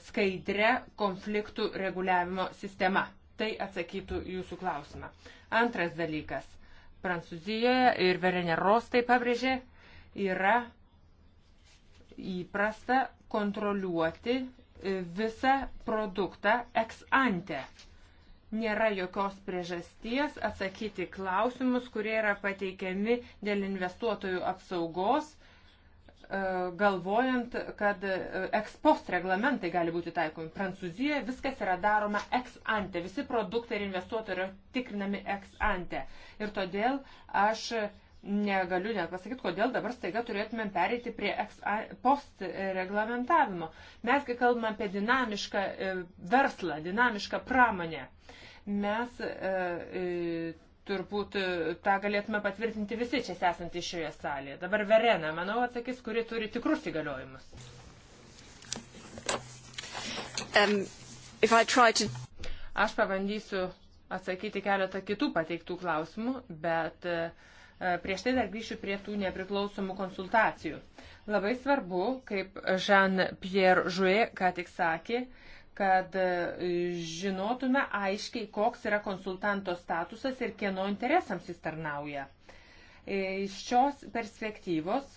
skaidrė konfliktų reguliavimo sistema. Tai atsakytų jūsų klausimą. Antras dalykas. Prancūzijoje ir Vereneros tai pabrėžė, yra įprasta kontroliuoti e, visą produktą ex ante. Nėra jokios priežasties atsakyti klausimus, kurie yra pateikiami dėl investuotojų apsaugos, e, galvojant, kad ekspost reglamentai gali būti taikomi. Prancūzijoje viskas yra daroma ex ante, visi produktai ir investuotojai yra tikrinami ex ante. Ir todėl aš uh, negaliu net pasakyti, kodėl dabar staiga turėtumėm pereiti prie post reglamentavimo. Mes, kai kalbame apie dinamišką e, verslą, dinamišką pramonę, mes e, e, turbūt tą galėtume patvirtinti visi čia esantys šioje salėje. Dabar Verena, manau, atsakys, kuri turi tikrus įgaliojimus. Um, to... Aš pabandysiu atsakyti keletą kitų pateiktų klausimų, bet uh, E, prieš tai dar grįšiu prie tų nepriklausomų konsultacijų. Labai svarbu, kaip Jean-Pierre Jouet ką tik sakė, kad e, žinotume aiškiai, koks yra konsultanto statusas ir kieno interesams jis tarnauja. E, iš šios perspektyvos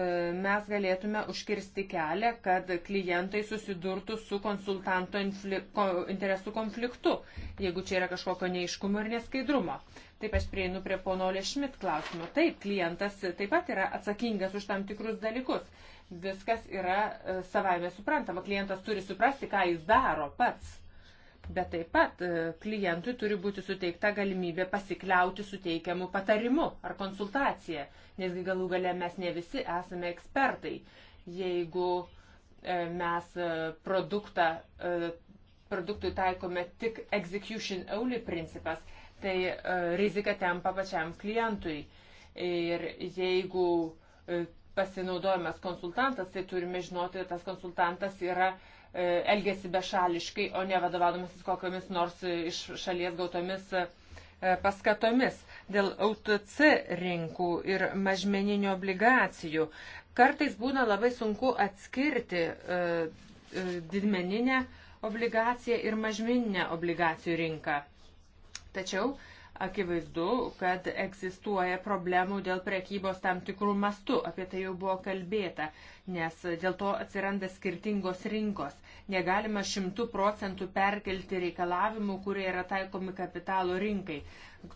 E, mes galėtume užkirsti kelią, kad klientai susidurtų su konsultanto interesų konfliktu, jeigu čia yra kažkokio neiškumo ir neskaidrumo. Taip aš prieinu prie ponolė Šmit klausimo. Taip, klientas taip pat yra atsakingas už tam tikrus dalykus. Viskas yra e, savaime suprantama. Klientas turi suprasti, ką jis daro pats bet taip pat e, klientui turi būti suteikta galimybė pasikliauti suteikiamu patarimu ar konsultacija, nesgi galų gale mes ne visi esame ekspertai. Jeigu e, mes e, produktą, produktui taikome tik execution only principas, tai rizika tempa pačiam klientui. Ir jeigu pasinaudojamas konsultantas, tai turime žinoti, kad tas konsultantas yra uh, E, elgesi bešališkai, o ne vadovaudamasis kokiamis nors iš šalies gautomis e, paskatomis dėl OTC rinkų ir mažmeninių obligacijų. Kartais būna labai sunku atskirti e, didmeninę obligaciją ir mažmeninę obligacijų rinką. Tačiau akivaizdu, kad egzistuoja problemų dėl prekybos tam tikrų mastų, apie tai jau buvo kalbėta, nes dėl to atsiranda skirtingos rinkos. Negalima šimtų procentų perkelti reikalavimų, kurie yra taikomi kapitalo rinkai.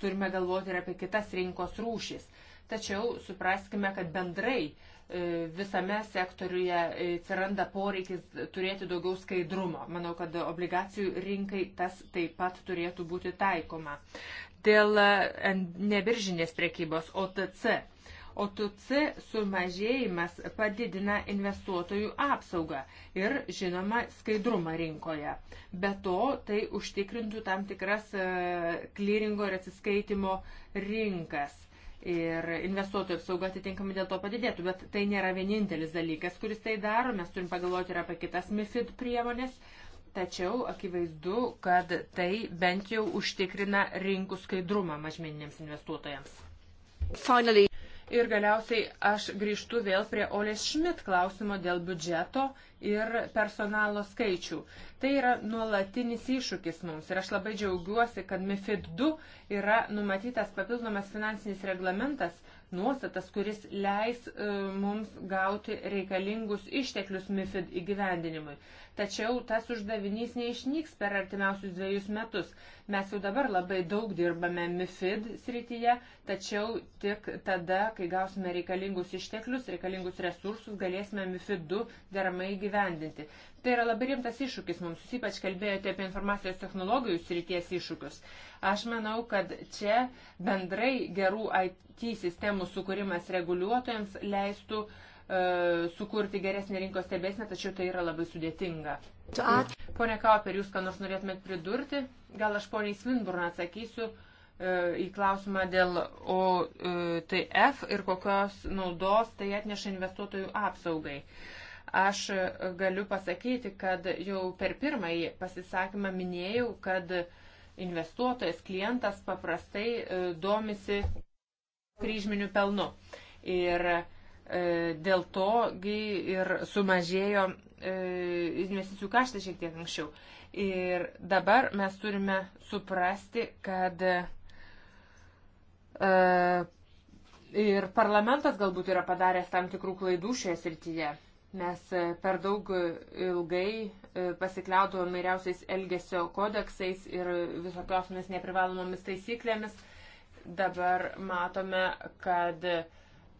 Turime galvoti ir apie kitas rinkos rūšis. Tačiau supraskime, kad bendrai e, visame sektoriuje e, atsiranda poreikis turėti daugiau skaidrumo. Manau, kad obligacijų rinkai tas taip pat turėtų būti taikoma dėl e, nebiržinės prekybos OTC. OTC sumažėjimas padidina investuotojų apsaugą ir, žinoma, skaidrumą rinkoje. Be to, tai užtikrintų tam tikras e, klyringo ir atsiskaitimo rinkas. Ir investuotojų apsauga atitinkamai dėl to padidėtų, bet tai nėra vienintelis dalykas, kuris tai daro. Mes turim pagalvoti ir apie kitas MIFID priemonės. Uh, Tačiau akivaizdu, kad tai bent jau užtikrina rinkų skaidrumą mažmeniniams investuotojams. Finally. Ir galiausiai aš grįžtu vėl prie Olės Šmit klausimo dėl biudžeto ir personalo skaičių. Tai yra nuolatinis iššūkis mums ir aš labai džiaugiuosi, kad MIFID 2 yra numatytas papildomas finansinis reglamentas, nuostatas, kuris leis e, mums gauti reikalingus išteklius MIFID įgyvendinimui. Tačiau tas uždavinys neišnyks per artimiausius dviejus metus. Mes jau dabar labai daug dirbame MIFID srityje, tačiau tik tada, kai gausime reikalingus išteklius, reikalingus resursus, galėsime MIFID 2 deramai gyvendinti. Tai yra labai rimtas iššūkis mums, jūs ypač kalbėjote apie informacijos technologijų srities iššūkius. Aš manau, kad čia bendrai gerų IT sistemų sukūrimas reguliuotojams leistų uh, E, sukurti geresnį rinkos stebėsnę, tačiau tai yra labai sudėtinga. Pone Kauper, jūs ką nors norėtumėt pridurti? Gal aš poniai Svinburną atsakysiu e, į klausimą dėl OTF ir kokios naudos tai atneša investuotojų apsaugai. Aš galiu pasakyti, kad jau per pirmąjį pasisakymą minėjau, kad investuotojas, klientas paprastai e, domisi kryžminių pelnu. Ir uh, E, dėl togi ir sumažėjo e, investicijų kaštai šiek tiek anksčiau. Ir dabar mes turime suprasti, kad e, ir parlamentas galbūt yra padaręs tam tikrų klaidų šioje srityje. Mes per daug ilgai pasikliaudavome įvairiausiais elgesio kodeksais ir visokiosmis neprivalomomis taisyklėmis. Dabar matome, kad uh,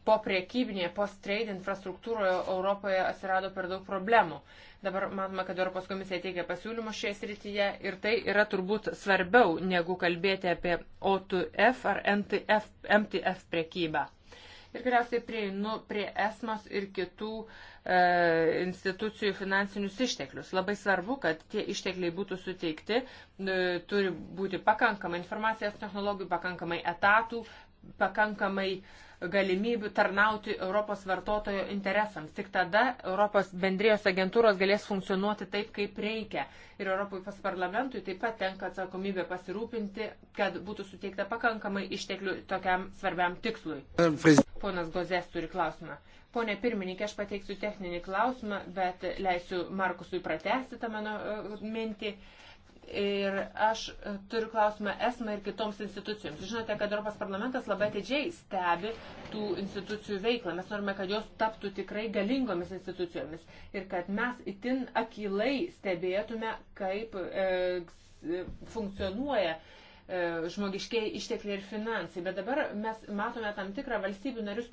po priekybinėje, post-trade infrastruktūroje Europoje atsirado per daug problemų. Dabar matome, kad Europos komisija teikia pasiūlymus šioje srityje ir tai yra turbūt svarbiau negu kalbėti apie O2F ar MTF, MTF priekybą. Ir galiausiai prieinu prie esmos ir kitų e, institucijų finansinius išteklius. Labai svarbu, kad tie ištekliai būtų suteikti, e, turi būti pakankamai informacijos technologijų, pakankamai etatų, pakankamai e, galimybių tarnauti Europos vartotojo interesams. Tik tada Europos bendrijos agentūros galės funkcionuoti taip, kaip reikia. Ir Europos parlamentui taip pat tenka atsakomybė pasirūpinti, kad būtų suteikta pakankamai išteklių tokiam svarbiam tikslui. Ponas Gozės turi klausimą. Pone pirmininkė, aš pateiksiu techninį klausimą, bet leisiu Markusui pratesti tą mano e, mintį. Uh, Ir aš e, turiu klausimą esmą ir kitoms institucijoms. Žinote, kad Europos parlamentas labai atidžiai stebi tų institucijų veiklą. Mes norime, kad jos taptų tikrai galingomis institucijomis ir kad mes itin akilai stebėtume, kaip e, funkcionuoja e, žmogiškiai ištekliai ir finansai. Bet dabar mes matome tam tikrą valstybių narių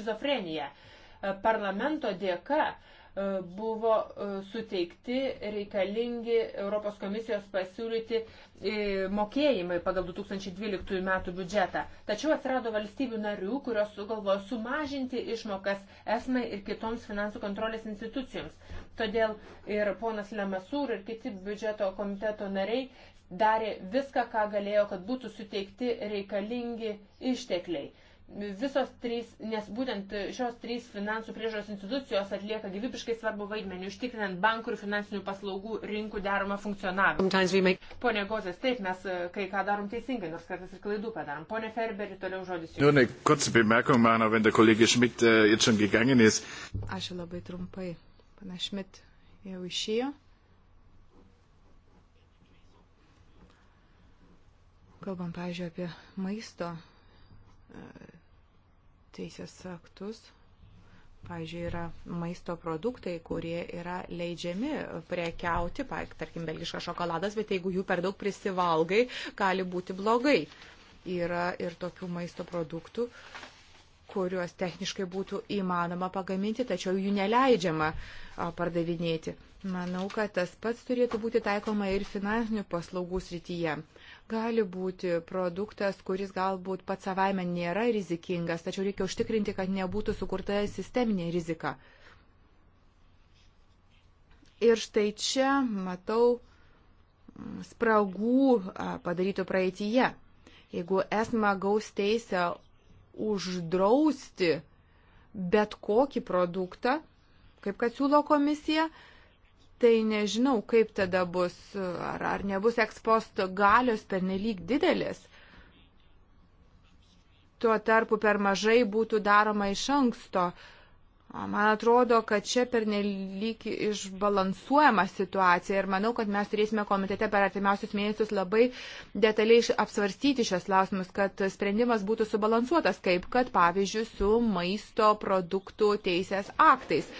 šizofreniją. E, parlamento dėka e, E, buvo e, suteikti reikalingi Europos komisijos pasiūlyti e, mokėjimai pagal 2012 metų biudžetą. Tačiau atsirado valstybių narių, kurios sugalvojo sumažinti išmokas esmai ir kitoms finansų kontrolės institucijoms. Todėl ir ponas Lemasūr ir kiti biudžeto komiteto nariai darė viską, ką galėjo, kad būtų suteikti reikalingi ištekliai. Visos trys, nes būtent šios trys finansų priežos institucijos atlieka gyvybiškai svarbu vaidmenį, užtikrinant bankų ir finansinių paslaugų rinkų deramą funkcionavimą. Make... Pone Gozės, taip mes e, kai ką darom teisingai, nors kartais ir klaidų padarom. Pone Ferberi, toliau žodis jums. Äh, Aš labai trumpai. Pana Šmit jau išėjo. kalbam, pavyzdžiui, apie maisto teisės aktus. Pavyzdžiui, yra maisto produktai, kurie yra leidžiami prekiauti, tarkim, belgiškas šokoladas, bet jeigu jų per daug prisivalgai, gali būti blogai. Yra ir tokių maisto produktų, kuriuos techniškai būtų įmanoma pagaminti, tačiau jų neleidžiama pardavinėti. Manau, kad tas pats turėtų būti taikoma ir finansinių paslaugų srityje gali būti produktas, kuris galbūt pats savaime nėra rizikingas, tačiau reikia užtikrinti, kad nebūtų sukurta sisteminė rizika. Ir štai čia matau spragų padarytų praeitįje. Jeigu esma gaus teisę uždrausti bet kokį produktą, kaip kad siūlo komisija, tai nežinau, kaip tada bus, ar, ar nebus eksposto galios pernelyg didelis. Tuo tarpu per mažai būtų daroma iš anksto. Uh, Man atrodo, kad čia pernelyg išbalansuojama situacija ir manau, kad mes turėsime komitete per artimiausius mėnesius labai detaliai apsvarstyti šios klausimus, kad sprendimas būtų subalansuotas, kaip kad pavyzdžiui su maisto produktų teisės aktais,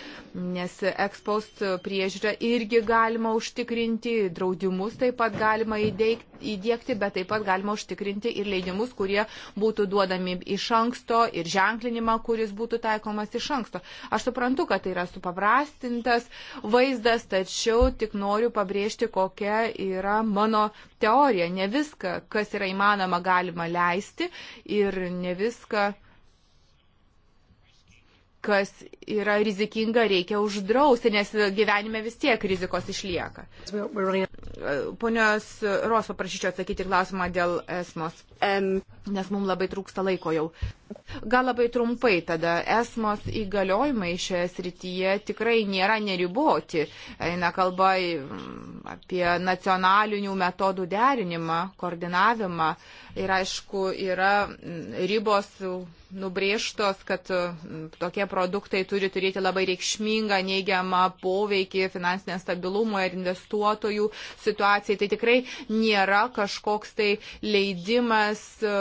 nes ekspost priežiūrą irgi galima užtikrinti, draudimus taip pat galima įdėkti, bet taip pat galima užtikrinti ir leidimus, kurie būtų duodami iš anksto ir ženklinimą, kuris būtų taikomas iš anksto. Aš suprantu, kad tai yra supaprastintas vaizdas, tačiau tik noriu pabrėžti, kokia yra mano teorija. Ne viską, kas yra įmanoma, galima leisti ir ne viską kas yra rizikinga, reikia uždrausti, nes gyvenime vis tiek rizikos išlieka. Ponios Ros paprašyčiau atsakyti klausimą dėl esmos, nes mums labai trūksta laiko jau. Gal labai trumpai tada, esmos įgaliojimai šioje srityje tikrai nėra neriboti. Eina kalba mm, apie nacionalinių metodų derinimą, koordinavimą ir aišku yra mm, ribos nubrėžtos, kad tokie produktai turi turėti labai reikšmingą neigiamą poveikį finansinės stabilumo ir investuotojų situacijai. Tai tikrai nėra kažkoks tai leidimas e,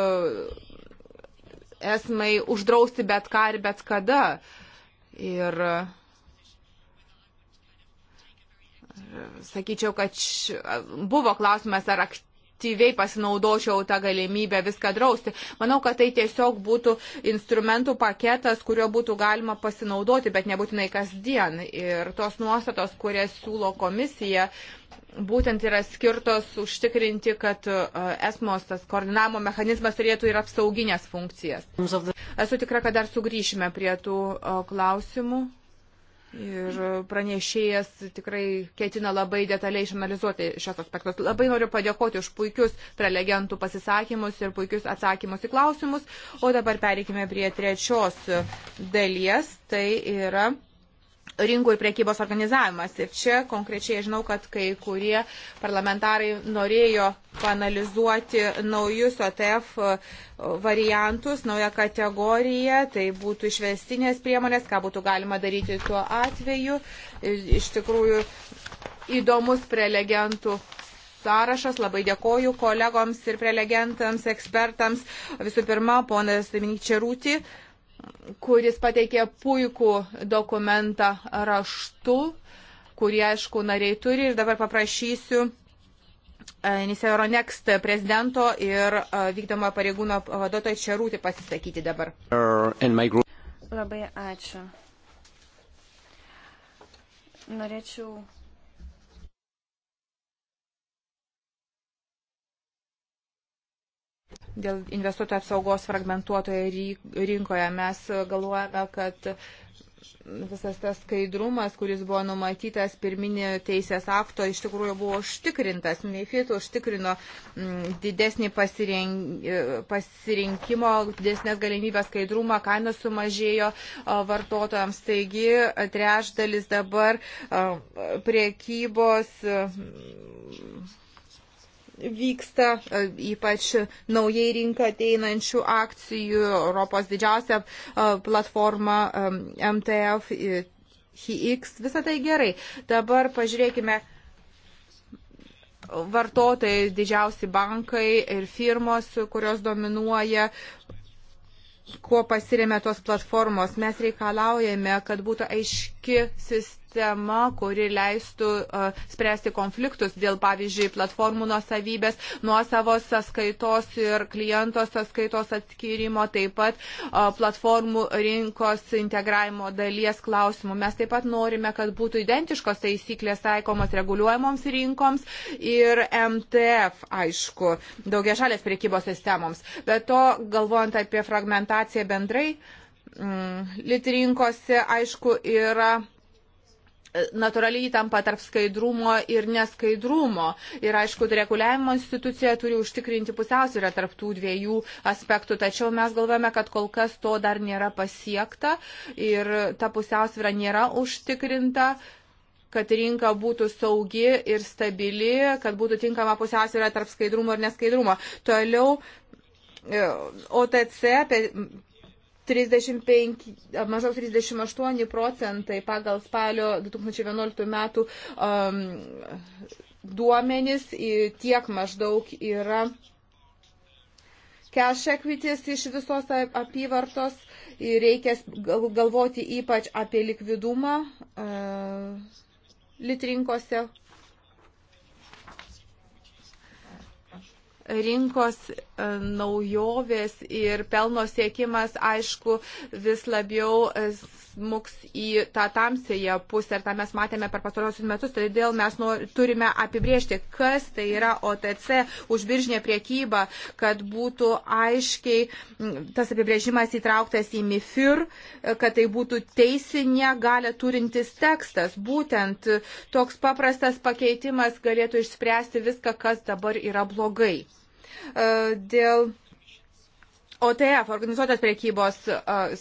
esmai uždrausti bet ką ir bet kada. Ir e, sakyčiau, kad š... E, buvo klausimas, ar aktyviai aktyviai pasinaudočiau tą galimybę viską drausti. Manau, kad tai tiesiog būtų instrumentų paketas, kurio būtų galima pasinaudoti, bet nebūtinai kasdien. Ir tos nuostatos, kurias siūlo komisija, būtent yra skirtos užtikrinti, kad e, esmos tas koordinavimo mechanizmas turėtų ir apsauginės funkcijas. Esu tikra, kad dar sugrįšime prie tų e, klausimų. Ir pranešėjas tikrai ketina labai detaliai išanalizuoti šios aspektus. Labai noriu padėkoti už puikius prelegentų pasisakymus ir puikius atsakymus į klausimus. O dabar pereikime prie trečios dalies. Tai yra rinkų ir priekybos organizavimas. Ir čia konkrečiai žinau, kad kai kurie parlamentarai norėjo panalizuoti naujus OTF e, variantus, naują kategoriją, tai būtų išvestinės priemonės, ką būtų galima daryti tuo atveju. E, iš tikrųjų įdomus prelegentų sąrašas. Labai dėkoju kolegoms ir prelegentams, ekspertams. Visų pirma, ponas Dominik Čerūti, kuris pateikė puikų dokumentą raštu, kurį, aišku, nariai turi. Ir dabar paprašysiu e, Nisero Next prezidento ir e, vykdomo pareigūno vadotojo Čerūti pasisakyti dabar. Labai ačiū. Norėčiau Dėl investuotojų apsaugos fragmentuotoje rinkoje mes galvojame, kad visas tas skaidrumas, kuris buvo numatytas pirminio teisės akto, iš tikrųjų buvo užtikrintas. Neifit užtikrino mm, didesnį pasirink, pasirinkimo, didesnės galimybės skaidrumą, kainos sumažėjo vartotojams. Taigi, trešdalis dabar priekybos vyksta, e, ypač naujai rinka ateinančių akcijų, Europos didžiausia e, platforma e, MTF, HX, visą tai gerai. Dabar pažiūrėkime vartotojai, didžiausi bankai ir firmos, kurios dominuoja kuo pasirėmė tos platformos. Mes reikalaujame, kad būtų aiški sistema sistema, kuri leistų uh, spręsti konfliktus dėl, pavyzdžiui, platformų nuosavybės, nuosavos sąskaitos ir klientos sąskaitos atskirimo, taip pat uh, platformų rinkos integravimo dalies klausimų. Mes taip pat norime, kad būtų identiškos taisyklės taikomos reguliuojamoms rinkoms ir MTF, aišku, daugia šalės priekybos sistemoms. Bet to, galvojant apie fragmentaciją bendrai, mm, litrinkose, aišku, yra natūraliai įtampa tarp skaidrumo ir neskaidrumo. Ir aišku, reguliavimo institucija turi užtikrinti pusiausvyrą tarp tų dviejų aspektų, tačiau mes galvojame, kad kol kas to dar nėra pasiekta ir ta pusiausvyrą nėra užtikrinta kad rinka būtų saugi ir stabili, kad būtų tinkama pusiausvyrą tarp skaidrumo ir neskaidrumo. Toliau e, OTC 35, maždaug 38 procentai pagal spalio 2011 metų um, duomenis tiek maždaug yra cash equities iš visos apyvartos ir reikia galvoti ypač apie likvidumą uh, e, litrinkose. Rinkos naujovės ir pelno siekimas, aišku, vis labiau e, smuks į tą tamsėje pusę ir tą mes matėme per pastarosius metus, todėl mes nu, turime apibriežti, kas tai yra OTC užbiržinė priekyba, kad būtų aiškiai tas apibrėžimas įtrauktas į MIFIR, e, kad tai būtų teisinė galia turintis tekstas. Būtent toks paprastas pakeitimas galėtų išspręsti viską, kas dabar yra blogai. Dėl OTF, organizuotos priekybos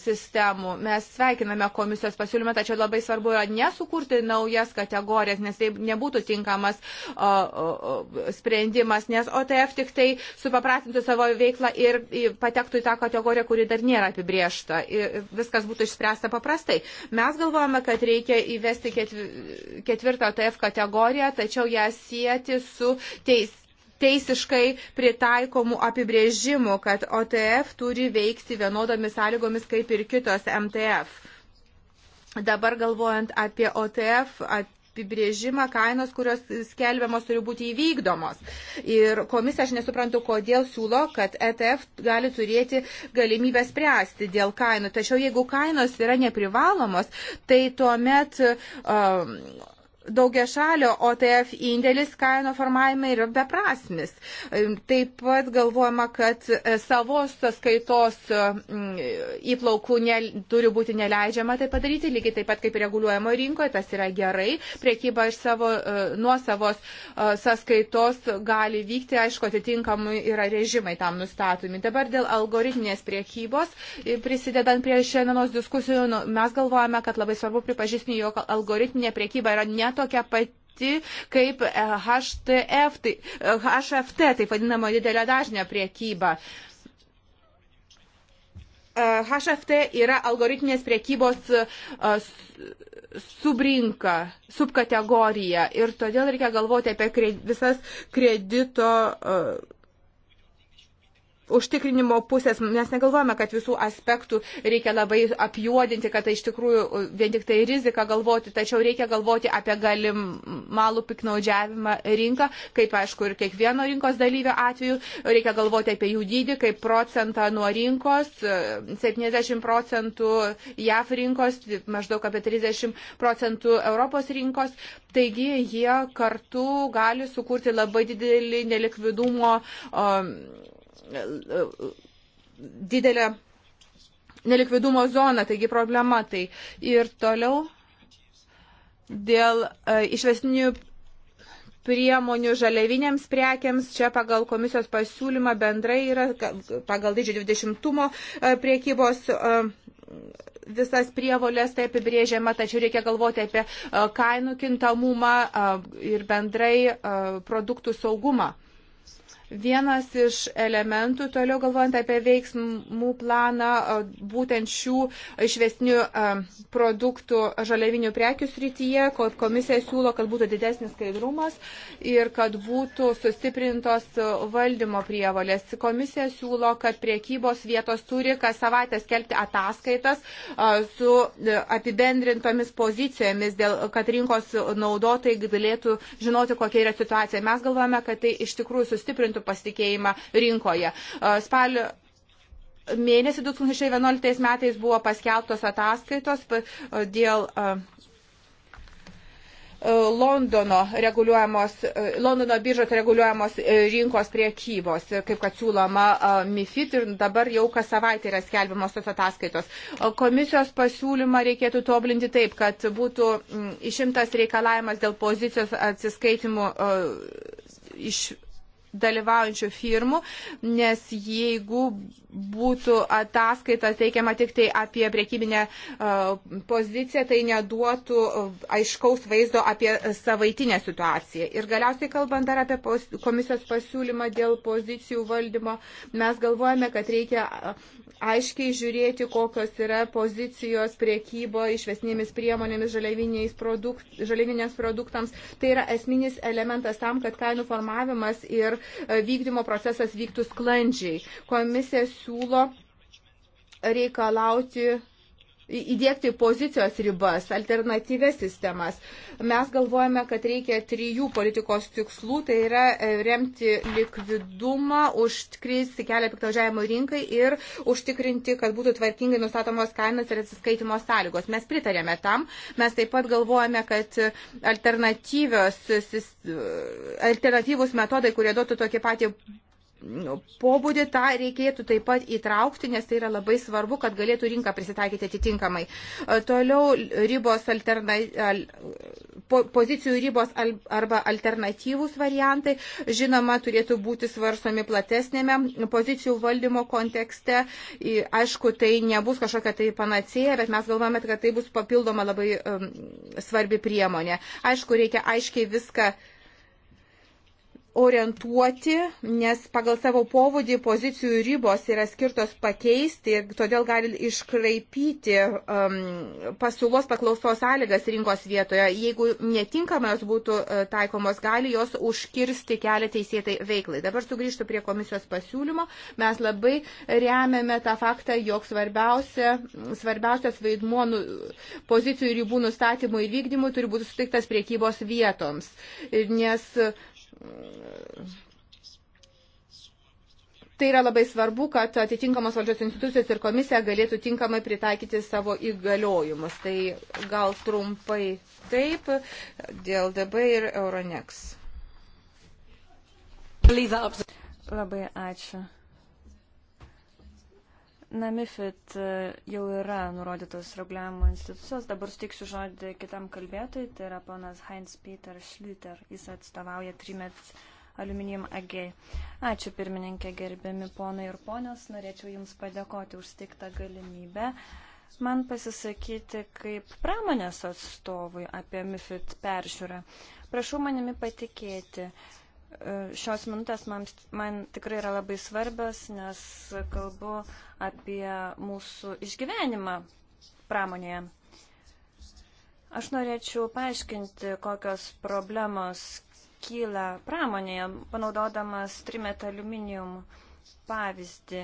sistemų, mes sveikiname komisijos pasiūlymą, tačiau labai svarbu yra nesukurti naujas kategorijas, nes tai nebūtų tinkamas sprendimas, nes OTF tik tai supaprastintų savo veiklą ir patektų į tą kategoriją, kuri dar nėra apibriešta. Ir viskas būtų išspręsta paprastai. Mes galvojame, kad reikia įvesti ketvirtą OTF kategoriją, tačiau ją sieti su teis teisiškai pritaikomų apibrėžimų, kad OTF turi veikti vienodomis sąlygomis kaip ir kitos MTF. Dabar galvojant apie OTF, apibrėžimą kainos, kurios skelbiamos turi būti įvykdomos. Ir komisija, aš nesuprantu, kodėl siūlo, kad ETF gali turėti galimybę spręsti dėl kainų. Tačiau jeigu kainos yra neprivalomos, tai tuomet um, daugia šalio OTF indėlis kaino formavime yra beprasmis. Taip pat galvojama, kad e, savos sąskaitos mm, įplaukų ne, turi būti neleidžiama tai padaryti, lygiai taip pat kaip reguliuojamo rinkoje, tas yra gerai. Priekyba iš savo, e, nuo savos e, sąskaitos gali vykti, aišku, atitinkamai yra režimai tam nustatomi. Dabar dėl algoritminės priekybos, prisidedant prie šiandienos diskusijų, nu, mes galvojame, kad labai svarbu pripažįsti, jog algoritminė priekyba yra net tokia pati kaip e, HTF, tai, e, HFT, tai vadinamo didelio dažnio priekyba. E, HFT yra algoritminės priekybos subrinka, subkategorija ir todėl reikia galvoti apie kred, visas kredito uh, užtikrinimo pusės mes negalvojame, kad visų aspektų reikia labai apjuodinti, kad tai iš tikrųjų uh, vien tik tai rizika galvoti, tačiau reikia galvoti apie galimalų piknaudžiavimą rinką, kaip aišku ir kiekvieno rinkos dalyvio atveju, reikia galvoti apie jų dydį, kaip procentą nuo rinkos, 70 uh, procentų JAF rinkos, maždaug apie 30 procentų Europos rinkos, taigi jie kartu gali sukurti labai didelį nelikvidumo um, didelę nelikvidumo zoną, taigi problema tai. Ir toliau dėl e, išvesnių priemonių žaliavinėms prekiams. Čia pagal komisijos pasiūlymą bendrai yra pagal didžio 20-umo e, priekybos e, visas prievolės tai apibrėžiama, tačiau reikia galvoti apie kainų kintamumą ir bendrai produktų saugumą. Vienas iš elementų, toliau galvojant apie veiksmų planą, būtent šių išvesnių produktų žaliavinių prekių srityje, kad komisija siūlo, kad būtų didesnis skaidrumas ir kad būtų sustiprintos valdymo prievalės. Komisija siūlo, kad priekybos vietos turi kas savaitę skelbti ataskaitas su e, apibendrintomis pozicijomis, dėl, kad rinkos naudotojai galėtų žinoti, kokia yra situacija. Mes galvojame, kad tai iš tikrųjų sustiprintų procentų pasitikėjimą rinkoje. Spalio mėnesį 2011 metais buvo paskelbtos ataskaitos dėl Londono, Londono biržos reguliuojamos rinkos priekybos, kaip kad siūloma MIFID ir dabar jau kas savaitę yra skelbiamos tos ataskaitos. Komisijos pasiūlymą reikėtų tobulinti taip, kad būtų išimtas reikalavimas dėl pozicijos atsiskaitimų iš dalyvaujančių firmų, nes jeigu būtų ataskaita teikiama tik tai apie priekybinę e, poziciją, tai neduotų e, aiškaus vaizdo apie savaitinę situaciją. Ir galiausiai kalbant dar apie komisijos pasiūlymą dėl pozicijų valdymo, mes galvojame, kad reikia aiškiai žiūrėti, kokios yra pozicijos priekybo išvesnėmis priemonėmis produkt, žaliavinės produktams. Tai yra esminis elementas tam, kad kainų formavimas ir e, vykdymo procesas vyktų sklandžiai. Komisija siūlo reikalauti įdėkti pozicijos ribas, alternatyves sistemas. Mes galvojame, kad reikia trijų politikos tikslų, tai yra e, remti likvidumą, užtkristi kelią piktaudžiavimo rinkai ir užtikrinti, kad būtų tvarkingai nustatomos kainos ir atsiskaitimo sąlygos. Mes pritarėme tam, mes taip pat galvojame, kad alternatyvus metodai, kurie duotų tokį patį pobūdį, tą reikėtų taip pat įtraukti, nes tai yra labai svarbu, kad galėtų rinka prisitaikyti atitinkamai. E, toliau ribos alterna, pozicijų ribos arba alternatyvūs variantai, žinoma, turėtų būti svarstomi platesnėme pozicijų valdymo kontekste. Aišku, tai nebus kažkokia tai panacėja, bet mes galvojame, kad tai bus papildoma labai um, svarbi priemonė. Aišku, reikia aiškiai viską orientuoti, nes pagal savo povodį pozicijų ribos yra skirtos pakeisti ir todėl gali iškraipyti um, pasiūlos paklausos sąlygas rinkos vietoje. Jeigu netinkamos būtų e, taikomos, gali jos užkirsti kelią teisėtai veiklai. Dabar sugrįžtų prie komisijos pasiūlymo. Mes labai remiame tą faktą, jog svarbiausia, svarbiausias vaidmuo nu, pozicijų ribų nustatymų ir vykdymų turi būti suteiktas priekybos vietoms. Nes uh, Tai yra labai svarbu, kad atitinkamos valdžios institucijos ir komisija galėtų tinkamai pritaikyti savo įgaliojimus. Tai gal trumpai taip dėl DB ir Euronex. Labai ačiū. Na, MIFID e, jau yra nurodytos reguliavimo institucijos. Dabar suteiksiu žodį kitam kalbėtojui, tai yra ponas Heinz Peter Schlüter. Jis atstovauja Trimets Aluminium AG. Ačiū pirmininkė, gerbiami ponai ir ponios. Norėčiau Jums padėkoti už stiktą galimybę man pasisakyti kaip pramonės atstovui apie MIFID peržiūrą. Prašau manimi patikėti. Uh, šios minutės man, man tikrai yra labai svarbios, nes kalbu apie mūsų išgyvenimą pramonėje. Aš norėčiau paaiškinti, kokios problemos kyla pramonėje, panaudodamas trimet aluminium pavyzdį.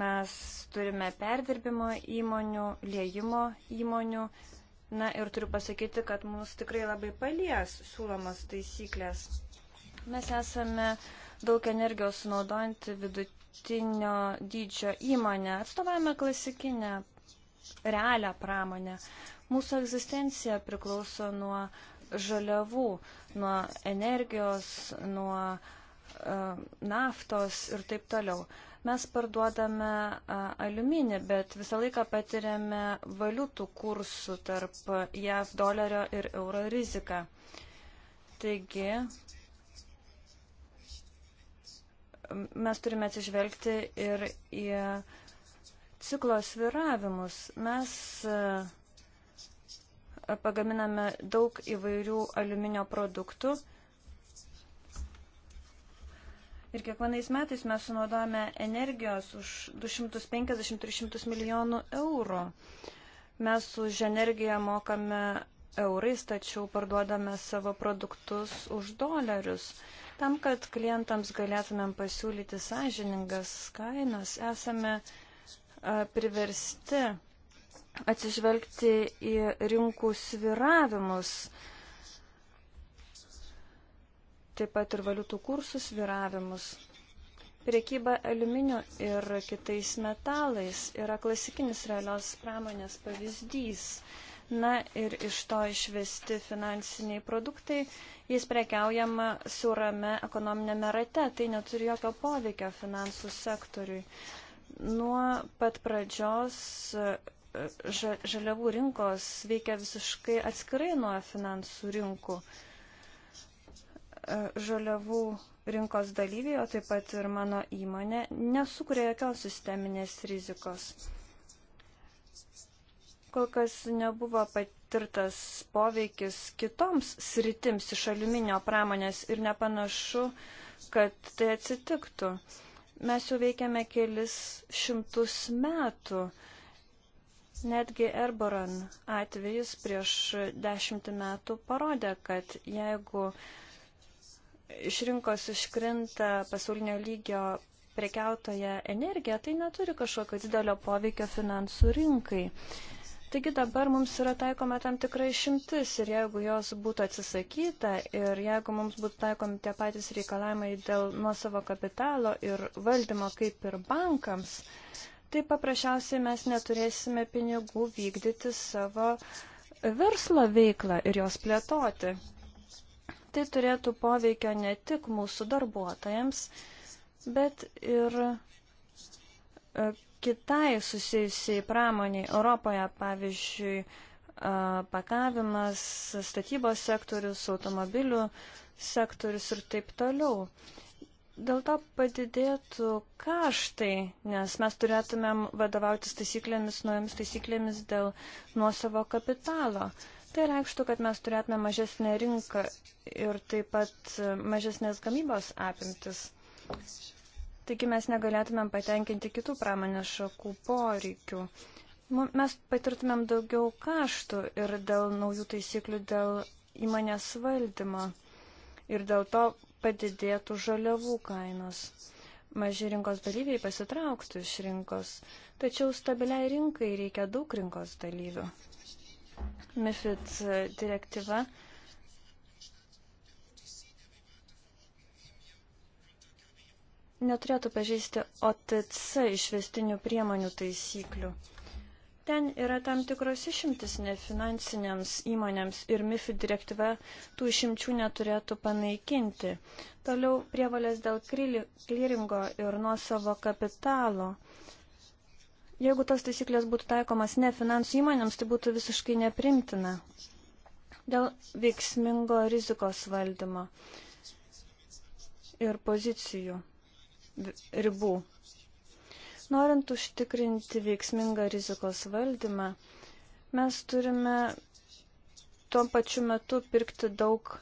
Mes turime perdirbimo įmonių, liejimo įmonių, Na ir turiu pasakyti, kad mus tikrai labai palies siūlomas taisyklės. Mes esame daug energijos sunaudojantį vidutinio dydžio įmonę, atstovavome klasikinę, realią pramonę. Mūsų egzistencija priklauso nuo žaliavų, nuo energijos, nuo uh, naftos ir taip toliau. Uh, Mes parduodame aliuminį, bet visą laiką patiriame valiutų kursų tarp JAV dolerio ir euro riziką. Taigi, mes turime atsižvelgti ir į ciklo sviravimus. Mes pagaminame daug įvairių aliuminio produktų Ir kiekvienais metais mes sunaudojame energijos už 250-300 milijonų eurų. Mes už energiją mokame eurais, tačiau parduodame savo produktus už dolerius. Tam, kad klientams galėtumėm pasiūlyti sąžiningas kainas, esame priversti atsižvelgti į rinkų sviravimus taip pat ir valiutų kursų sviravimus. Priekyba aliuminiu ir kitais metalais yra klasikinis realios pramonės pavyzdys. Na ir iš to išvesti finansiniai produktai, jis prekiaujama surame ekonominėme rate, tai neturi jokio poveikio finansų sektoriui. Nuo pat pradžios e, žaliavų rinkos veikia visiškai atskirai nuo finansų rinkų žaliavų rinkos dalyviai, o taip pat ir mano įmonė, nesukuria jokios sisteminės rizikos. Kol kas nebuvo patirtas poveikis kitoms sritims iš aliuminio pramonės ir nepanašu, kad tai atsitiktų. Mes jau veikiame kelis šimtus metų. Netgi Erboran atvejis prieš dešimtį metų parodė, kad jeigu uh, iš rinkos iškrinta pasaulinio lygio prekiautoja energija, tai neturi kažkokio didelio poveikio finansų rinkai. Taigi dabar mums yra taikoma tam tikra išimtis ir jeigu jos būtų atsisakyta ir jeigu mums būtų taikomi tie patys reikalavimai dėl nuosavo kapitalo ir valdymo kaip ir bankams, tai paprasčiausiai mes neturėsime pinigų vykdyti savo verslo veiklą ir jos plėtoti. Tai turėtų poveikio ne tik mūsų darbuotojams, bet ir e, kitai susijusiai pramoniai Europoje, pavyzdžiui, e, pakavimas, statybos sektorius, automobilių sektorius ir taip toliau. Dėl to padidėtų kaštai, nes mes turėtumėm vadovautis taisyklėmis, nuojomis taisyklėmis dėl nuosavo kapitalo. Uh, Tai reikštų, kad mes turėtume mažesnę rinką ir taip pat mažesnės gamybos apimtis. Taigi mes negalėtumėm patenkinti kitų pramonės šakų poreikių. Mes patirtumėm daugiau kaštų ir dėl naujų taisyklių, dėl įmonės valdymo. Ir dėl to padidėtų žaliavų kainos. Maži rinkos dalyviai pasitrauktų iš rinkos, tačiau stabiliai rinkai reikia daug rinkos dalyvių. MIFID direktyva. Neturėtų pažeisti OTC išvestinių priemonių taisyklių. Ten yra tam tikros išimtis nefinansinėms įmonėms ir MIFID direktyva tų išimčių neturėtų panaikinti. Toliau prievalės dėl klyringo ir nuosavo kapitalo. Uh, Jeigu tas taisyklės būtų taikomas ne finansų įmonėms, tai būtų visiškai neprimtina dėl veiksmingo rizikos valdymo ir pozicijų ribų. Norint užtikrinti veiksmingą rizikos valdymą, mes turime tuo pačiu metu pirkti daug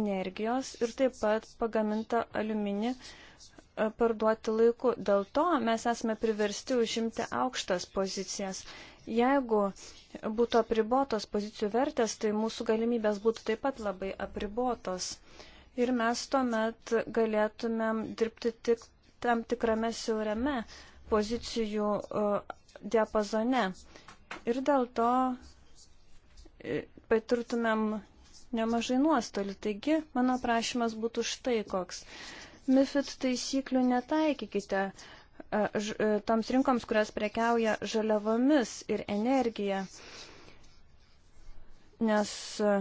energijos ir taip pat pagamintą aliuminį E, parduoti laiku. Dėl to mes esame priversti užimti aukštas pozicijas. Jeigu būtų apribotos pozicijų vertės, tai mūsų galimybės būtų taip pat labai apribotos. Ir mes tuomet galėtumėm dirbti tik tam tikrame siaurame pozicijų e, diapazone. Ir dėl to e, patirtumėm nemažai nuostolių. Taigi, mano prašymas būtų štai koks. Uh, MIFID taisyklių netaikykite e, e, toms rinkoms, kurios prekiauja žaliavomis ir energija, nes e,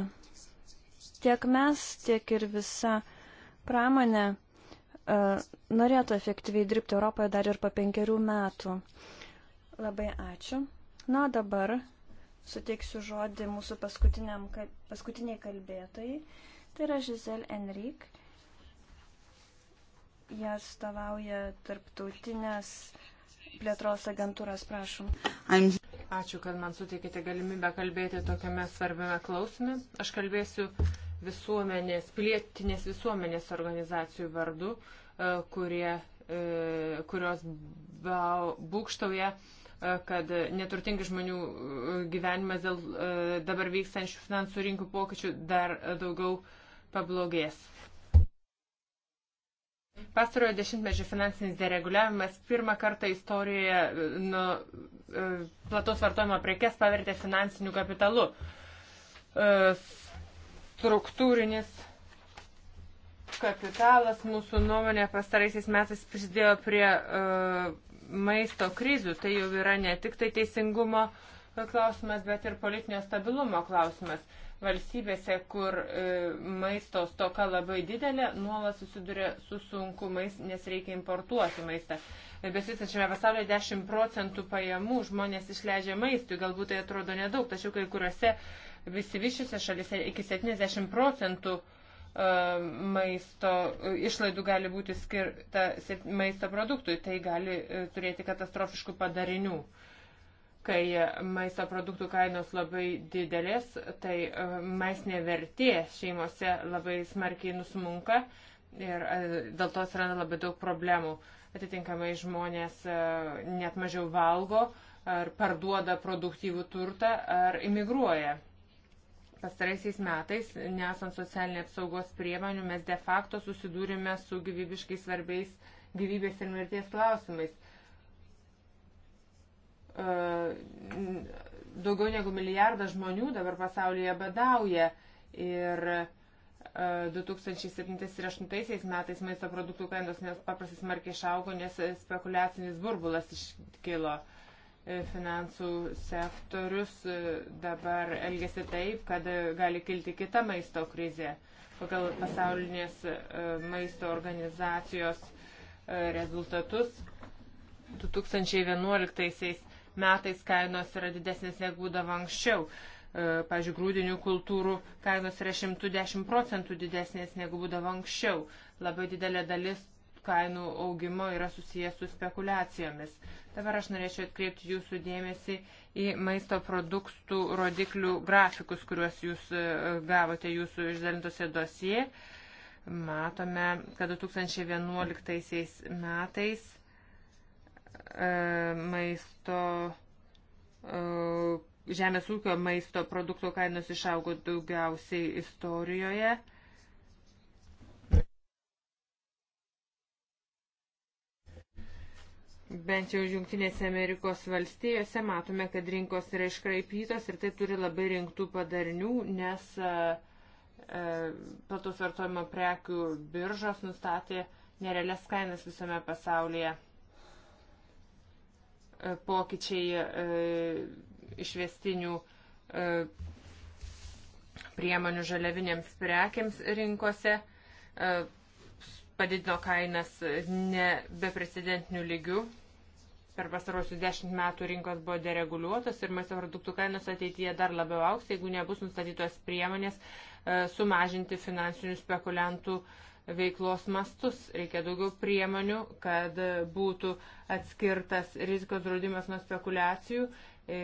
tiek mes, tiek ir visa pramonė norėtų efektyviai dirbti Europoje dar ir po penkerių metų. Labai ačiū. Na, dabar suteiksiu žodį mūsų paskutiniai kalbėtojai. Tai yra Giselle Enrik jie atstovauja tarptautinės plėtros agentūros, prašom. Ačiū, kad man suteikėte galimybę kalbėti tokiame svarbiame klausime. Aš kalbėsiu visuomenės, pilietinės visuomenės organizacijų vardu, e, kurie, e, kurios būkštauja e, kad neturtingi žmonių gyvenimas dėl dabar vykstančių finansų rinkų pokyčių dar daugiau pablogės. Pastarojo dešimtmečio finansinis dereguliavimas pirmą kartą istorijoje e, nu, e, plataus vartojimo prekes pavertė finansiniu kapitalu. E, struktūrinis kapitalas mūsų nuomonė pastaraisiais metais prisidėjo prie maisto krizių. Tai jau yra ne tik tai teisingumo klausimas, bet ir politinio stabilumo klausimas. Valstybėse, kur e, maisto stoka labai didelė, nuolat susiduria su sunkumais, nes reikia importuoti maistą. Besistančiame pasaulyje 10 procentų pajamų žmonės išleidžia maistui, galbūt tai atrodo nedaug, tačiau kai kuriuose visivyšiuose šalise iki 70 procentų e, maisto e, išlaidų gali būti skirta maisto produktui, tai gali turėti katastrofiškų padarinių kai maisto produktų kainos labai didelės, tai e, maistinė vertė šeimose labai smarkiai nusmunka ir e, dėl to atsiranda labai daug problemų. Atitinkamai žmonės e, net mažiau valgo ar parduoda produktyvų turtą ar imigruoja. Pastaraisiais metais, nesant socialinė apsaugos priemonių, mes de facto susidūrėme su gyvybiškai svarbiais gyvybės ir mirties klausimais daugiau negu milijardas žmonių dabar pasaulyje badauja ir 2007 ir 2008 metais maisto produktų kainos nepaprastai smarkiai išaugo, nes spekuliacinis burbulas iškilo. E, finansų sektorius e, dabar elgesi taip, kad e, gali kilti kita maisto krizė. Pagal pasaulinės maisto organizacijos rezultatus 2011 metais kainos yra didesnės negu būdavo anksčiau. E, pavyzdžiui, grūdinių kultūrų kainos yra 110 procentų didesnės negu būdavo anksčiau. Labai didelė dalis kainų augimo yra susijęs su spekulacijomis. Dabar aš norėčiau atkreipti jūsų dėmesį į maisto produktų rodiklių grafikus, kuriuos jūs e, gavote jūsų išdalintose dosie. Matome, kad 2011 metais E, maisto, e, žemės ūkio maisto produktų kainos išaugo daugiausiai istorijoje. Bent jau Junktinėse Amerikos valstijose matome, kad rinkos yra iškraipytos ir tai turi labai rinktų padarinių, nes e, platus vartojimo prekių biržos nustatė nerealias kainas visame pasaulyje pokyčiai e, išvestinių e, priemonių žaliaviniams prekiams rinkose, e, padidino kainas ne beprecedentinių lygių. Per pastarosius dešimt metų rinkos buvo dereguliuotos ir maisto produktų kainos ateityje dar labiau auks, jeigu nebus nustatytos priemonės sumažinti finansinių spekuliantų uh, veiklos mastus. Reikia daugiau priemonių, kad būtų atskirtas rizikos draudimas nuo spekulacijų. E,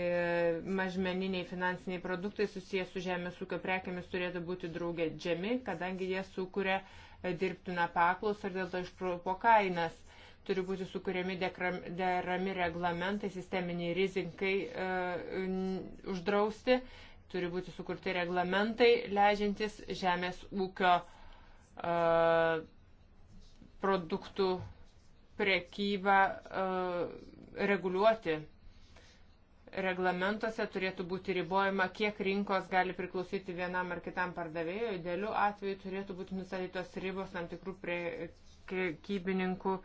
mažmeniniai finansiniai produktai susijęs su žemės ūkio prekiamis turėtų būti draugedžiami, kadangi jie sukuria e, dirbtiną paklausą ir dėl to išpropo kainas. Turi būti sukūrėmi derami reglamentai sisteminiai rizikai e, uždrausti, turi būti sukurti reglamentai leidžiantis žemės ūkio e, produktų prekybą reguliuoti. Reglamentuose turėtų būti ribojama, kiek rinkos gali priklausyti vienam ar kitam pardavėjui. Idealiu atveju turėtų būti nustatytos ribos tam tikrų prekybininkų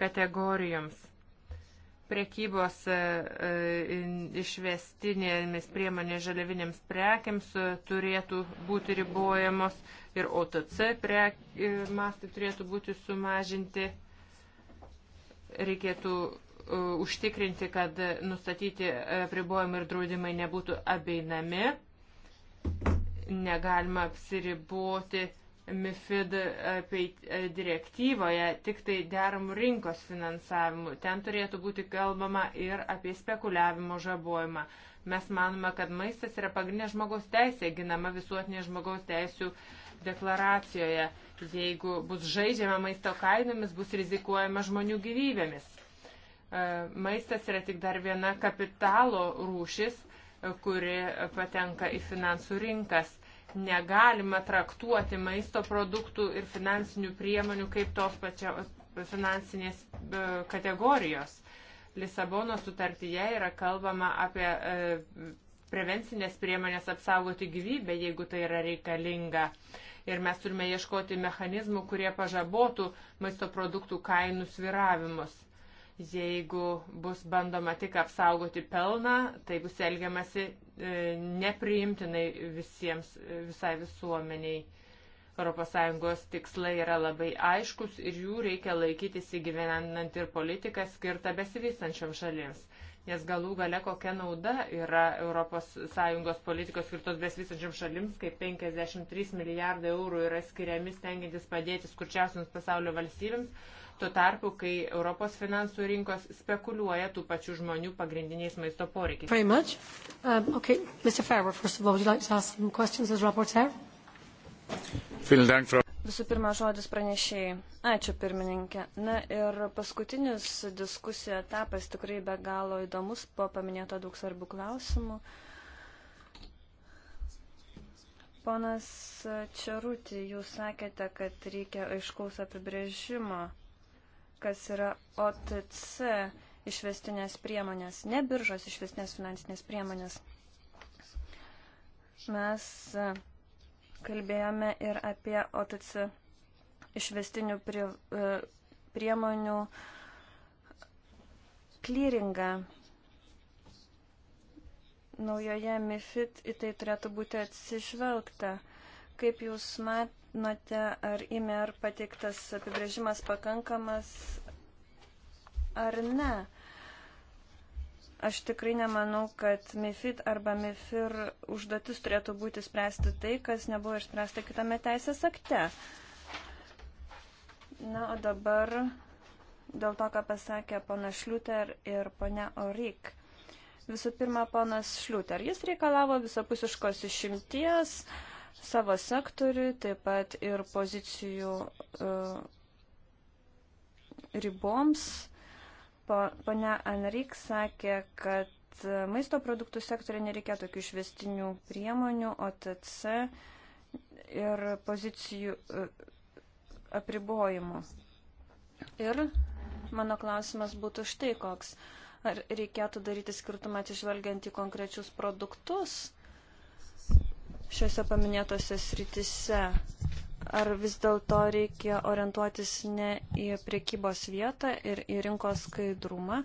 kategorijoms prekybos išvestinėmis priemonės žaliavinėms prekiams turėtų būti ribojamos ir OTC prek, mastai turėtų būti sumažinti. Reikėtų užtikrinti, kad nustatyti apribojimai ir draudimai nebūtų abeinami. Negalima apsiriboti MIFID e, e, direktyvoje tik tai deramų rinkos finansavimu. Ten turėtų būti kalbama ir apie spekuliavimo žabojimą. Mes manome, kad maistas yra pagrindinė žmogaus teisė, ginama visuotinė žmogaus teisų uh, deklaracijoje. Jeigu bus žaidžiama maisto kainomis, bus rizikuojama žmonių gyvybėmis. E, maistas yra tik dar viena kapitalo rūšis, e, kuri patenka į finansų rinkas. Negalima traktuoti maisto produktų ir finansinių priemonių kaip tos pačios finansinės e, kategorijos. Lisabono sutartyje yra kalbama apie prevencinės priemonės apsaugoti gyvybę, jeigu tai yra reikalinga ir mes turime ieškoti mechanizmų, kurie pažabotų maisto produktų kainų sviravimus. Jeigu bus bandoma tik apsaugoti pelną, tai bus elgiamasi e, nepriimtinai visiems, e, visai visuomeniai. ES tikslai yra labai aiškus ir jų reikia laikytis įgyvenant ir politiką skirtą besivystančiam šalims nes galų gale kokia nauda yra ES politikos skirtos besvystančiam šalims, kai 53 milijardai eurų yra skiriami stengiantis padėti skurčiausiams pasaulio valstybėms, tuo tarpu, kai Europos finansų rinkos spekuliuoja tų pačių žmonių pagrindiniais maisto poreikiais. Very much. Um, okay. Mr. Farber, first of all, would you like to ask some questions as rapporteur? Vielen Dank, Frau Visų pirma, žodis pranešėjai. Ačiū, pirmininkė. Na ir paskutinis diskusijų etapas tikrai be galo įdomus, po paminėto daug svarbių klausimų. Ponas Čerūti, jūs sakėte, kad reikia aiškaus apibrėžimo, kas yra OTC išvestinės priemonės, ne biržos išvestinės finansinės priemonės. Mes Kalbėjome ir apie OTC išvestinių prie, e, priemonių klyringą. Naujoje MIFID į tai turėtų būti atsižvelgta. Kaip Jūs matote, ar IMER pateiktas apibrėžimas pakankamas ar ne? Aš tikrai nemanau, kad MIFID arba MIFIR užduotis turėtų būti spręsti tai, kas nebuvo išspręsta kitame teisės akte. Na, o dabar dėl to, ką pasakė pana Šliuter ir pana Orik. Visų pirma, ponas Šliuter, jis reikalavo visapusiškos išimties savo sektoriui, taip pat ir pozicijų uh, riboms Pone Anrik sakė, kad maisto produktų sektorė nereikia tokių išvestinių priemonių, OTC ir pozicijų e, apribojimų. Ir mano klausimas būtų štai koks. Ar reikėtų daryti skirtumą atsižvelgiant į konkrečius produktus šiuose paminėtose sritise? Ar vis dėlto reikia orientuotis ne į priekybos vietą ir į rinkos skaidrumą,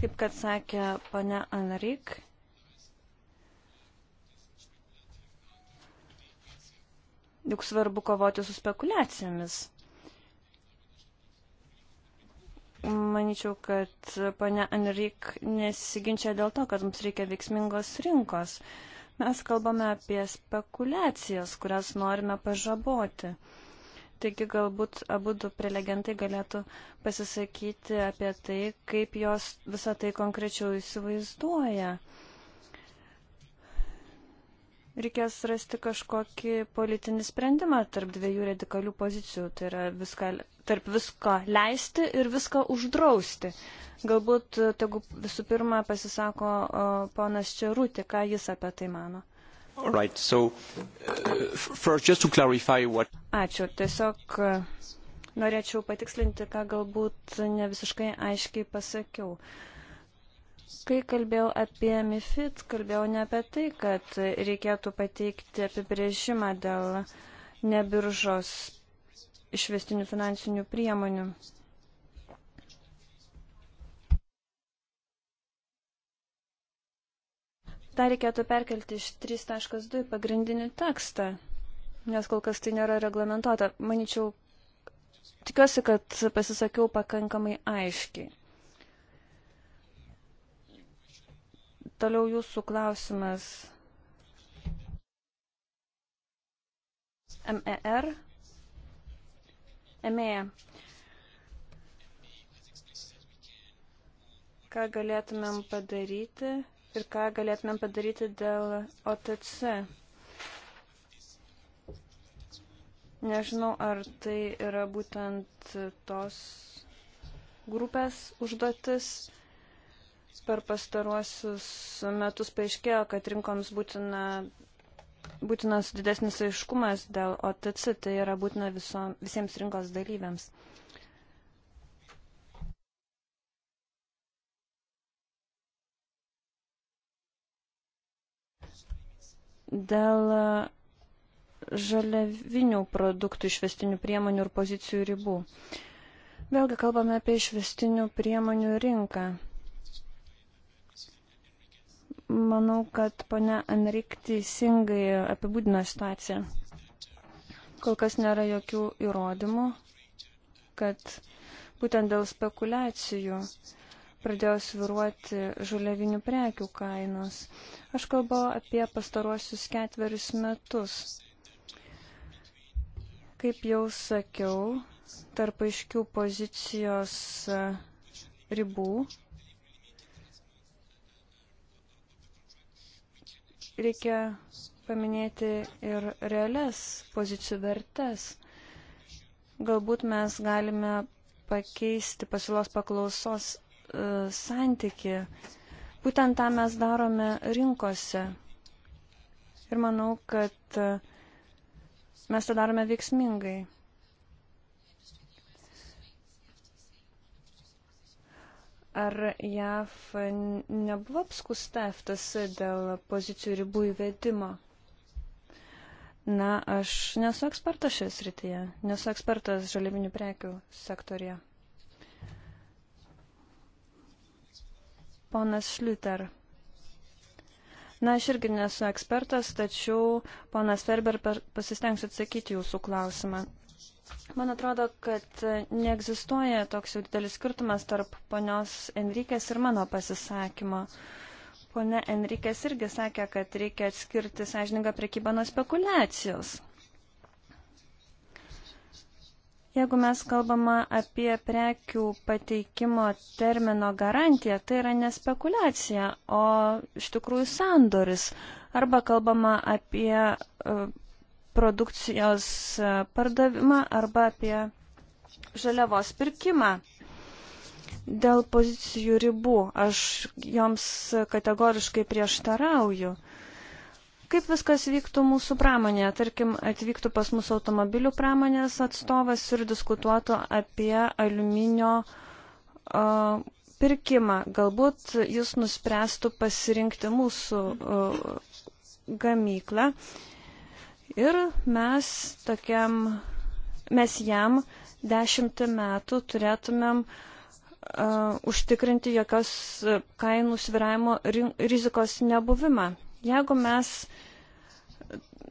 kaip kad sakė pane Anrik? Juk svarbu kovoti su spekulacijomis. Maničiau, kad pane Anrik nesiginčia dėl to, kad mums reikia veiksmingos rinkos. Uh, Mes kalbame apie spekulacijas, kurias norime pažaboti. Taigi galbūt abu du prelegentai galėtų pasisakyti apie tai, kaip jos visą tai konkrečiau įsivaizduoja. Uh, reikės rasti kažkokį politinį sprendimą tarp dviejų radikalių pozicijų, tai yra viską, tarp visko leisti ir viską uždrausti. Galbūt e, tegu visų pirma pasisako o, e, ponas Čerūti, ką jis apie tai mano. Right, so, uh, first, what... Ačiū. Tiesiog e, norėčiau patikslinti, ką galbūt ne visiškai aiškiai pasakiau. Uh, Kai kalbėjau apie MIFID, kalbėjau ne apie tai, kad reikėtų pateikti apibrėžimą dėl nebiržos išvestinių finansinių priemonių. Ta reikėtų perkelti iš 3.2 į pagrindinį tekstą, nes kol kas tai nėra reglamentuota. Manyčiau, tikiuosi, kad pasisakiau pakankamai aiškiai. Toliau jūsų klausimas. MER. MEA. Ką galėtumėm padaryti ir ką galėtumėm padaryti dėl OTC. Nežinau, ar tai yra būtent tos grupės užduotis. Per pastaruosius metus paaiškėjo, kad rinkoms būtina, būtinas didesnis aiškumas dėl OTC, tai yra būtina viso, visiems rinkos dalyviams. dėl e, žaliavinių produktų išvestinių priemonių ir pozicijų ribų. Vėlgi kalbame apie išvestinių priemonių rinką. Manau, kad ponia Enrik teisingai apibūdino situaciją. Kol kas nėra jokių įrodymų, kad būtent dėl spekulacijų pradėjo sviruoti žaliavinių prekių kainos. Aš kalbu apie pastaruosius ketverius metus. Kaip jau sakiau, tarp aiškių pozicijos ribų reikia paminėti ir realias pozicijų vertes. Galbūt mes galime pakeisti pasiūlos paklausos e, santyki. Būtent tą mes darome rinkose. Ir manau, kad e, mes tą darome veiksmingai. Ar JAV nebuvo apskusta FTS dėl pozicijų ribų įvedimo? Na, aš nesu ekspertas šioje srityje, nesu ekspertas žalybinių prekių sektorija. Ponas Šliuter. Na, aš irgi nesu ekspertas, tačiau ponas Ferber pasistengs atsakyti jūsų klausimą. Man atrodo, kad neegzistuoja toks jau didelis skirtumas tarp ponios Enrikės ir mano pasisakymo. Pone Enrikės irgi sakė, kad reikia atskirti sąžiningą prekybą nuo spekulacijos. Jeigu mes kalbame apie prekių pateikimo termino garantiją, tai yra ne spekulacija, o iš tikrųjų sandoris. Arba kalbama apie uh, produkcijos e, pardavimą arba apie žaliavos pirkimą. Dėl pozicijų ribų aš joms kategoriškai prieštarauju. Kaip viskas vyktų mūsų pramonėje? Tarkim, atvyktų pas mus automobilių pramonės atstovas ir diskutuotų apie aliuminio uh, pirkimą. Galbūt jis nuspręstų pasirinkti mūsų uh, gamyklą. Uh, Ir mes tokiam, mes jam dešimtį metų turėtumėm uh, užtikrinti jokios kainų sviravimo rizikos nebuvimą. Jeigu mes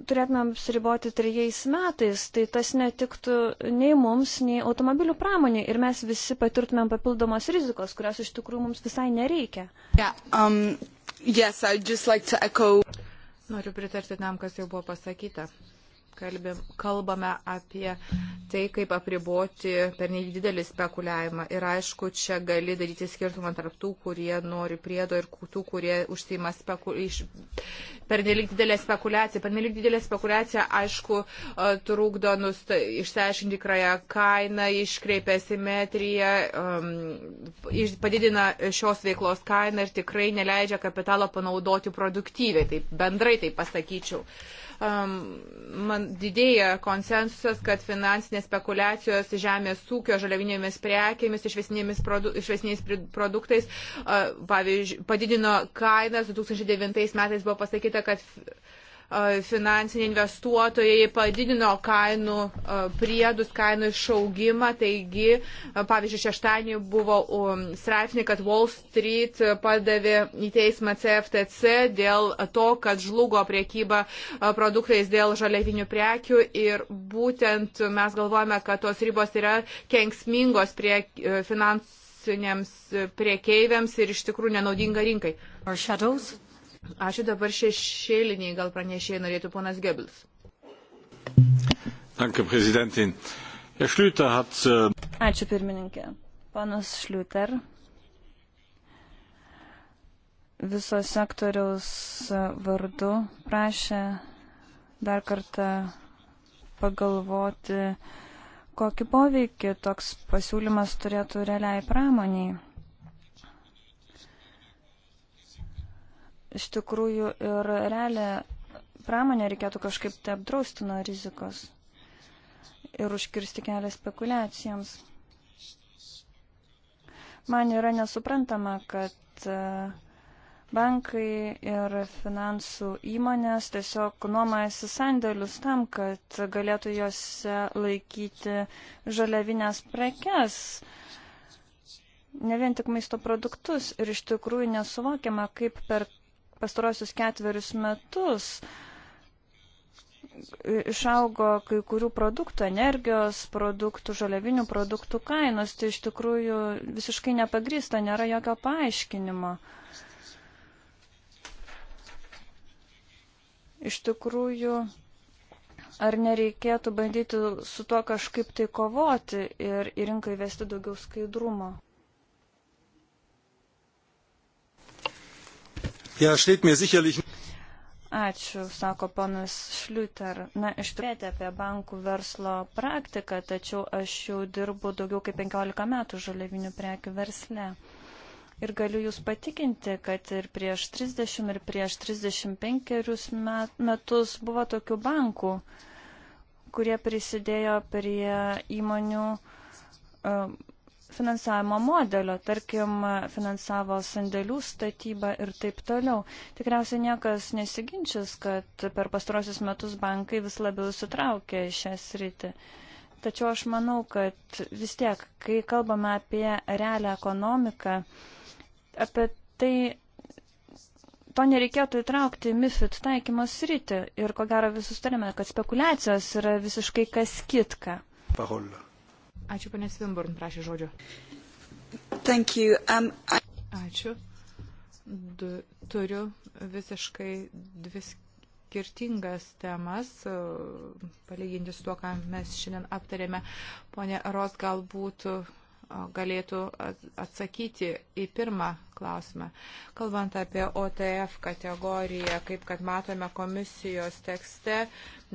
turėtumėm sriboti trijais metais, tai tas netiktų nei mums, nei automobilių pramonė ir mes visi patirtumėm papildomos rizikos, kurios iš tikrųjų mums visai nereikia. Yeah, um, yes, like echo... Noriu pritarti tam, kas jau buvo pasakyta kalbėm, kalbame apie tai, kaip apriboti pernelyg didelį spekuliavimą. Ir aišku, čia gali daryti skirtumą tarp tų, kurie nori priedo ir tų, kurie užsima speku... iš... pernelyg didelę spekulaciją. Pernelyg didelė spekulacija, aišku, e, trukdo nusta... išsiaiškinti krają kainą, iškreipia simetriją, um, padidina šios veiklos kainą ir tikrai neleidžia kapitalo panaudoti produktyviai. Taip, bendrai tai pasakyčiau. Uh, man didėja konsensusas, kad finansinės spekulacijos žemės ūkio žaliavinėmis prekėmis, išvesiniais produ, produktais, pavyzdžiui, padidino kainas, 2009 metais buvo pasakyta, kad finansiniai investuotojai padidino kainų priedus, kainų išaugimą. Taigi, pavyzdžiui, šeštadienį buvo straipsnė, kad Wall Street padavė į teismą CFTC dėl to, kad žlugo priekyba produktais dėl žaliavinių prekių ir būtent mes galvojame, kad tos ribos yra kenksmingos prie finansų priekeiviams ir iš tikrųjų nenaudinga rinkai. Our shadows? Ačiū dabar šešėliniai, gal pranešėjai norėtų ponas Gebels. Äh, Ačiū pirmininkė. Panas Šliuter viso sektoriaus vardu prašė dar kartą pagalvoti, kokį poveikį toks pasiūlymas turėtų realiai pramoniai. iš tikrųjų ir realią pramonę reikėtų kažkaip tai apdrausti nuo rizikos ir užkirsti kelią spekulacijoms. Man yra nesuprantama, kad e, bankai ir finansų įmonės tiesiog nuomojasi sandėlius tam, kad galėtų juose laikyti žaliavinės prekes ne vien tik maisto produktus ir iš tikrųjų nesuvokiama, kaip per pastarosius ketverius metus išaugo kai kurių produktų, energijos produktų, žaliavinių produktų kainos, tai iš tikrųjų visiškai nepagrysta, nėra jokio paaiškinimo. Iš tikrųjų, ar nereikėtų bandyti su tuo kažkaip tai kovoti ir į rinką įvesti daugiau skaidrumo? Ja, steht mir sicherlich. Ačiū, sako panas Šliuter. Na, iš turėti apie bankų verslo praktiką, tačiau aš jau dirbu daugiau kaip 15 metų žaliavinių prekių versle. Ir galiu Jūs patikinti, kad ir prieš 30 ir prieš 35 metus buvo tokių bankų, kurie prisidėjo prie įmonių uh, finansavimo modelio, tarkim, finansavo sandėlių statybą ir taip toliau. Tikriausiai niekas nesiginčys, kad per pastarosius metus bankai vis labiau sutraukė šią sritį. Tačiau aš manau, kad vis tiek, kai kalbame apie realią ekonomiką, apie tai to nereikėtų įtraukti į MIFID taikymo sritį ir ko gero visus turime, kad spekulacijos yra visiškai kas kitka. Pahola. Ačiū, ponė Svimburn, prašė žodžio. Thank you. Um, I... Ačiū. Du, turiu visiškai dvi skirtingas temas, uh, palyginti su tuo, ką mes šiandien aptarėme. Pone Ros galbūt uh, galėtų atsakyti į pirmą klausimą. Kalbant apie OTF kategoriją, kaip kad matome komisijos tekste,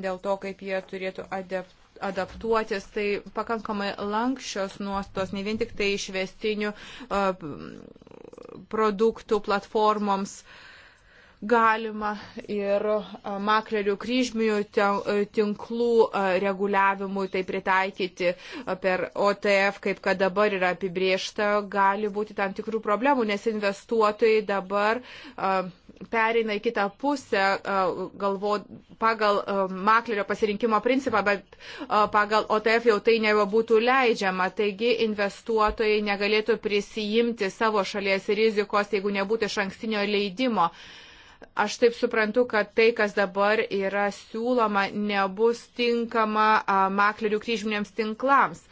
dėl to, kaip jie turėtų adept adaptuotis, tai pakankamai lankščios nuostos, ne vien tik tai išvestinių produktų platformoms galima ir maklerių kryžminių tinklų reguliavimui tai pritaikyti per OTF, kaip kad dabar yra apibriešta, gali būti tam tikrų problemų, nes investuotojai dabar pereina į kitą pusę e, galvo, pagal e, maklerio pasirinkimo principą, bet e, pagal OTF jau tai nebūtų leidžiama. Taigi investuotojai negalėtų prisijimti savo šalies rizikos, jeigu nebūtų iš ankstinio leidimo. Aš taip suprantu, kad tai, kas dabar yra siūloma, nebus tinkama maklerių kryžminiams tinklams.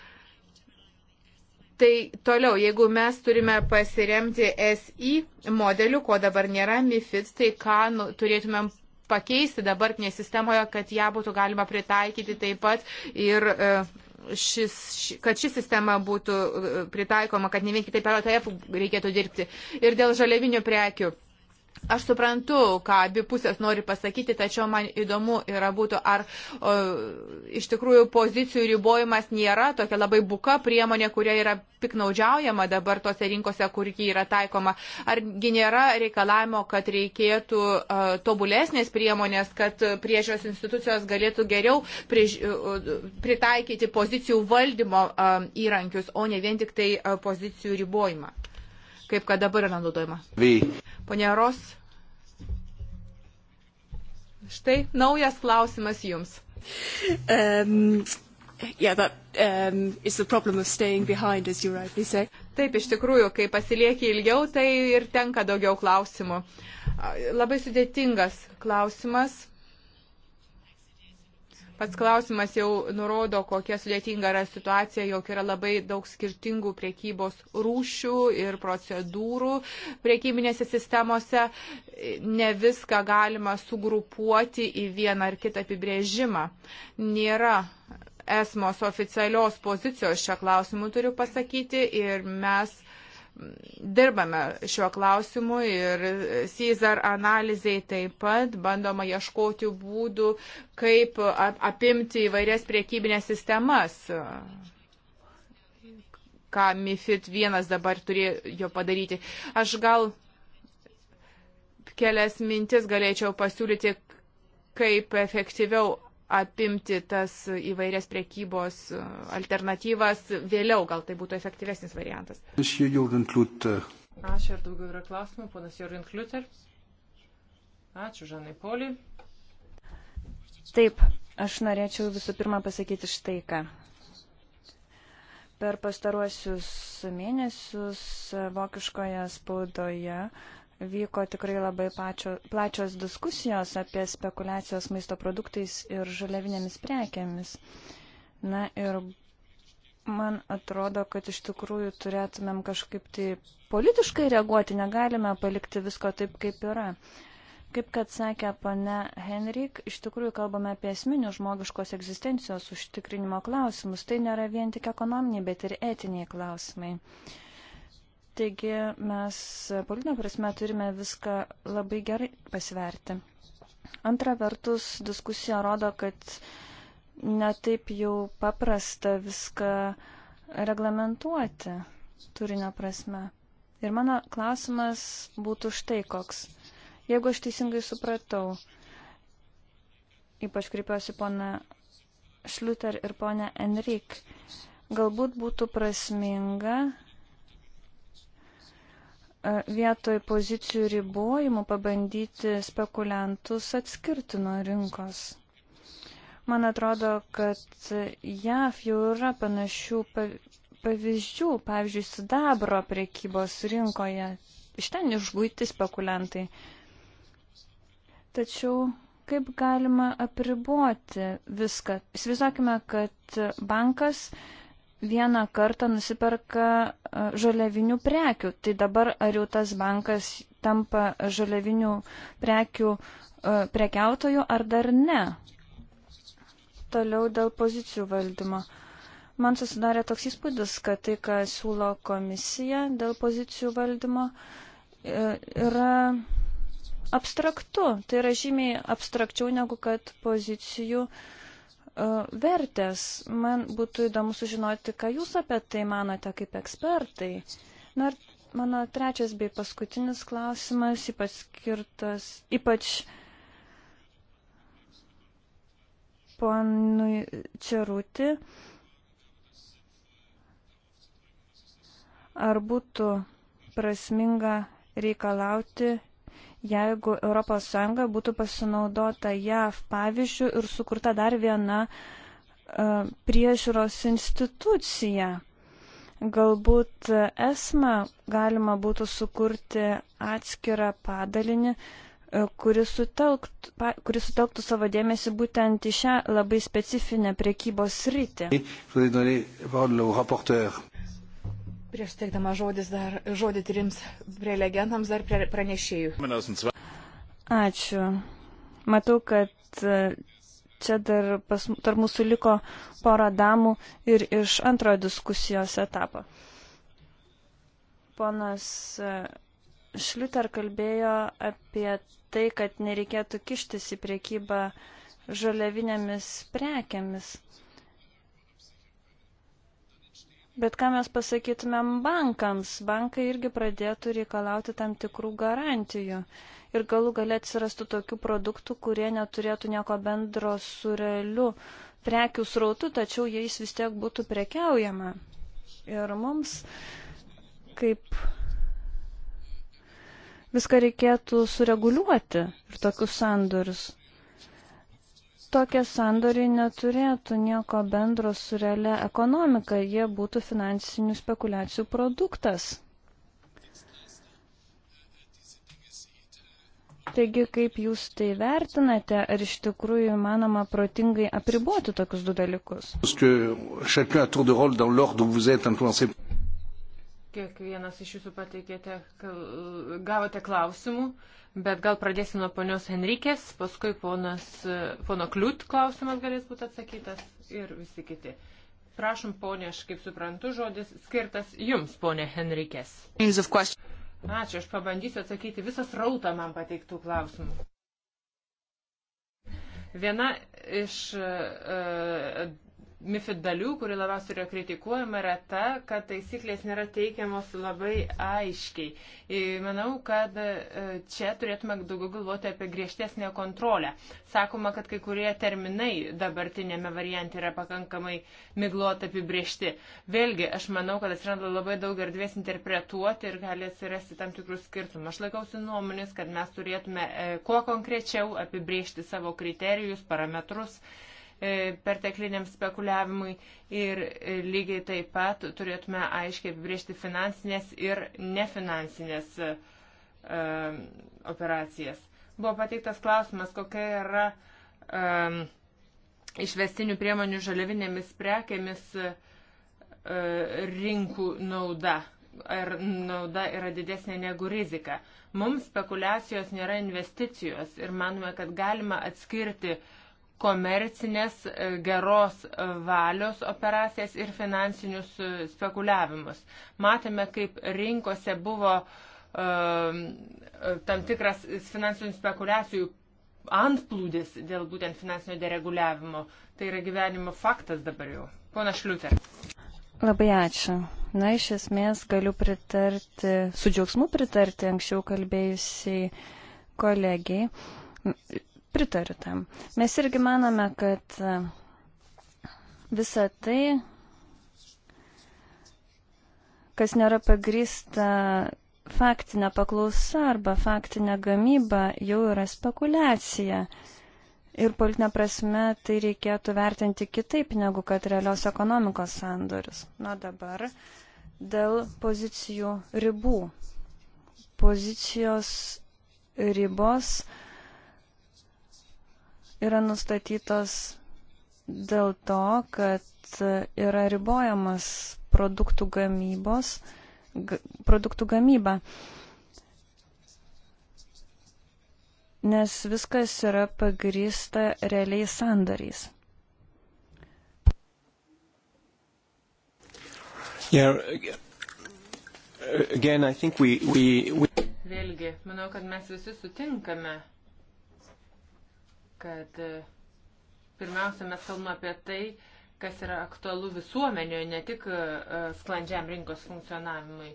Tai toliau, jeigu mes turime pasiremti SI modeliu, ko dabar nėra MIFID, tai ką nu, turėtumėm pakeisti dabartinėje sistemoje, kad ją būtų galima pritaikyti taip pat ir e, šis, kad ši sistema būtų e, pritaikoma, kad ne vien tik taip ROTF reikėtų dirbti. Ir dėl žaliavinių prekių Aš suprantu, ką abi pusės nori pasakyti, tačiau man įdomu yra būtų, ar o, iš tikrųjų pozicijų ribojimas nėra tokia labai buka priemonė, kuria yra piknaudžiaujama dabar tose rinkose, kur ji yra taikoma. Argi nėra reikalavimo, kad reikėtų o, tobulesnės priemonės, kad priežios institucijos galėtų geriau priež, o, pritaikyti pozicijų valdymo o, įrankius, o ne vien tik tai o, pozicijų ribojimą kaip kad dabar yra naudojama. Pone Ros, štai naujas klausimas jums. Um. Yeah, that um, is the problem of staying behind, as you rightly say. Taip, iš tikrųjų, kai pasilieki ilgiau, tai ir tenka daugiau klausimų. Labai sudėtingas klausimas. Pats klausimas jau nurodo, kokia sudėtinga yra situacija, jog yra labai daug skirtingų priekybos rūšių ir procedūrų priekybinėse sistemose. Ne viską galima sugrupuoti į vieną ar kitą apibrėžimą. Nėra esmos oficialios pozicijos šią klausimą turiu pasakyti ir mes dirbame šiuo klausimu ir Caesar analizai taip pat bandoma ieškoti būdų, kaip apimti įvairias priekybinės sistemas ką MIFID vienas dabar turėjo padaryti. Aš gal kelias mintis galėčiau pasiūlyti, kaip efektyviau apimti tas įvairias priekybos alternatyvas vėliau, gal tai būtų efektyvesnis variantas. Ačiū ir daugiau yra klausimų, ponas Jorgen Kliuter. Ačiū, Žanai Poli. Taip, aš norėčiau visų pirma pasakyti štai ką. Per pastaruosius mėnesius vokiškoje spaudoje vyko tikrai labai pačio, plačios diskusijos apie spekulacijos maisto produktais ir žaliavinėmis prekėmis. Na ir man atrodo, kad iš tikrųjų turėtumėm kažkaip tai politiškai reaguoti, negalime palikti visko taip, kaip yra. Kaip kad sakė pane Henrik, iš tikrųjų kalbame apie esminius žmogiškos egzistencijos užtikrinimo klausimus. Tai nėra vien tik ekonominiai, bet ir etiniai klausimai. Uh, Taigi mes politinė prasme turime viską labai gerai pasverti. Antra vertus, diskusija rodo, kad netaip jau paprasta viską reglamentuoti turinio prasme. Ir mano klausimas būtų štai koks. Jeigu aš teisingai supratau, ypač kreipiuosi pona Šliuter ir pona Enrik, galbūt būtų prasminga vietoj pozicijų ribojimų pabandyti spekuliantus atskirti nuo rinkos. Man atrodo, kad JAV jau yra panašių pavyzdžių, pavyzdžiui, sidabro priekybos rinkoje. Iš ten išguiti spekuliantai. Tačiau kaip galima apriboti viską? Įsivaizduokime, kad bankas uh, vieną kartą nusiperka e, žaliavinių prekių. Tai dabar ar jau tas bankas tampa žaliavinių prekių e, prekiautojų ar dar ne? Toliau dėl pozicijų valdymo. Man susidarė toks įspūdis, kad tai, ką siūlo komisija dėl pozicijų valdymo, e, yra abstraktu. Tai yra žymiai abstrakčiau negu kad pozicijų uh, E, vertės. Man būtų įdomu sužinoti, ką jūs apie tai manote kaip ekspertai. Na ir mano trečias bei paskutinis klausimas, ypač skirtas, ypač ponui Čerūti. Ar būtų prasminga reikalauti jeigu ES būtų pasinaudota JAV pavyzdžių ir sukurta dar viena e, priežiūros institucija. Galbūt esmą galima būtų sukurti atskirą padalinį, e, kuris sutelktų, kuri sutelktų savo dėmesį būtent į šią labai specifinę priekybos rytį. Prieš teikdama žodis dar, žodį trims prelegentams dar prie pranešėjų. Ačiū. Matau, kad e, čia dar pas, tarp mūsų liko pora damų ir iš antrojo diskusijos etapo. Ponas e, Šliuter kalbėjo apie tai, kad nereikėtų kištis į priekybą žaliavinėmis prekiamis. Bet ką mes pasakytumėm bankams? Bankai irgi pradėtų reikalauti tam tikrų garantijų. Ir galų gale atsirastų tokių produktų, kurie neturėtų nieko bendro su realiu prekių srautu, tačiau jais vis tiek būtų prekiaujama. Ir mums kaip viską reikėtų sureguliuoti ir tokius sandorius tokie sandoriai neturėtų nieko bendro su realia ekonomika, jie būtų finansinių spekulacijų produktas. Taigi, kaip jūs tai vertinate, ar iš tikrųjų įmanoma protingai apriboti tokius du dalykus? Kiekvienas iš jūsų pateikėte, gavote klausimų, bet gal pradėsim nuo ponios Henrikės, paskui ponas, pono Kliūt klausimas galės būti atsakytas ir visi kiti. Prašom, ponė, aš kaip suprantu, žodis skirtas jums, ponė Henrikės. Ačiū, aš pabandysiu atsakyti visas rautą man pateiktų klausimų. Viena iš uh, MIFID dalių, kuri labiausiai yra kritikuojama, yra ta, kad taisyklės nėra teikiamos labai aiškiai. Manau, kad e, čia turėtume daugiau galvoti apie griežtesnę kontrolę. Sakoma, kad kai kurie terminai dabartinėme variante yra pakankamai miglot apibriešti. Vėlgi, aš manau, kad atsiranda labai daug erdvės interpretuoti ir gali atsirasti tam tikrų skirtumų. Aš laikausi nuomonės, kad mes turėtume e, kuo konkrečiau apibriežti savo kriterijus, parametrus. Uh, E, pertekliniam spekuliavimui ir e, lygiai taip pat turėtume aiškiai apibriežti finansinės ir nefinansinės e, operacijas. Buvo pateiktas klausimas, kokia yra um, išvestinių priemonių žaliavinėmis prekėmis uh, rinkų nauda. Ar nauda yra didesnė negu rizika? Mums spekulacijos nėra investicijos ir manome, kad galima atskirti uh, komercinės e, geros valios operacijas ir finansinius e, spekuliavimus. Matėme, kaip rinkose buvo um, tam tikras finansinių spekulacijų antplūdis dėl būtent finansinio dereguliavimo. Tai yra gyvenimo faktas dabar jau. Pona Šliutė. Labai ačiū. Na, iš esmės galiu pritarti, su džiaugsmu pritarti anksčiau kalbėjusiai kolegiai pritariu tam. Mes irgi manome, kad e, visa tai, kas nėra pagrįsta faktinė paklausa arba faktinė gamyba, jau yra spekulacija. Ir politinė prasme tai reikėtų vertinti kitaip negu kad realios ekonomikos sandorius. Na dabar dėl pozicijų ribų. Pozicijos ribos uh, yra nustatytos dėl to, kad yra ribojamas produktų gamybos, produktų gamyba. Nes viskas yra pagrįsta realiais sandariais. Yeah, again, I think we, we, we... Vėlgi, manau, kad mes visi sutinkame kad e, pirmiausia mes kalbame apie tai, kas yra aktualu visuomenėje, ne tik e, e, sklandžiam rinkos funkcionavimui.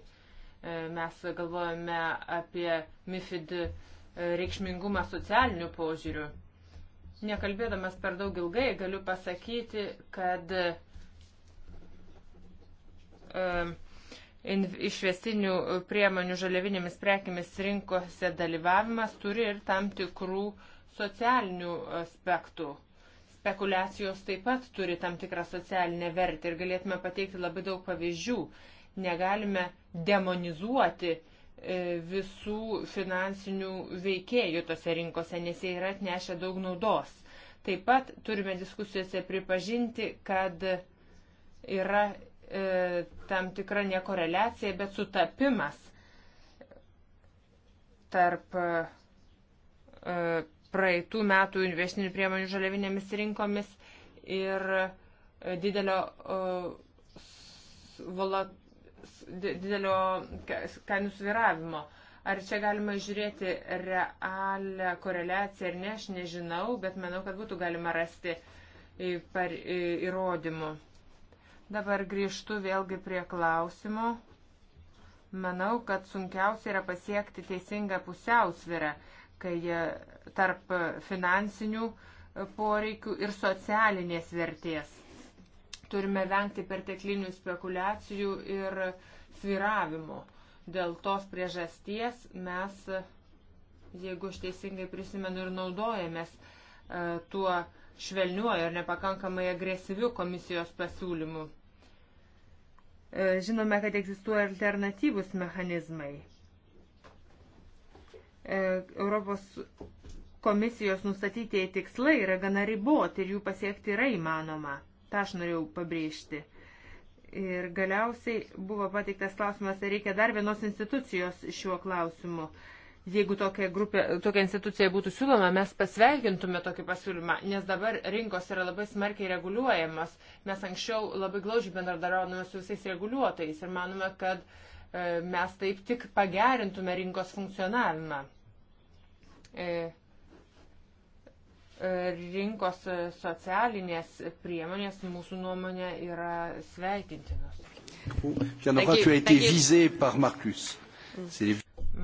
Mes galvojame apie MIFID reikšmingumą socialiniu požiūriu. Nekalbėdamas per daug ilgai, galiu pasakyti, kad išvestinių priemonių žaliavinėmis prekiamis rinkose dalyvavimas turi ir tam tikrų uh, socialinių aspektų. Spekulacijos taip pat turi tam tikrą socialinę vertę ir galėtume pateikti labai daug pavyzdžių. Negalime demonizuoti e, visų finansinių veikėjų tose rinkose, nes jie yra atnešę daug naudos. Taip pat turime diskusijose pripažinti, kad yra e, tam tikra nekoreliacija, bet sutapimas tarp e, praeitų metų investicinių priemonių žaliavinėmis rinkomis ir e, didelio, e, vola, didelio kainų sviravimo. Ar čia galima žiūrėti realią koreliaciją ar ne, aš nežinau, bet manau, kad būtų galima rasti par, įrodymų. Dabar grįžtu vėlgi prie klausimo. Manau, kad sunkiausia yra pasiekti teisingą pusiausvirą kai tarp finansinių poreikių ir socialinės vertės. Turime vengti perteklinių spekulacijų ir sviravimų. Dėl tos priežasties mes, jeigu aš teisingai prisimenu, ir naudojamės e, tuo švelniuoju ir nepakankamai agresyviu komisijos pasiūlymu. E, žinome, kad egzistuoja alternatyvus mechanizmai. E, Europos komisijos nustatytieji tikslai yra gana riboti ir jų pasiekti yra įmanoma. Ta aš norėjau pabrėžti. Ir galiausiai buvo pateiktas klausimas, ar reikia dar vienos institucijos šiuo klausimu. Jeigu tokia, grupė, tokia institucija būtų siūloma, mes pasveikintume tokį pasiūlymą, nes dabar rinkos yra labai smarkiai reguliuojamos. Mes anksčiau labai glaudžiai bendradarbiavome su visais reguliuotojais ir manome, kad uh, E, mes taip tik pagerintume rinkos funkcionavimą. E, e, rinkos socialinės priemonės mūsų nuomonė yra sveikintinos.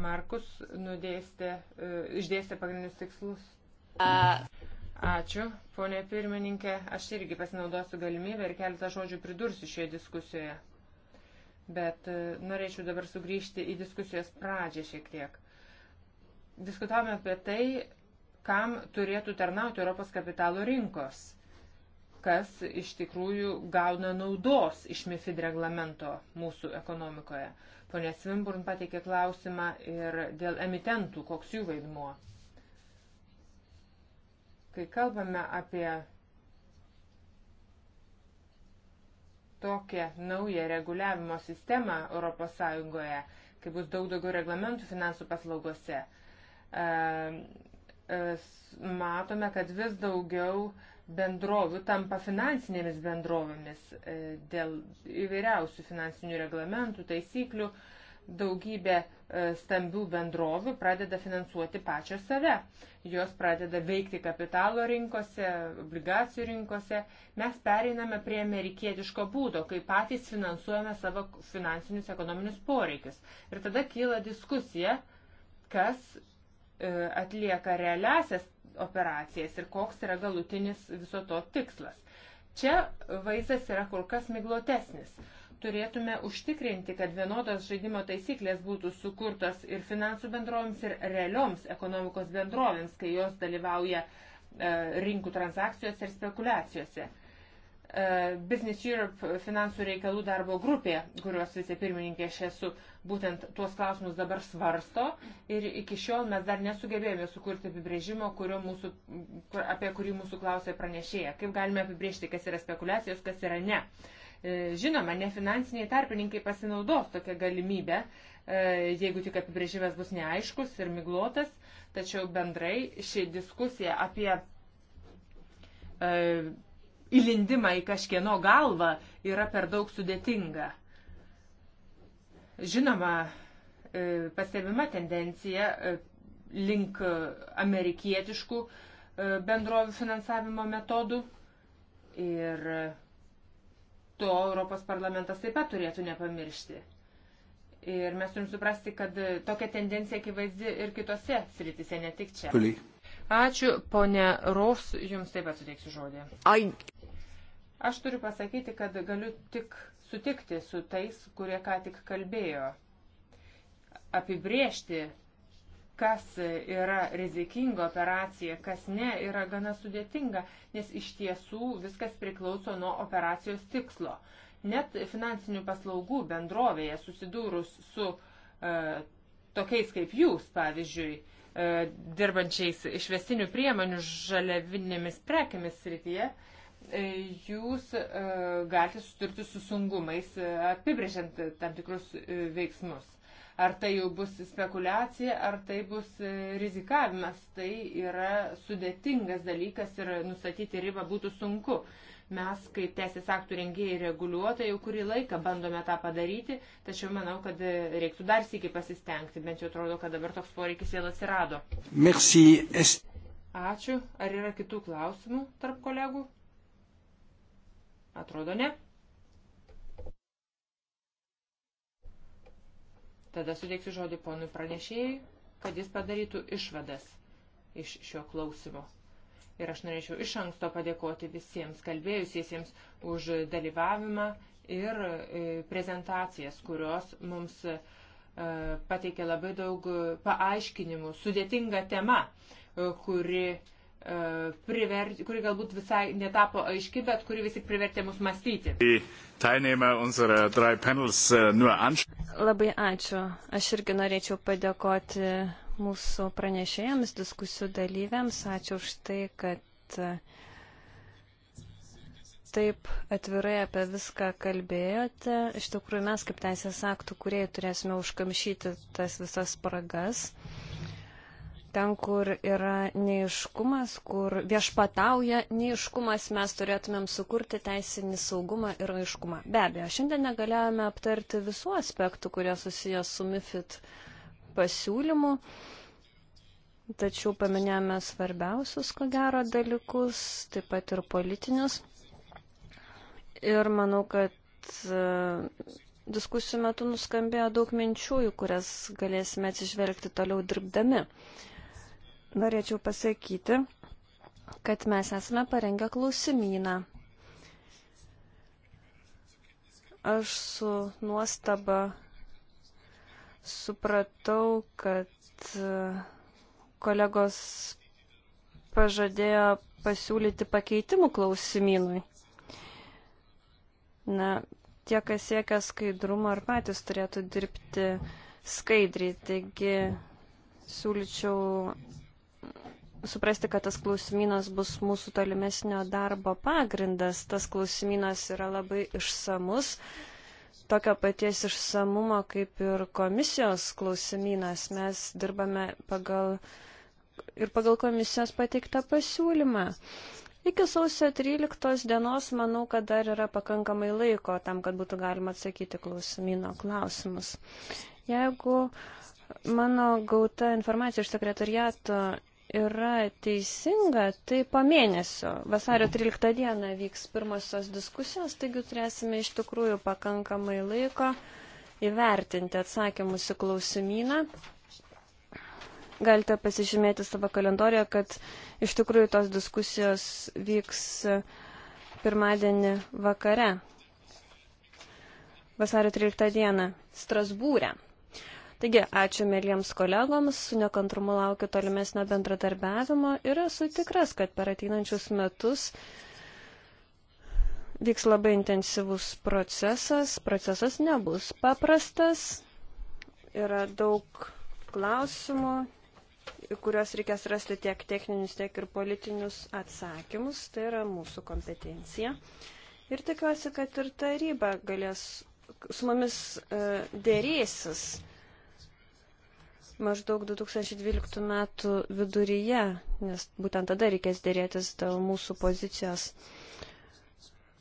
Markus nudėstė, išdėstė pagrindinius tikslus. Ačiū, ponė pirmininkė. Aš irgi pasinaudosiu galimybę ir keletą žodžių pridursiu šioje diskusijoje bet e, norėčiau dabar sugrįžti į diskusijos pradžią šiek tiek. Diskutavome apie tai, kam turėtų tarnauti Europos kapitalo rinkos, kas iš tikrųjų gauna naudos iš MIFID reglamento mūsų ekonomikoje. Pone Svimburn pateikė klausimą ir dėl emitentų, koks jų vaidmuo. Kai kalbame apie tokią naują reguliavimo sistemą ES, kai bus daug daugiau reglamentų finansų paslaugose, e, e, matome, kad vis daugiau bendrovių tampa finansinėmis bendrovėmis e, dėl įvairiausių finansinių reglamentų, taisyklių, daugybė e, stambių bendrovių pradeda finansuoti pačią save. Jos pradeda veikti kapitalo rinkose, obligacijų rinkose. Mes pereiname prie amerikietiško būdo, kai patys finansuojame savo finansinius ekonominius poreikius. Ir tada kyla diskusija, kas e, atlieka realiasias operacijas ir koks yra galutinis viso to tikslas. Čia vaizdas yra kur kas miglotesnis turėtume užtikrinti, kad vienodos žaidimo taisyklės būtų sukurtos ir finansų bendrovėms, ir realioms ekonomikos bendrovėms, kai jos dalyvauja e, rinkų transakcijose ir spekulacijose. E, Business Europe finansų reikalų darbo grupė, kurios vicepirmininkė aš esu, būtent tuos klausimus dabar svarsto ir iki šiol mes dar nesugebėjome sukurti apibrėžimo, mūsų, apie kurį mūsų klausė pranešėja. Kaip galime apibrėžti, kas yra spekulacijos, kas yra ne. Uh, E, žinoma, nefinansiniai tarpininkai pasinaudos tokią galimybę, e, jeigu tik apibrėžimas bus neaiškus ir miglotas, tačiau bendrai ši diskusija apie e, įlindimą į kažkieno galvą yra per daug sudėtinga. Žinoma, pastebima tendencija link amerikietiškų bendrovių finansavimo metodų ir to Europos parlamentas taip pat turėtų nepamiršti. Ir mes turim suprasti, kad tokia tendencija akivaizdi ir kitose sritise, ne tik čia. Ačiū, ponė Ros, jums taip pat suteiksiu žodį. Ai. Aš turiu pasakyti, kad galiu tik sutikti su tais, kurie ką tik kalbėjo. Apibriežti kas yra rizikinga operacija, kas ne, yra gana sudėtinga, nes iš tiesų viskas priklauso nuo operacijos tikslo. Net finansinių paslaugų bendrovėje susidūrus su e, tokiais kaip jūs, pavyzdžiui, e, dirbančiais išvestinių priemonių žaliavinėmis prekiamis srityje, e, jūs e, galite susidurti su sungumais, e, apibrėžiant tam tikrus e, veiksmus. Ar tai jau bus spekulacija, ar tai bus e, rizikavimas, tai yra sudėtingas dalykas ir nustatyti ribą būtų sunku. Mes, kaip teisės aktų rengėjai reguliuotojai, jau kurį laiką bandome tą padaryti, tačiau manau, kad e, reiktų dar sėkiai pasistengti, bent jau atrodo, kad dabar toks poreikis vėl atsirado. Merci. Ačiū. Ar yra kitų klausimų tarp kolegų? Atrodo ne. Tada suteiksiu žodį ponui pranešėjai, kad jis padarytų išvadas iš šio klausimo. Ir aš norėčiau iš anksto padėkoti visiems kalbėjusiesiems už dalyvavimą ir e, prezentacijas, kurios mums e, pateikė labai daug paaiškinimų. Sudėtinga tema, e, kuri E, priver, kuri galbūt visai netapo aiški, bet kuri vis tik privertė mus mąstyti. Äh, Labai ačiū. Aš irgi norėčiau padėkoti mūsų pranešėjams, diskusijų dalyviams. Ačiū už tai, kad e, taip atvirai apie viską kalbėjote. Iš tikrųjų, mes kaip teisės aktų kurie turėsime užkamšyti tas visas spragas ten, kur yra neiškumas, kur viešpatauja neiškumas, mes turėtumėm sukurti teisinį saugumą ir aiškumą. Be abejo, šiandien negalėjome aptarti visų aspektų, kurie susijęs su MIFID pasiūlymu, tačiau paminėjome svarbiausius, ko gero, dalykus, taip pat ir politinius. Ir manau, kad e, diskusijų metu nuskambėjo daug minčių, į kurias galėsime atsižvelgti toliau dirbdami norėčiau pasakyti, kad mes esame parengę klausimyną. Aš su nuostaba supratau, kad e, kolegos pažadėjo pasiūlyti pakeitimų klausimynui. Na, tie, kas siekia skaidrumo, ar patys turėtų dirbti skaidriai. Taigi, siūlyčiau suprasti, kad tas klausimynas bus mūsų tolimesnio darbo pagrindas. Tas klausimynas yra labai išsamus, tokio paties išsamumo kaip ir komisijos klausimynas. Mes dirbame pagal ir pagal komisijos pateiktą pasiūlymą. Iki sausio 13 dienos manau, kad dar yra pakankamai laiko tam, kad būtų galima atsakyti klausimino klausimus. Jeigu mano gauta informacija iš sekretariato yra teisinga, tai po mėnesio, vasario 13 dieną vyks pirmosios diskusijos, taigi turėsime iš tikrųjų pakankamai laiko įvertinti atsakymus į klausimyną. Galite pasižymėti savo kalendoriją, kad iš tikrųjų tos diskusijos vyks pirmadienį vakare, vasario 13 dieną, Strasbūrė. Taigi, ačiū mėlyms kolegoms, su nekantrumu laukiu tolimesnio bendradarbiavimo ir esu tikras, kad per ateinančius metus vyks labai intensyvus procesas. Procesas nebus paprastas, yra daug klausimų, į kuriuos reikės rasti tiek techninius, tiek ir politinius atsakymus. Tai yra mūsų kompetencija. Ir tikiuosi, kad ir taryba galės su mumis e, dėrėsis maždaug 2012 metų viduryje, nes būtent tada reikės dėrėtis dėl mūsų pozicijos.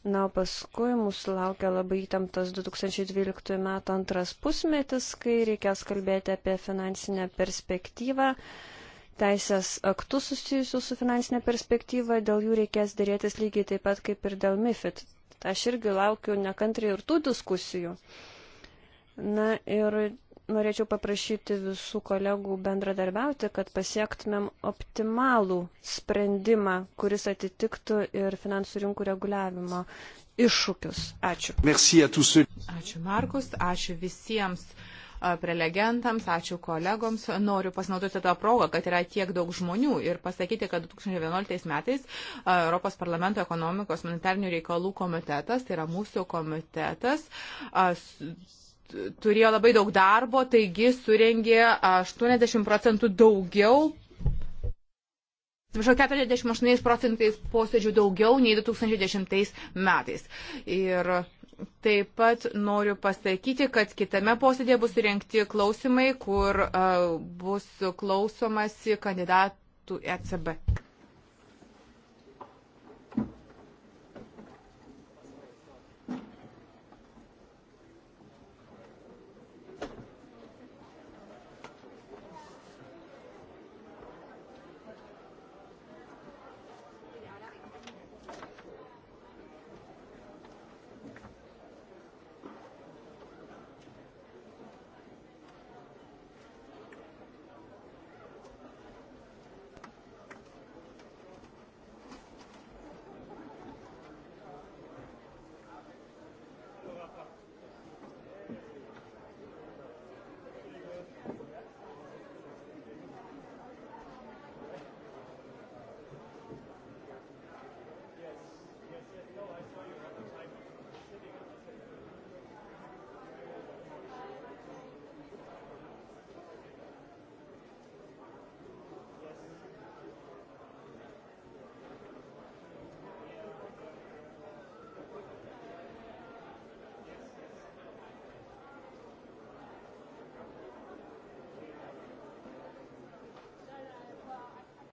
Na, o paskui mūsų laukia labai įtemptas 2012 metų antras pusmetis, kai reikės kalbėti apie finansinę perspektyvą, teisės aktus susijusius su finansinė perspektyva, dėl jų reikės dėrėtis lygiai taip pat kaip ir dėl MIFID. Aš irgi laukiu nekantriai ir tų diskusijų. Na ir norėčiau paprašyti visų kolegų bendradarbiauti, kad pasiektumėm optimalų sprendimą, kuris atitiktų ir finansų rinkų reguliavimo iššūkius. Ačiū. Ačiū Markus, ačiū visiems prelegentams, ačiū kolegoms. Noriu pasinaudoti tą progą, kad yra tiek daug žmonių ir pasakyti, kad 2011 metais Europos parlamento ekonomikos monetarnių reikalų komitetas, tai yra mūsų komitetas, turėjo labai daug darbo, taigi surengė 80 procentų daugiau. Atsiprašau, 48 procentais posėdžių daugiau nei 2010 metais. Ir Taip pat noriu pasakyti, kad kitame posėdėje bus surinkti klausimai, kur uh, bus klausomasi kandidatų ECB.